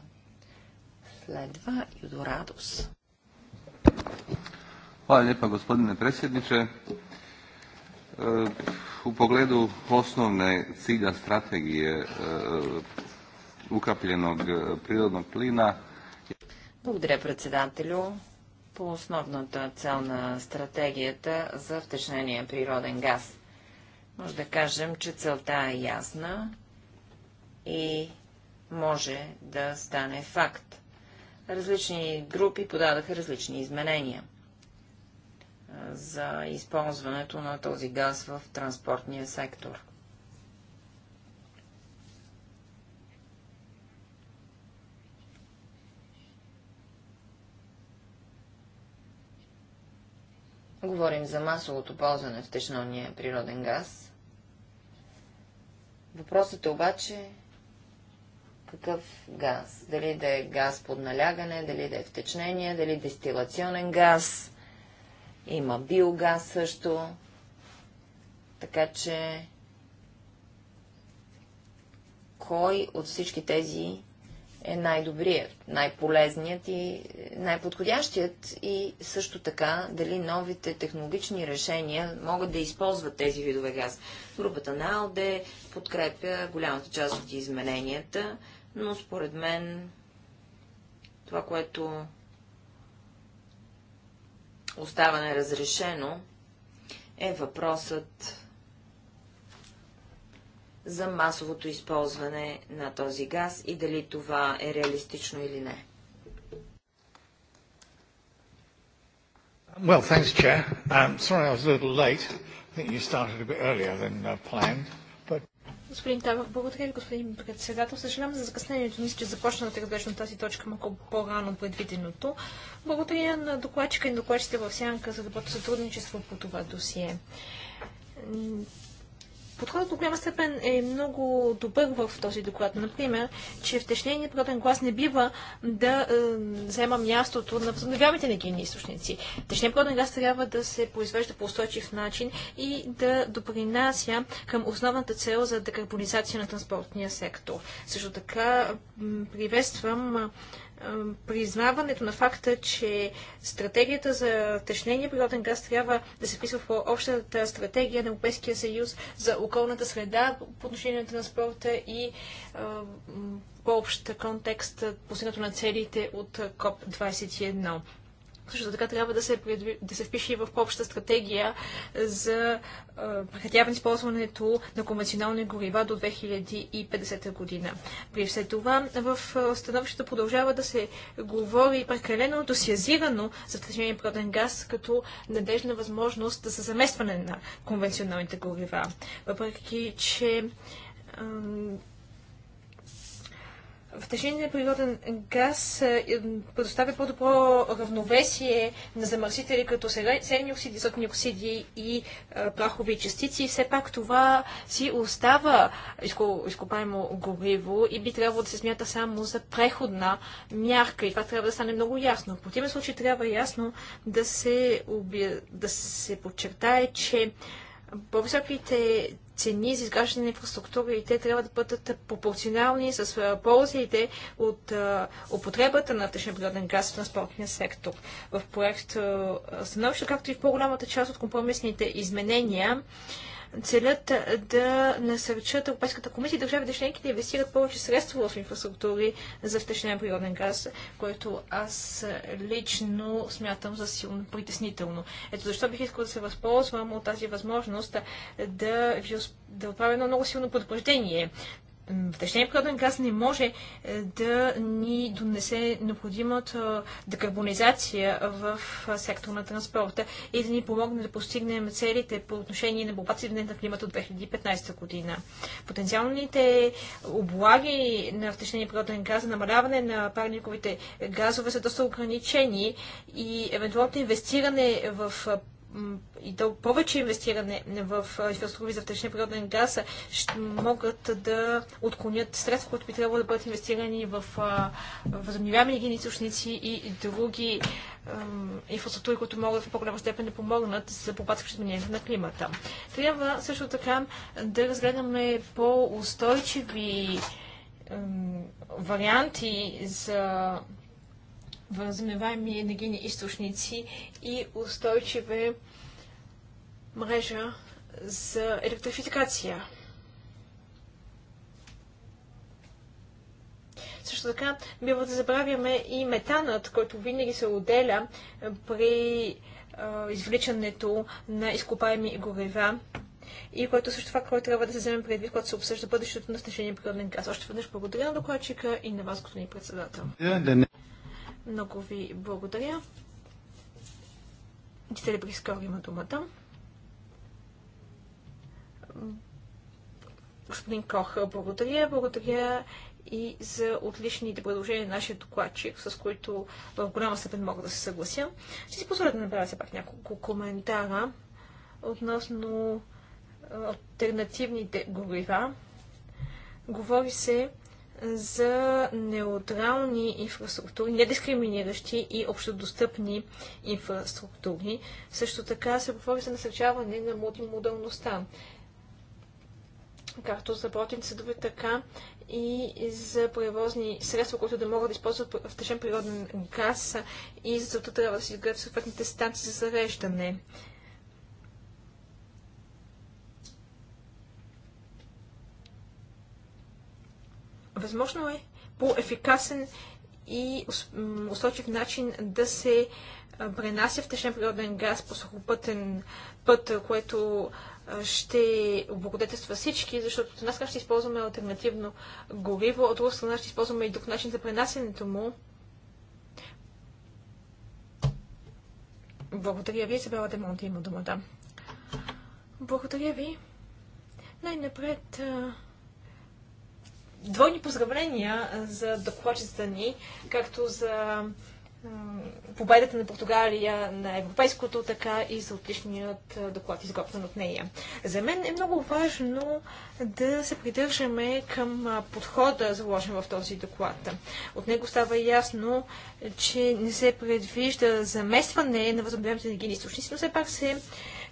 Следва Юдорадос.
Hvala lijepa gospodine predsjedniče. E, u pogledu osnovne
cilja strategije e, ukapljenog e, prirodnog
plina.
Благодаря, председателю. По основната цел на стратегията за втечнения природен газ. Може да кажем, че целта е ясна и може да стане факт. Различни групи подадаха различни изменения за използването на този газ в транспортния сектор. Говорим за масовото ползване в течнония природен газ. Въпросът е обаче какъв газ. Дали да е газ под налягане, дали да е втечнение, дали дестилационен газ. Има биогаз също. Така че кой от всички тези е най-добрият, най-полезният и най-подходящият и също така дали новите технологични решения могат да използват тези видове газ. Групата на АЛДЕ подкрепя голямата част от измененията, но според мен това, което остава неразрешено, е въпросът за масовото използване на този газ и дали това е реалистично или не.
Well, thanks, Chair. Um, sorry I was a little late. I think you started a bit earlier than uh, planned.
Господин Тавър, благодаря ви, господин председател. Съжалявам за закъснението. Мисля, че започна да разглеждам тази точка е малко по-рано предвиденото. Благодаря на докладчика и докладчите в Сянка за доброто сътрудничество по това досие. Подходът до голяма степен е много добър в този доклад. Например, че втечненият природен глас не бива да е, взема мястото на възобновяемите енергийни източници. Втечненият природен глас трябва да се произвежда по устойчив начин и да допринася към основната цел за декарбонизация на транспортния сектор. Също така приветствам признаването на факта, че стратегията за течнения природен газ трябва да се вписва в общата стратегия на Европейския съюз за околната среда по отношение на транспорта и по-общ контекст постигнато на целите от КОП-21. Също така трябва да се, предви... да се впише в обща стратегия за прекратяване използването на конвенционални горива до 2050 година. При все това в становището продължава да се говори прекалено досиазирано за втечнение природен газ като надежна възможност за заместване на конвенционалните горива. Въпреки, че втечнения природен газ е, е, предоставя по-добро равновесие на замърсители като серни оксиди, азотни оксиди и е, прахови частици. Все пак това си остава изкопаемо гориво и би трябвало да се смята само за преходна мярка. И това трябва да стане много ясно. В противен случай трябва ясно да се, да се подчертае, че по-високите цени за изграждане на инфраструктура и те трябва да бъдат пропорционални с ползите от употребата на втечен природен газ в транспортния сектор. В проект становище, както и в по-голямата част от компромисните изменения, целят да насърчат Европейската комисия и държавите членки да инвестират повече средства в инфраструктури за втечнен природен газ, което аз лично смятам за силно притеснително. Ето защо бих искал да се възползвам от тази възможност да, ви, да отправя едно много силно предупреждение Втечнение природен газ не може е, да ни донесе необходимата декарбонизация в сектора на транспорта и да ни помогне да постигнем целите по отношение на борбата с на климата от 2015 година. Потенциалните облаги на втечнение природен газ за намаляване на парниковите газове са доста ограничени и евентуалното инвестиране в и до повече инвестиране в инфраструктури за втечнен природен газ ще могат да отклонят средства, които би трябвало да бъдат инвестирани в възобновяеми енергийни източници и други инфраструктури, които могат в по-голяма степен да помогнат за борбата с изменението на климата. Трябва също така да разгледаме по-устойчиви варианти за възмеваеми енергийни източници и устойчива мрежа за електрификация. Също така бива да забравяме и метанът, който винаги се отделя при извличането на изкопаеми горева и което също това, което трябва да се вземе предвид, когато се обсъжда бъдещето на снешения природен газ. Още веднъж благодаря на докладчика и на вас, господин председател. Е, много ви благодаря. Gisele Брискор има думата. Господин Кох, благодаря. Благодаря и за отличните предложения на нашия докладчик, с които в голяма степен мога да се съглася. Ще си позволя да направя все пак няколко коментара относно альтернативните горива. Говори се за неутрални инфраструктури, недискриминиращи и общодостъпни инфраструктури. Също така се говори за насърчаване на мултимодалността, както за протин съдове, така и за превозни средства, които да могат да използват втечен природен газ и за това трябва да се изградят съответните станции за зареждане. Възможно е по-ефикасен и устойчив начин да се пренася втечнен природен газ по сухопътен път, което ще облагодетелства всички, защото от една страна ще използваме альтернативно гориво, от друга страна ще използваме и друг начин за пренасенето му. Благодаря ви, Изабела Демонти има думата. Благодаря ви. Най-напред двойни поздравления за докладчицата ни, както за победата на Португалия на европейското, така и за отличният доклад, изготвен от нея. За мен е много важно да се придържаме към подхода, заложен в този доклад. От него става ясно, че не се предвижда заместване на възобновяемите енергийни източници, но все пак се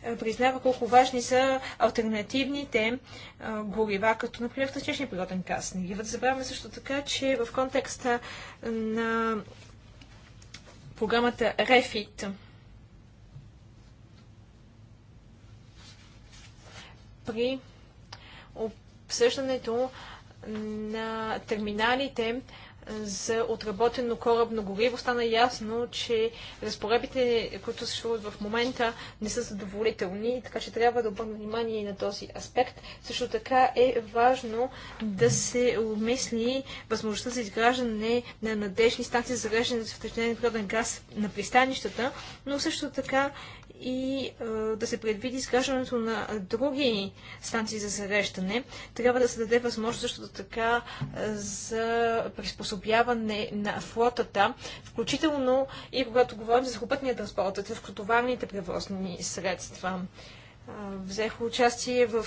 е, признава колко важни са альтернативните е, горива, като например вторичния природен газ. Не да забравяме също така, че в контекста на програмата REFIT, при обсъждането на терминалите за отработено корабно гориво, стана ясно, че разпоредбите, които съществуват в момента, не са задоволителни, така че трябва да обърнем внимание и на този аспект. Също така е важно да се обмисли възможността за изграждане на надежни станции за зареждане за на природен газ на пристанищата, но също така и а, да се предвиди изграждането на други станции за зареждане. Трябва да се даде възможност също така за приспособяване на флотата, включително и когато говорим за сухопътния транспорт, за товарните превозни средства взех участие в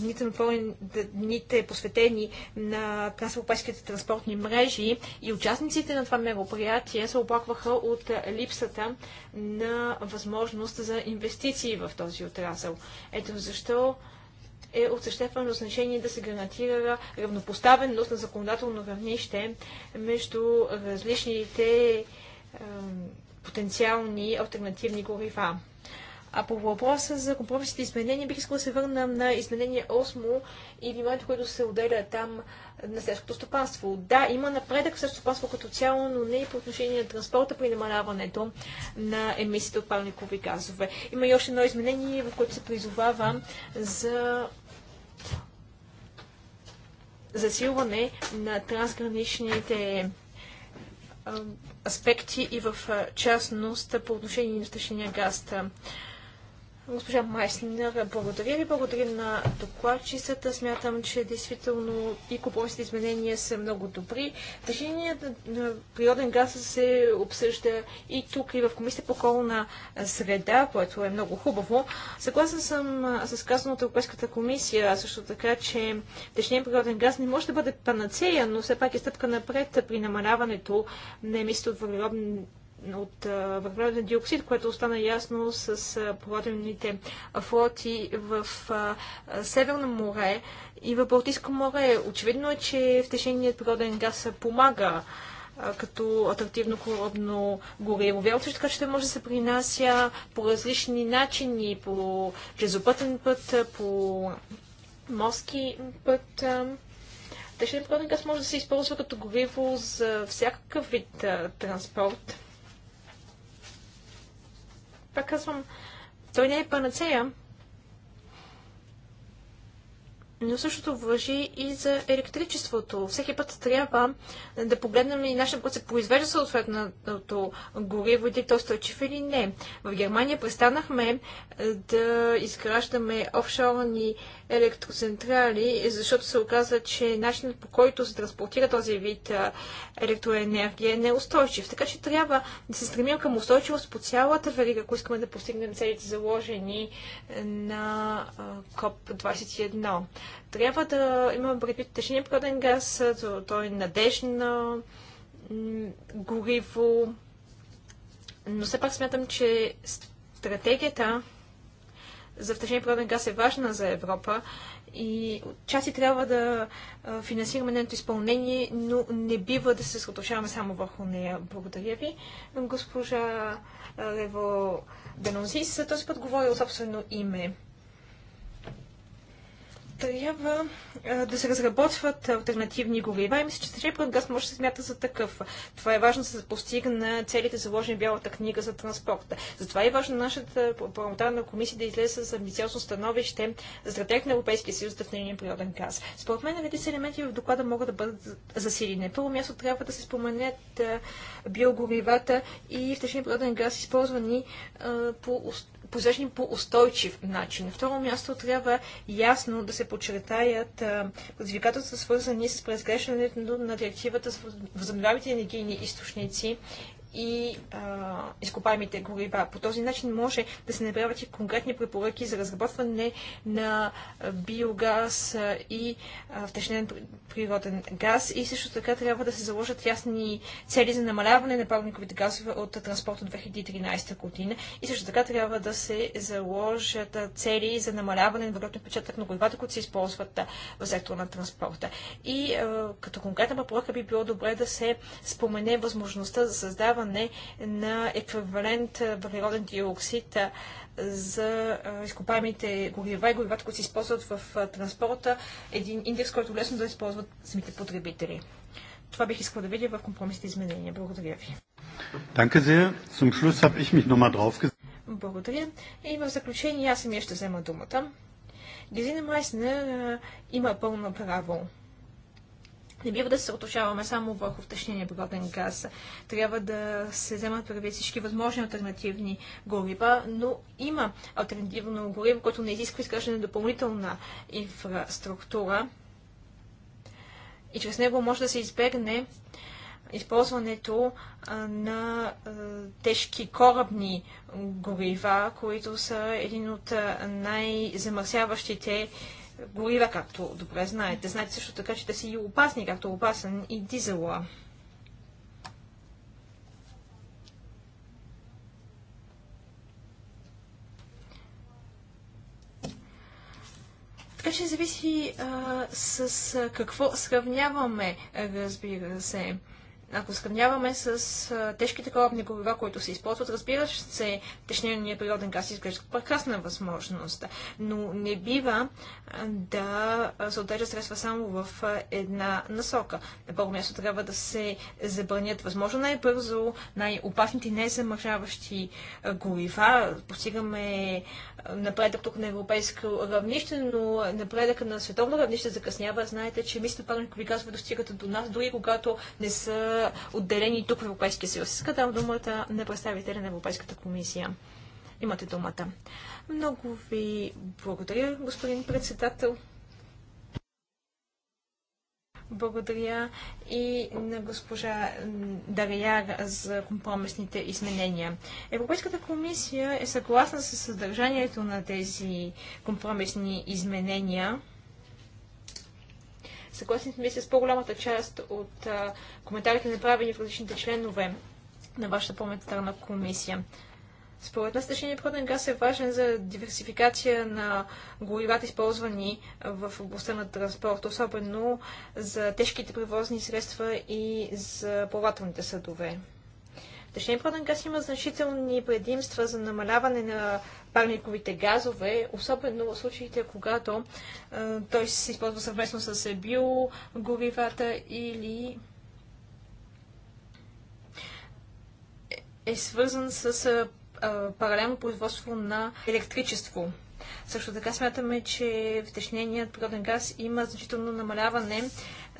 дните, напълни, дните посветени на трансевропейските транспортни мрежи и участниците на това мероприятие се оплакваха от липсата на възможност за инвестиции в този отрасъл. Ето защо е от съществено значение да се гарантира равнопоставеност на законодателно равнище между различните потенциални альтернативни горива. А по въпроса за компромисните изменения бих искала да се върна на изменение 8 и вниманието, което се отделя там на селското стопанство. Да, има напредък в селското стопанство като цяло, но не и по отношение на транспорта при намаляването на емисиите от парникови газове. Има и още едно изменение, в което се призовава за засилване на трансграничните аспекти и в частност по отношение на стъщения газ. Госпожа Майснер, благодаря ви, благодаря на докладчицата. Смятам, че действително и купонските изменения са много добри. Движението на природен газ се обсъжда и тук, и в Комисията по околна среда, което е много хубаво. Съгласен съм с казаното Европейската комисия, също така, че течният природен газ не може да бъде панацея, но все пак е стъпка напред при намаляването на емисията от въглероден от въглероден диоксид, което остана ясно с плавателните флоти в Северно море и в Балтийско море. Очевидно е, че втечненият природен газ помага като атрактивно корабно гориво. Вярвам също така, че може да се принася по различни начини, по железопътен път, по морски път. Течен природен газ може да се използва като гориво за всякакъв вид а, транспорт пак казвам, той не е панацея, но същото въжи и за електричеството. Всеки път трябва да погледнем и начинът, който се произвежда съответното гориво, дали то е стойчив или не. В Германия престанахме да изграждаме офшорни електроцентрали, защото се оказва, че начинът по който се транспортира този вид електроенергия е неустойчив. Така че трябва да се стремим към устойчивост по цялата верига, ако искаме да постигнем целите заложени е, на КОП-21. Трябва да имаме предвид течния природен газ, той е надежно гориво, но все пак смятам, че стратегията за втечнен природен газ е важна за Европа и части трябва да финансираме нейното изпълнение, но не бива да се съсредоточаваме само върху нея. Благодаря ви. Госпожа Лево Денонзис този път говоря от собствено име трябва да се разработват альтернативни горива и мисля, че течен газ може да се смята за такъв. Това е важно за да постигне целите заложени в Бялата книга за транспорта. Затова е важно нашата парламентарна комисия да излезе с амбициозно становище за стратегия на Европейския съюз за втенения природен газ. Според мен редица елементи в доклада могат да бъдат засилени. Първо място трябва да се споменят биогоривата и втечния природен газ, използвани по посрещани по устойчив начин. На второ място трябва ясно да се подчертаят предизвикателства, свързани с преразглеждането на директивата за възобновяемите енергийни източници и а, изкопаемите горива. По този начин може да се направят и конкретни препоръки за разработване на биогаз и втечнен природен газ и също така трябва да се заложат ясни цели за намаляване на парниковите газове от транспорт от 2013 година и също така трябва да се заложат цели за намаляване на въглеродния отпечатък на горивата, които се използват в сектора на транспорта. И а, като конкретна препоръка би било добре да се спомене възможността за създаване намаляване на еквивалент е, въглероден диоксид е, за е, изкопаемите горива и горивата, които се използват в транспорта, един индекс, който лесно да използват самите потребители. Това бих искал да видя в компромисните изменения. Благодаря ви. Благодаря. И в заключение аз самия ще взема думата. Гезина Майснер има пълно право. Не бива да се отушаваме само върху втъщения природен газ. Трябва да се вземат предвид всички възможни альтернативни горива, но има альтернативно гориво, което не изисква изграждане на допълнителна инфраструктура. И чрез него може да се избегне използването на тежки корабни горива, които са един от най-замърсяващите горива, както добре знаете. Знаете също така, че те са и опасни, както опасен и дизела. Така че зависи а, с какво сравняваме, разбира се. Ако сравняваме с тежките корабни горива, които се използват, разбира се, течнения природен газ изглежда прекрасна възможност, но не бива да се отдържа средства само в една насока. На първо място трябва да се забранят възможно най-бързо най-опасните незамържаващи горива. Постигаме напредък тук на европейско равнище, но напредък на световно равнище закъснява. Знаете, че мисля парникови газове достигат до нас, дори когато не са отделени тук в Европейския съюз. Иска дам думата на представителя на Европейската комисия. Имате думата. Много ви благодаря, господин председател. Благодаря и на госпожа Дарияр за компромисните изменения. Европейската комисия е съгласна с съдържанието на тези компромисни изменения Съгласни сме с по-голямата част от коментарите, направени в различните членове на вашата парламентарна комисия. Според нас течният проден газ е важен за диверсификация на горивата, използвани в областта на транспорт, особено за тежките превозни средства и за плавателните съдове. Втечнен природен газ има значителни предимства за намаляване на парниковите газове, особено в случаите, когато а, той се използва съвместно с е, биогоривата или е свързан с а, паралелно производство на електричество. Също така смятаме, че втечненият природен газ има значително намаляване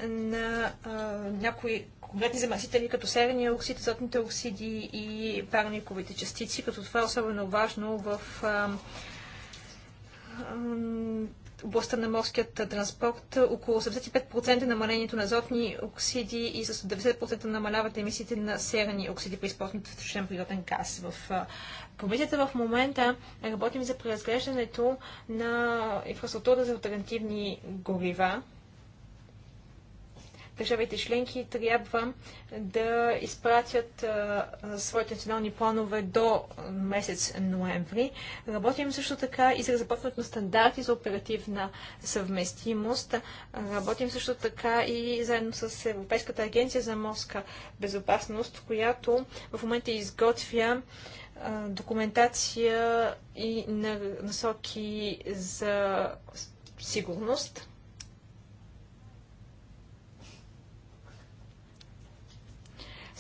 на а, някои конкретни замърсители, като серения оксид, азотните оксиди и парниковите частици, като това е особено важно в а, областта на морският транспорт. Около 85% е намалението на азотни оксиди и с 90% намаляват емисиите на серени оксиди при използването в втечнен природен газ. В комисията в момента работим за преразглеждането на инфраструктура за альтернативни горива държавите членки трябва да изпратят а, своите национални планове до месец ноември. Работим също така и за разработването на стандарти за оперативна съвместимост. Работим също така и заедно с Европейската агенция за морска безопасност, която в момента изготвя а, документация и насоки за сигурност.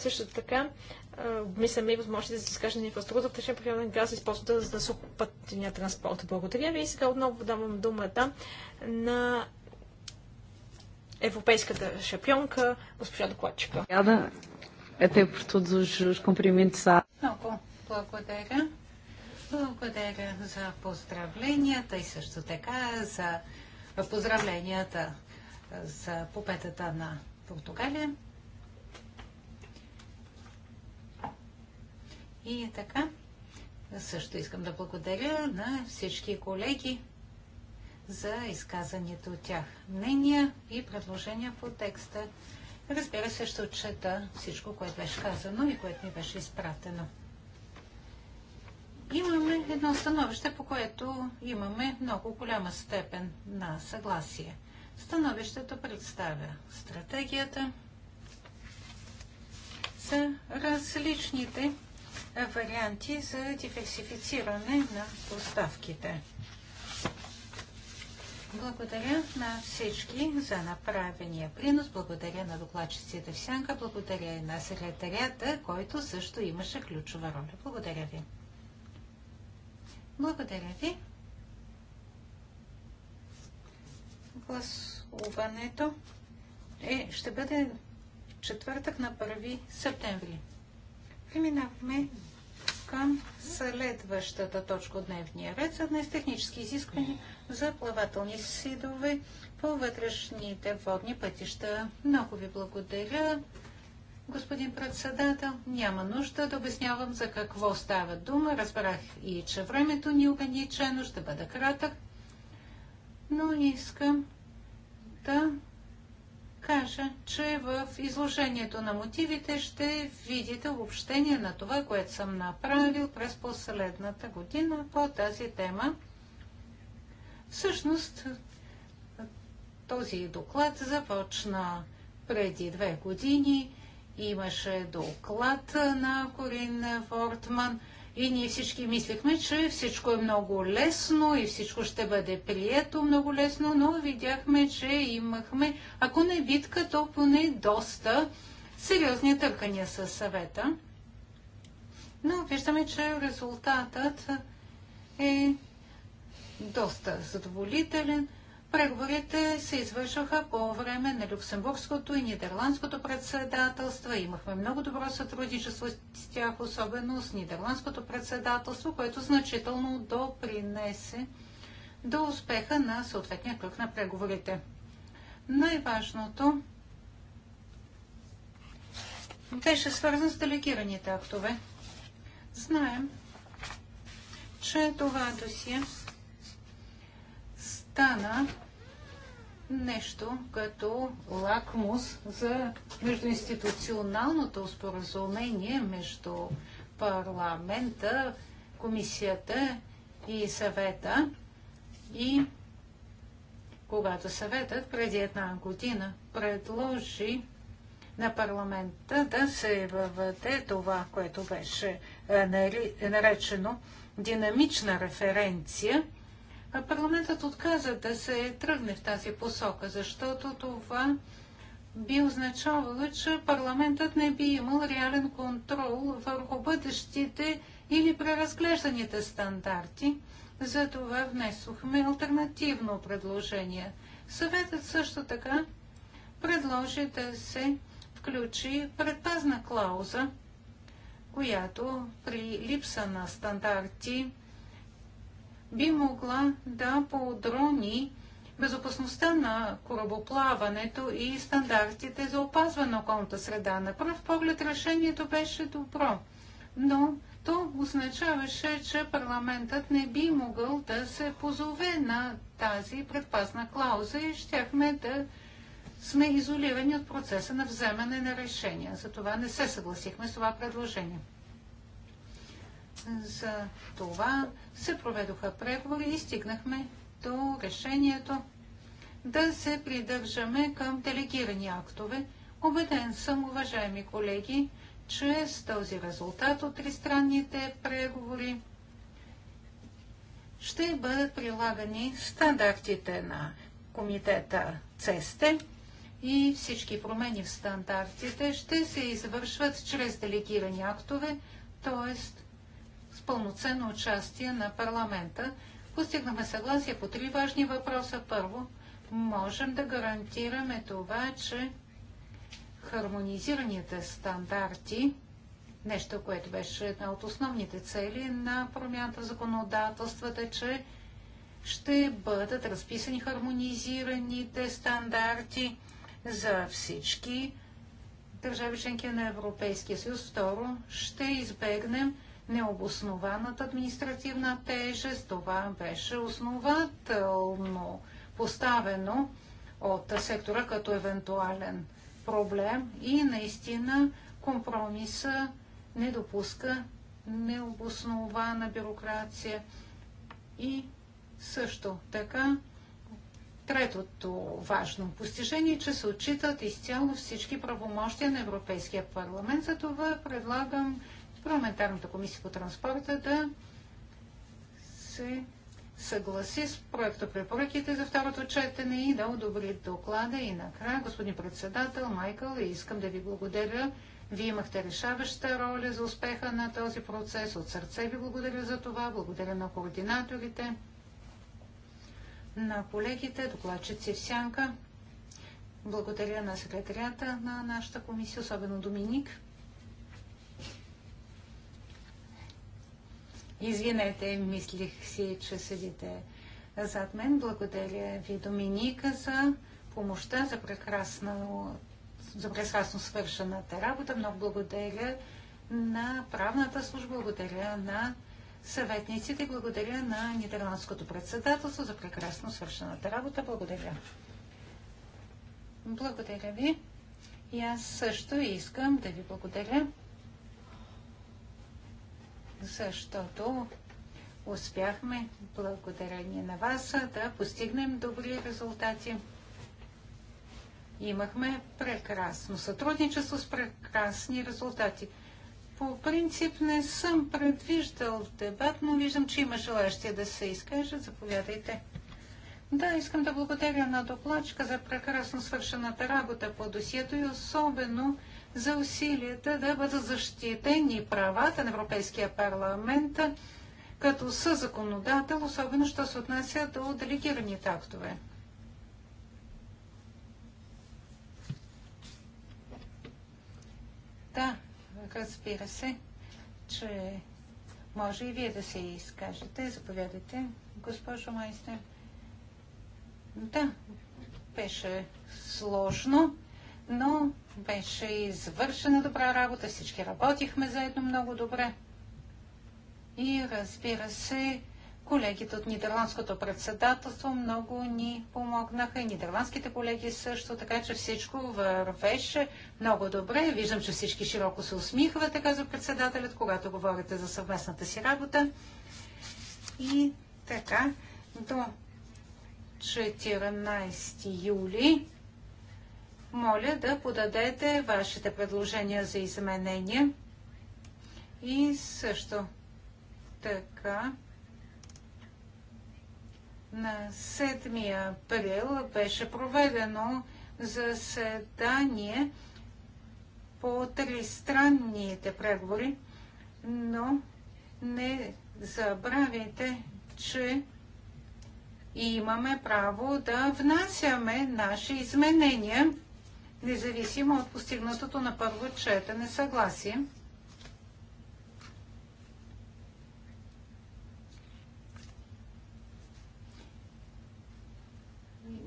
Също така, обмисляме и възможности се изграждане на инфраструктура, тъчен природен газ, използват за сухопътния транспорт. Благодаря ви. И сега отново давам думата на
европейската шапионка, госпожа докладчика. Много благодаря. Благодаря за поздравленията и също така за поздравленията за победата на Португалия. И така, също искам да благодаря на всички колеги за изказаните от тях мнения и предложения по текста. Разбира се, ще отчета всичко, което беше казано и което ми беше изпратено. Имаме едно становище, по което имаме много голяма степен на съгласие. Становището представя стратегията за различните варианти за диверсифициране на поставките. Благодаря на всички за направения принос. Благодаря на докладчиците в Сянка. Благодаря и на секретарята, който също имаше ключова роля. Благодаря ви. Благодаря ви. Гласуването е, ще бъде четвъртък на 1 септември. Преминаваме точка. Следващата точка от дневния ред са днес технически изисквания за плавателни сидове по вътрешните водни пътища. Много ви благодаря. Господин председател, няма нужда да обяснявам за какво става дума. Разбрах и, че времето ни е ограничено, ще бъда кратък. Но искам да кажа, че в изложението на мотивите ще видите обобщение на това, което съм направил през последната година по тази тема. Всъщност, този доклад започна преди две години. Имаше доклад на Корин Фортман – и ние всички мислехме, че всичко е много лесно и всичко ще бъде прието много лесно, но видяхме, че имахме, ако не битка, то поне доста сериозни търкания със съвета. Но виждаме, че резултатът е доста задоволителен – Преговорите се извършваха по време на люксембургското и нидерландското председателство. Имахме много добро сътрудничество с тях, особено с нидерландското председателство, което значително допринесе до успеха на съответния кръг на преговорите. Най-важното беше свързан с делегираните актове. Знаем, че това досие стана нещо като лакмус за междуинституционалното споразумение между парламента, комисията и съвета. И когато съветът преди една година предложи на парламента да се въведе това, което беше е, нали, наречено динамична референция – парламентът отказа да се тръгне в тази посока, защото това би означавало, че парламентът не би имал реален контрол върху бъдещите или преразглежданите стандарти. Затова внесохме альтернативно предложение. Съветът също така предложи да се включи предпазна клауза, която при липса на стандарти би могла да подрони безопасността на корабоплаването и стандартите за опазване на околната среда. На пръв поглед решението беше добро, но то означаваше, че парламентът не би могъл да се позове на тази предпазна клауза и щяхме да сме изолирани от процеса на вземане на решения. Затова не се съгласихме с това предложение. За това се проведоха преговори и стигнахме до решението да се придържаме към делегирани актове. Обеден съм, уважаеми колеги, че с този резултат от тристранните преговори ще бъдат прилагани стандартите на комитета ЦЕСТЕ и всички промени в стандартите ще се извършват чрез делегирани актове, т.е с пълноценно участие на парламента. Постигнахме съгласие по три важни въпроса. Първо, можем да гарантираме това, че хармонизираните стандарти, нещо, което беше една от основните цели на промяната в законодателствата, че ще бъдат разписани хармонизираните стандарти за всички държави членки на Европейския съюз. Второ, ще избегнем необоснованата административна тежест. Това беше основателно поставено от сектора като евентуален проблем и наистина компромиса не допуска необоснована бюрокрация и също така Третото важно постижение е, че се отчитат изцяло всички правомощия на Европейския парламент. За това предлагам парламентарната комисия по транспорта да се съгласи с проекта препоръките за второто четене и да одобри доклада. И накрая, господин председател, Майкъл, искам да ви благодаря. Вие имахте решаваща роля за успеха на този процес. От сърце ви благодаря за това. Благодаря на координаторите, на колегите, докладчици в сянка. Благодаря на секретарията на нашата комисия, особено Доминик. Извинете, мислих си, че седите зад мен. Благодаря ви, Доминика, за помощта, за прекрасно, за прекрасно свършената работа. Много благодаря на правната служба, благодаря на съветниците, благодаря на Нидерландското председателство за прекрасно свършената работа. Благодаря. Благодаря ви. И аз също искам да ви благодаря защото успяхме, благодарение на вас, да постигнем добри резултати. Имахме прекрасно сътрудничество с прекрасни резултати. По принцип не съм предвиждал дебат, но виждам, че има желащия да се изкаже. Заповядайте. Да, искам да благодаря на докладчика за прекрасно свършената работа по досието и особено за усилията да бъдат защитени правата на Европейския парламент като законодател, особено що се отнася до делегираните актове. Да, разбира се, че може и вие да се изкажете. Заповядайте, госпожо Майстер. Да, беше сложно, но беше извършена добра работа, всички работихме заедно много добре. И разбира се, колегите от Нидерландското председателство много ни помогнаха и нидерландските колеги също, така че всичко вървеше много добре. Виждам, че всички широко се усмихвате, казва председателят, когато говорите за съвместната си работа. И така, до 14 юли моля да подадете вашите предложения за изменения и също така на 7 април беше проведено заседание по тристранните преговори, но не забравяйте, че имаме право да внасяме наши изменения независимо от постигнатото на първо четене съгласие.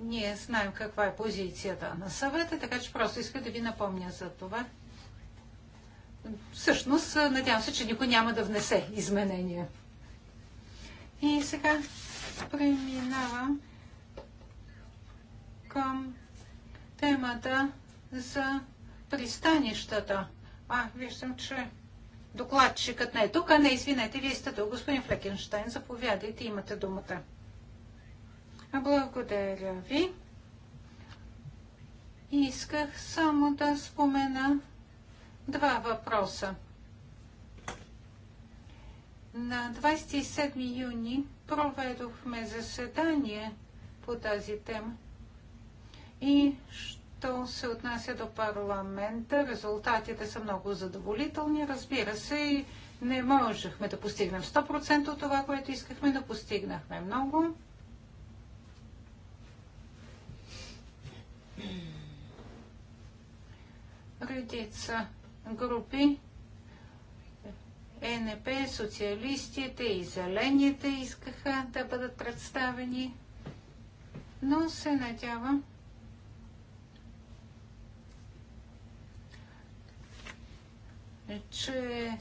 Ние знаем каква е позицията на съвета, така че просто иска да ви напомня за това. Всъщност, надявам се, че никой няма да внесе изменения. И сега преминавам към темата за пристанищата. А, виждам, че докладчикът не е тук, а не, извинете, вие сте тук. Господин Флекенштайн, заповядайте, имате думата. Благодаря ви. Исках само да спомена два въпроса. На 27 юни проведохме заседание по тази тема и ще Що се отнася до парламента, резултатите са много задоволителни. Разбира се, и не можехме да постигнем 100% от това, което искахме, да постигнахме много. Редица групи ЕНП, социалистите и зелените искаха да бъдат представени, но се надявам, Е, че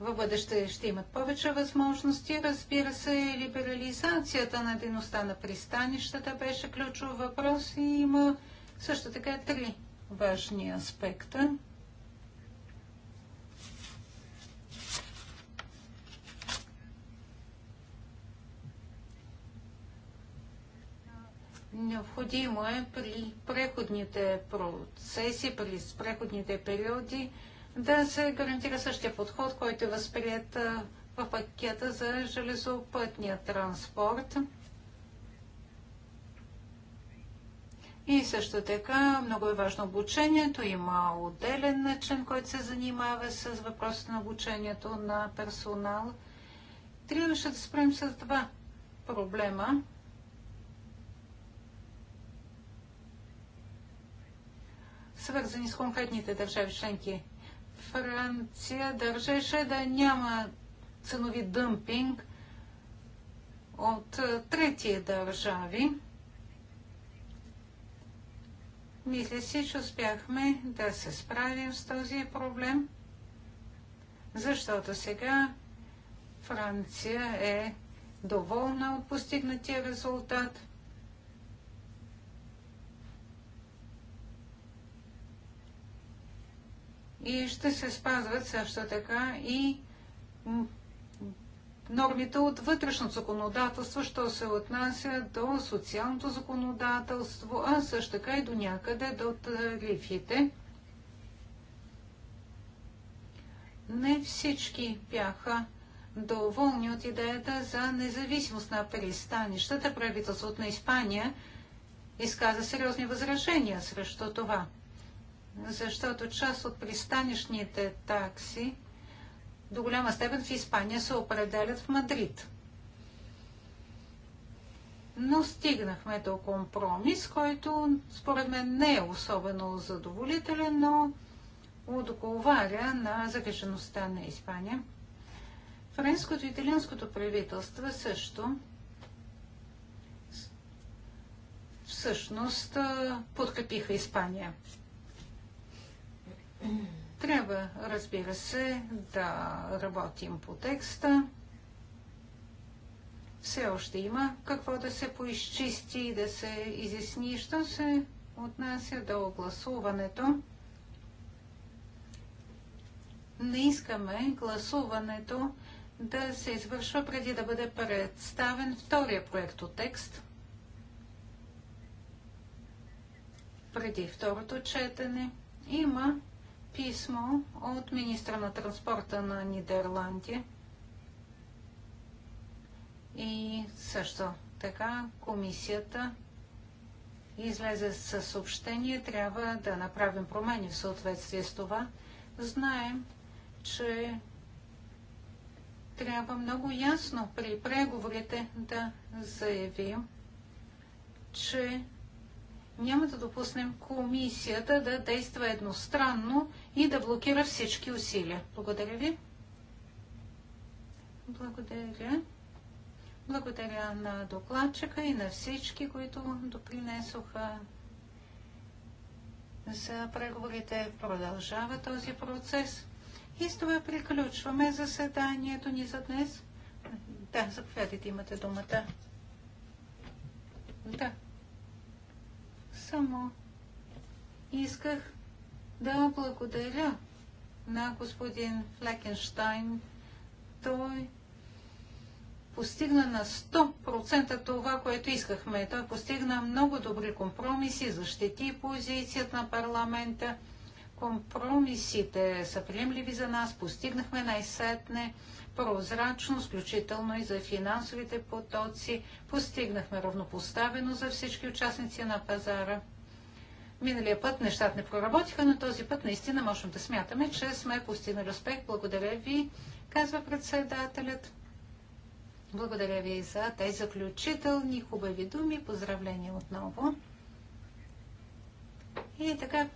в бъдеще ще имат повече възможности. Разбира се, либерализацията на дейността на пристанищата беше ключов въпрос и има също така три важни аспекта. Необходимо е при преходните процеси, при преходните периоди да се гарантира същия подход, който е възприят в пакета за железопътния транспорт. И също така много е важно обучението. Има отделен член, който се занимава с въпросите на обучението на персонал. Трябваше да спрем с два проблема. свързани с конкретните държави членки. Франция държеше да няма ценови дъмпинг от е, трети държави. Мисля си, че успяхме да се справим с този проблем, защото сега Франция е доволна от постигнатия резултат. и ще се спазват също така и нормите от вътрешното законодателство, що се отнася до социалното законодателство, а също така и до някъде до тарифите. Не всички бяха доволни от идеята за независимост на пристанищата. Правителството на Испания изказа сериозни възражения срещу това защото част от пристанищните такси до голяма степен в Испания се определят в Мадрид. Но стигнахме до компромис, който според мен не е особено задоволителен, но отговаря на загрежеността на Испания. Френското и италианското правителство също всъщност подкрепиха Испания. Трябва, разбира се, да работим по текста. Все още има какво да се поизчисти и да се изясни, що се отнася до гласуването. Не искаме гласуването да се извършва преди да бъде представен втория текст. Преди второто четене има писмо от министра на транспорта на Нидерландия и също така комисията излезе със съобщение, трябва да направим промени в съответствие с това. Знаем, че трябва много ясно при преговорите да заявим, че няма да допуснем комисията да действа едностранно и да блокира всички усилия. Благодаря ви. Благодаря. Благодаря на докладчика и на всички, които допринесоха за преговорите. Продължава този процес. И с това приключваме заседанието ни за днес. Да, заповядайте, имате думата. Да. Само исках да благодаря на господин Флекенштайн. Той постигна на 100% това, което искахме. Той постигна много добри компромиси, защити позицията на парламента. Компромисите са приемливи за нас. Постигнахме най-сетне прозрачно, включително и за финансовите потоци. Постигнахме равнопоставено за всички участници на пазара. Миналия път нещата не проработиха, но този път наистина можем да смятаме, че сме постигнали успех. Благодаря ви, казва председателят. Благодаря ви и за тези заключителни хубави думи. Поздравления отново. И така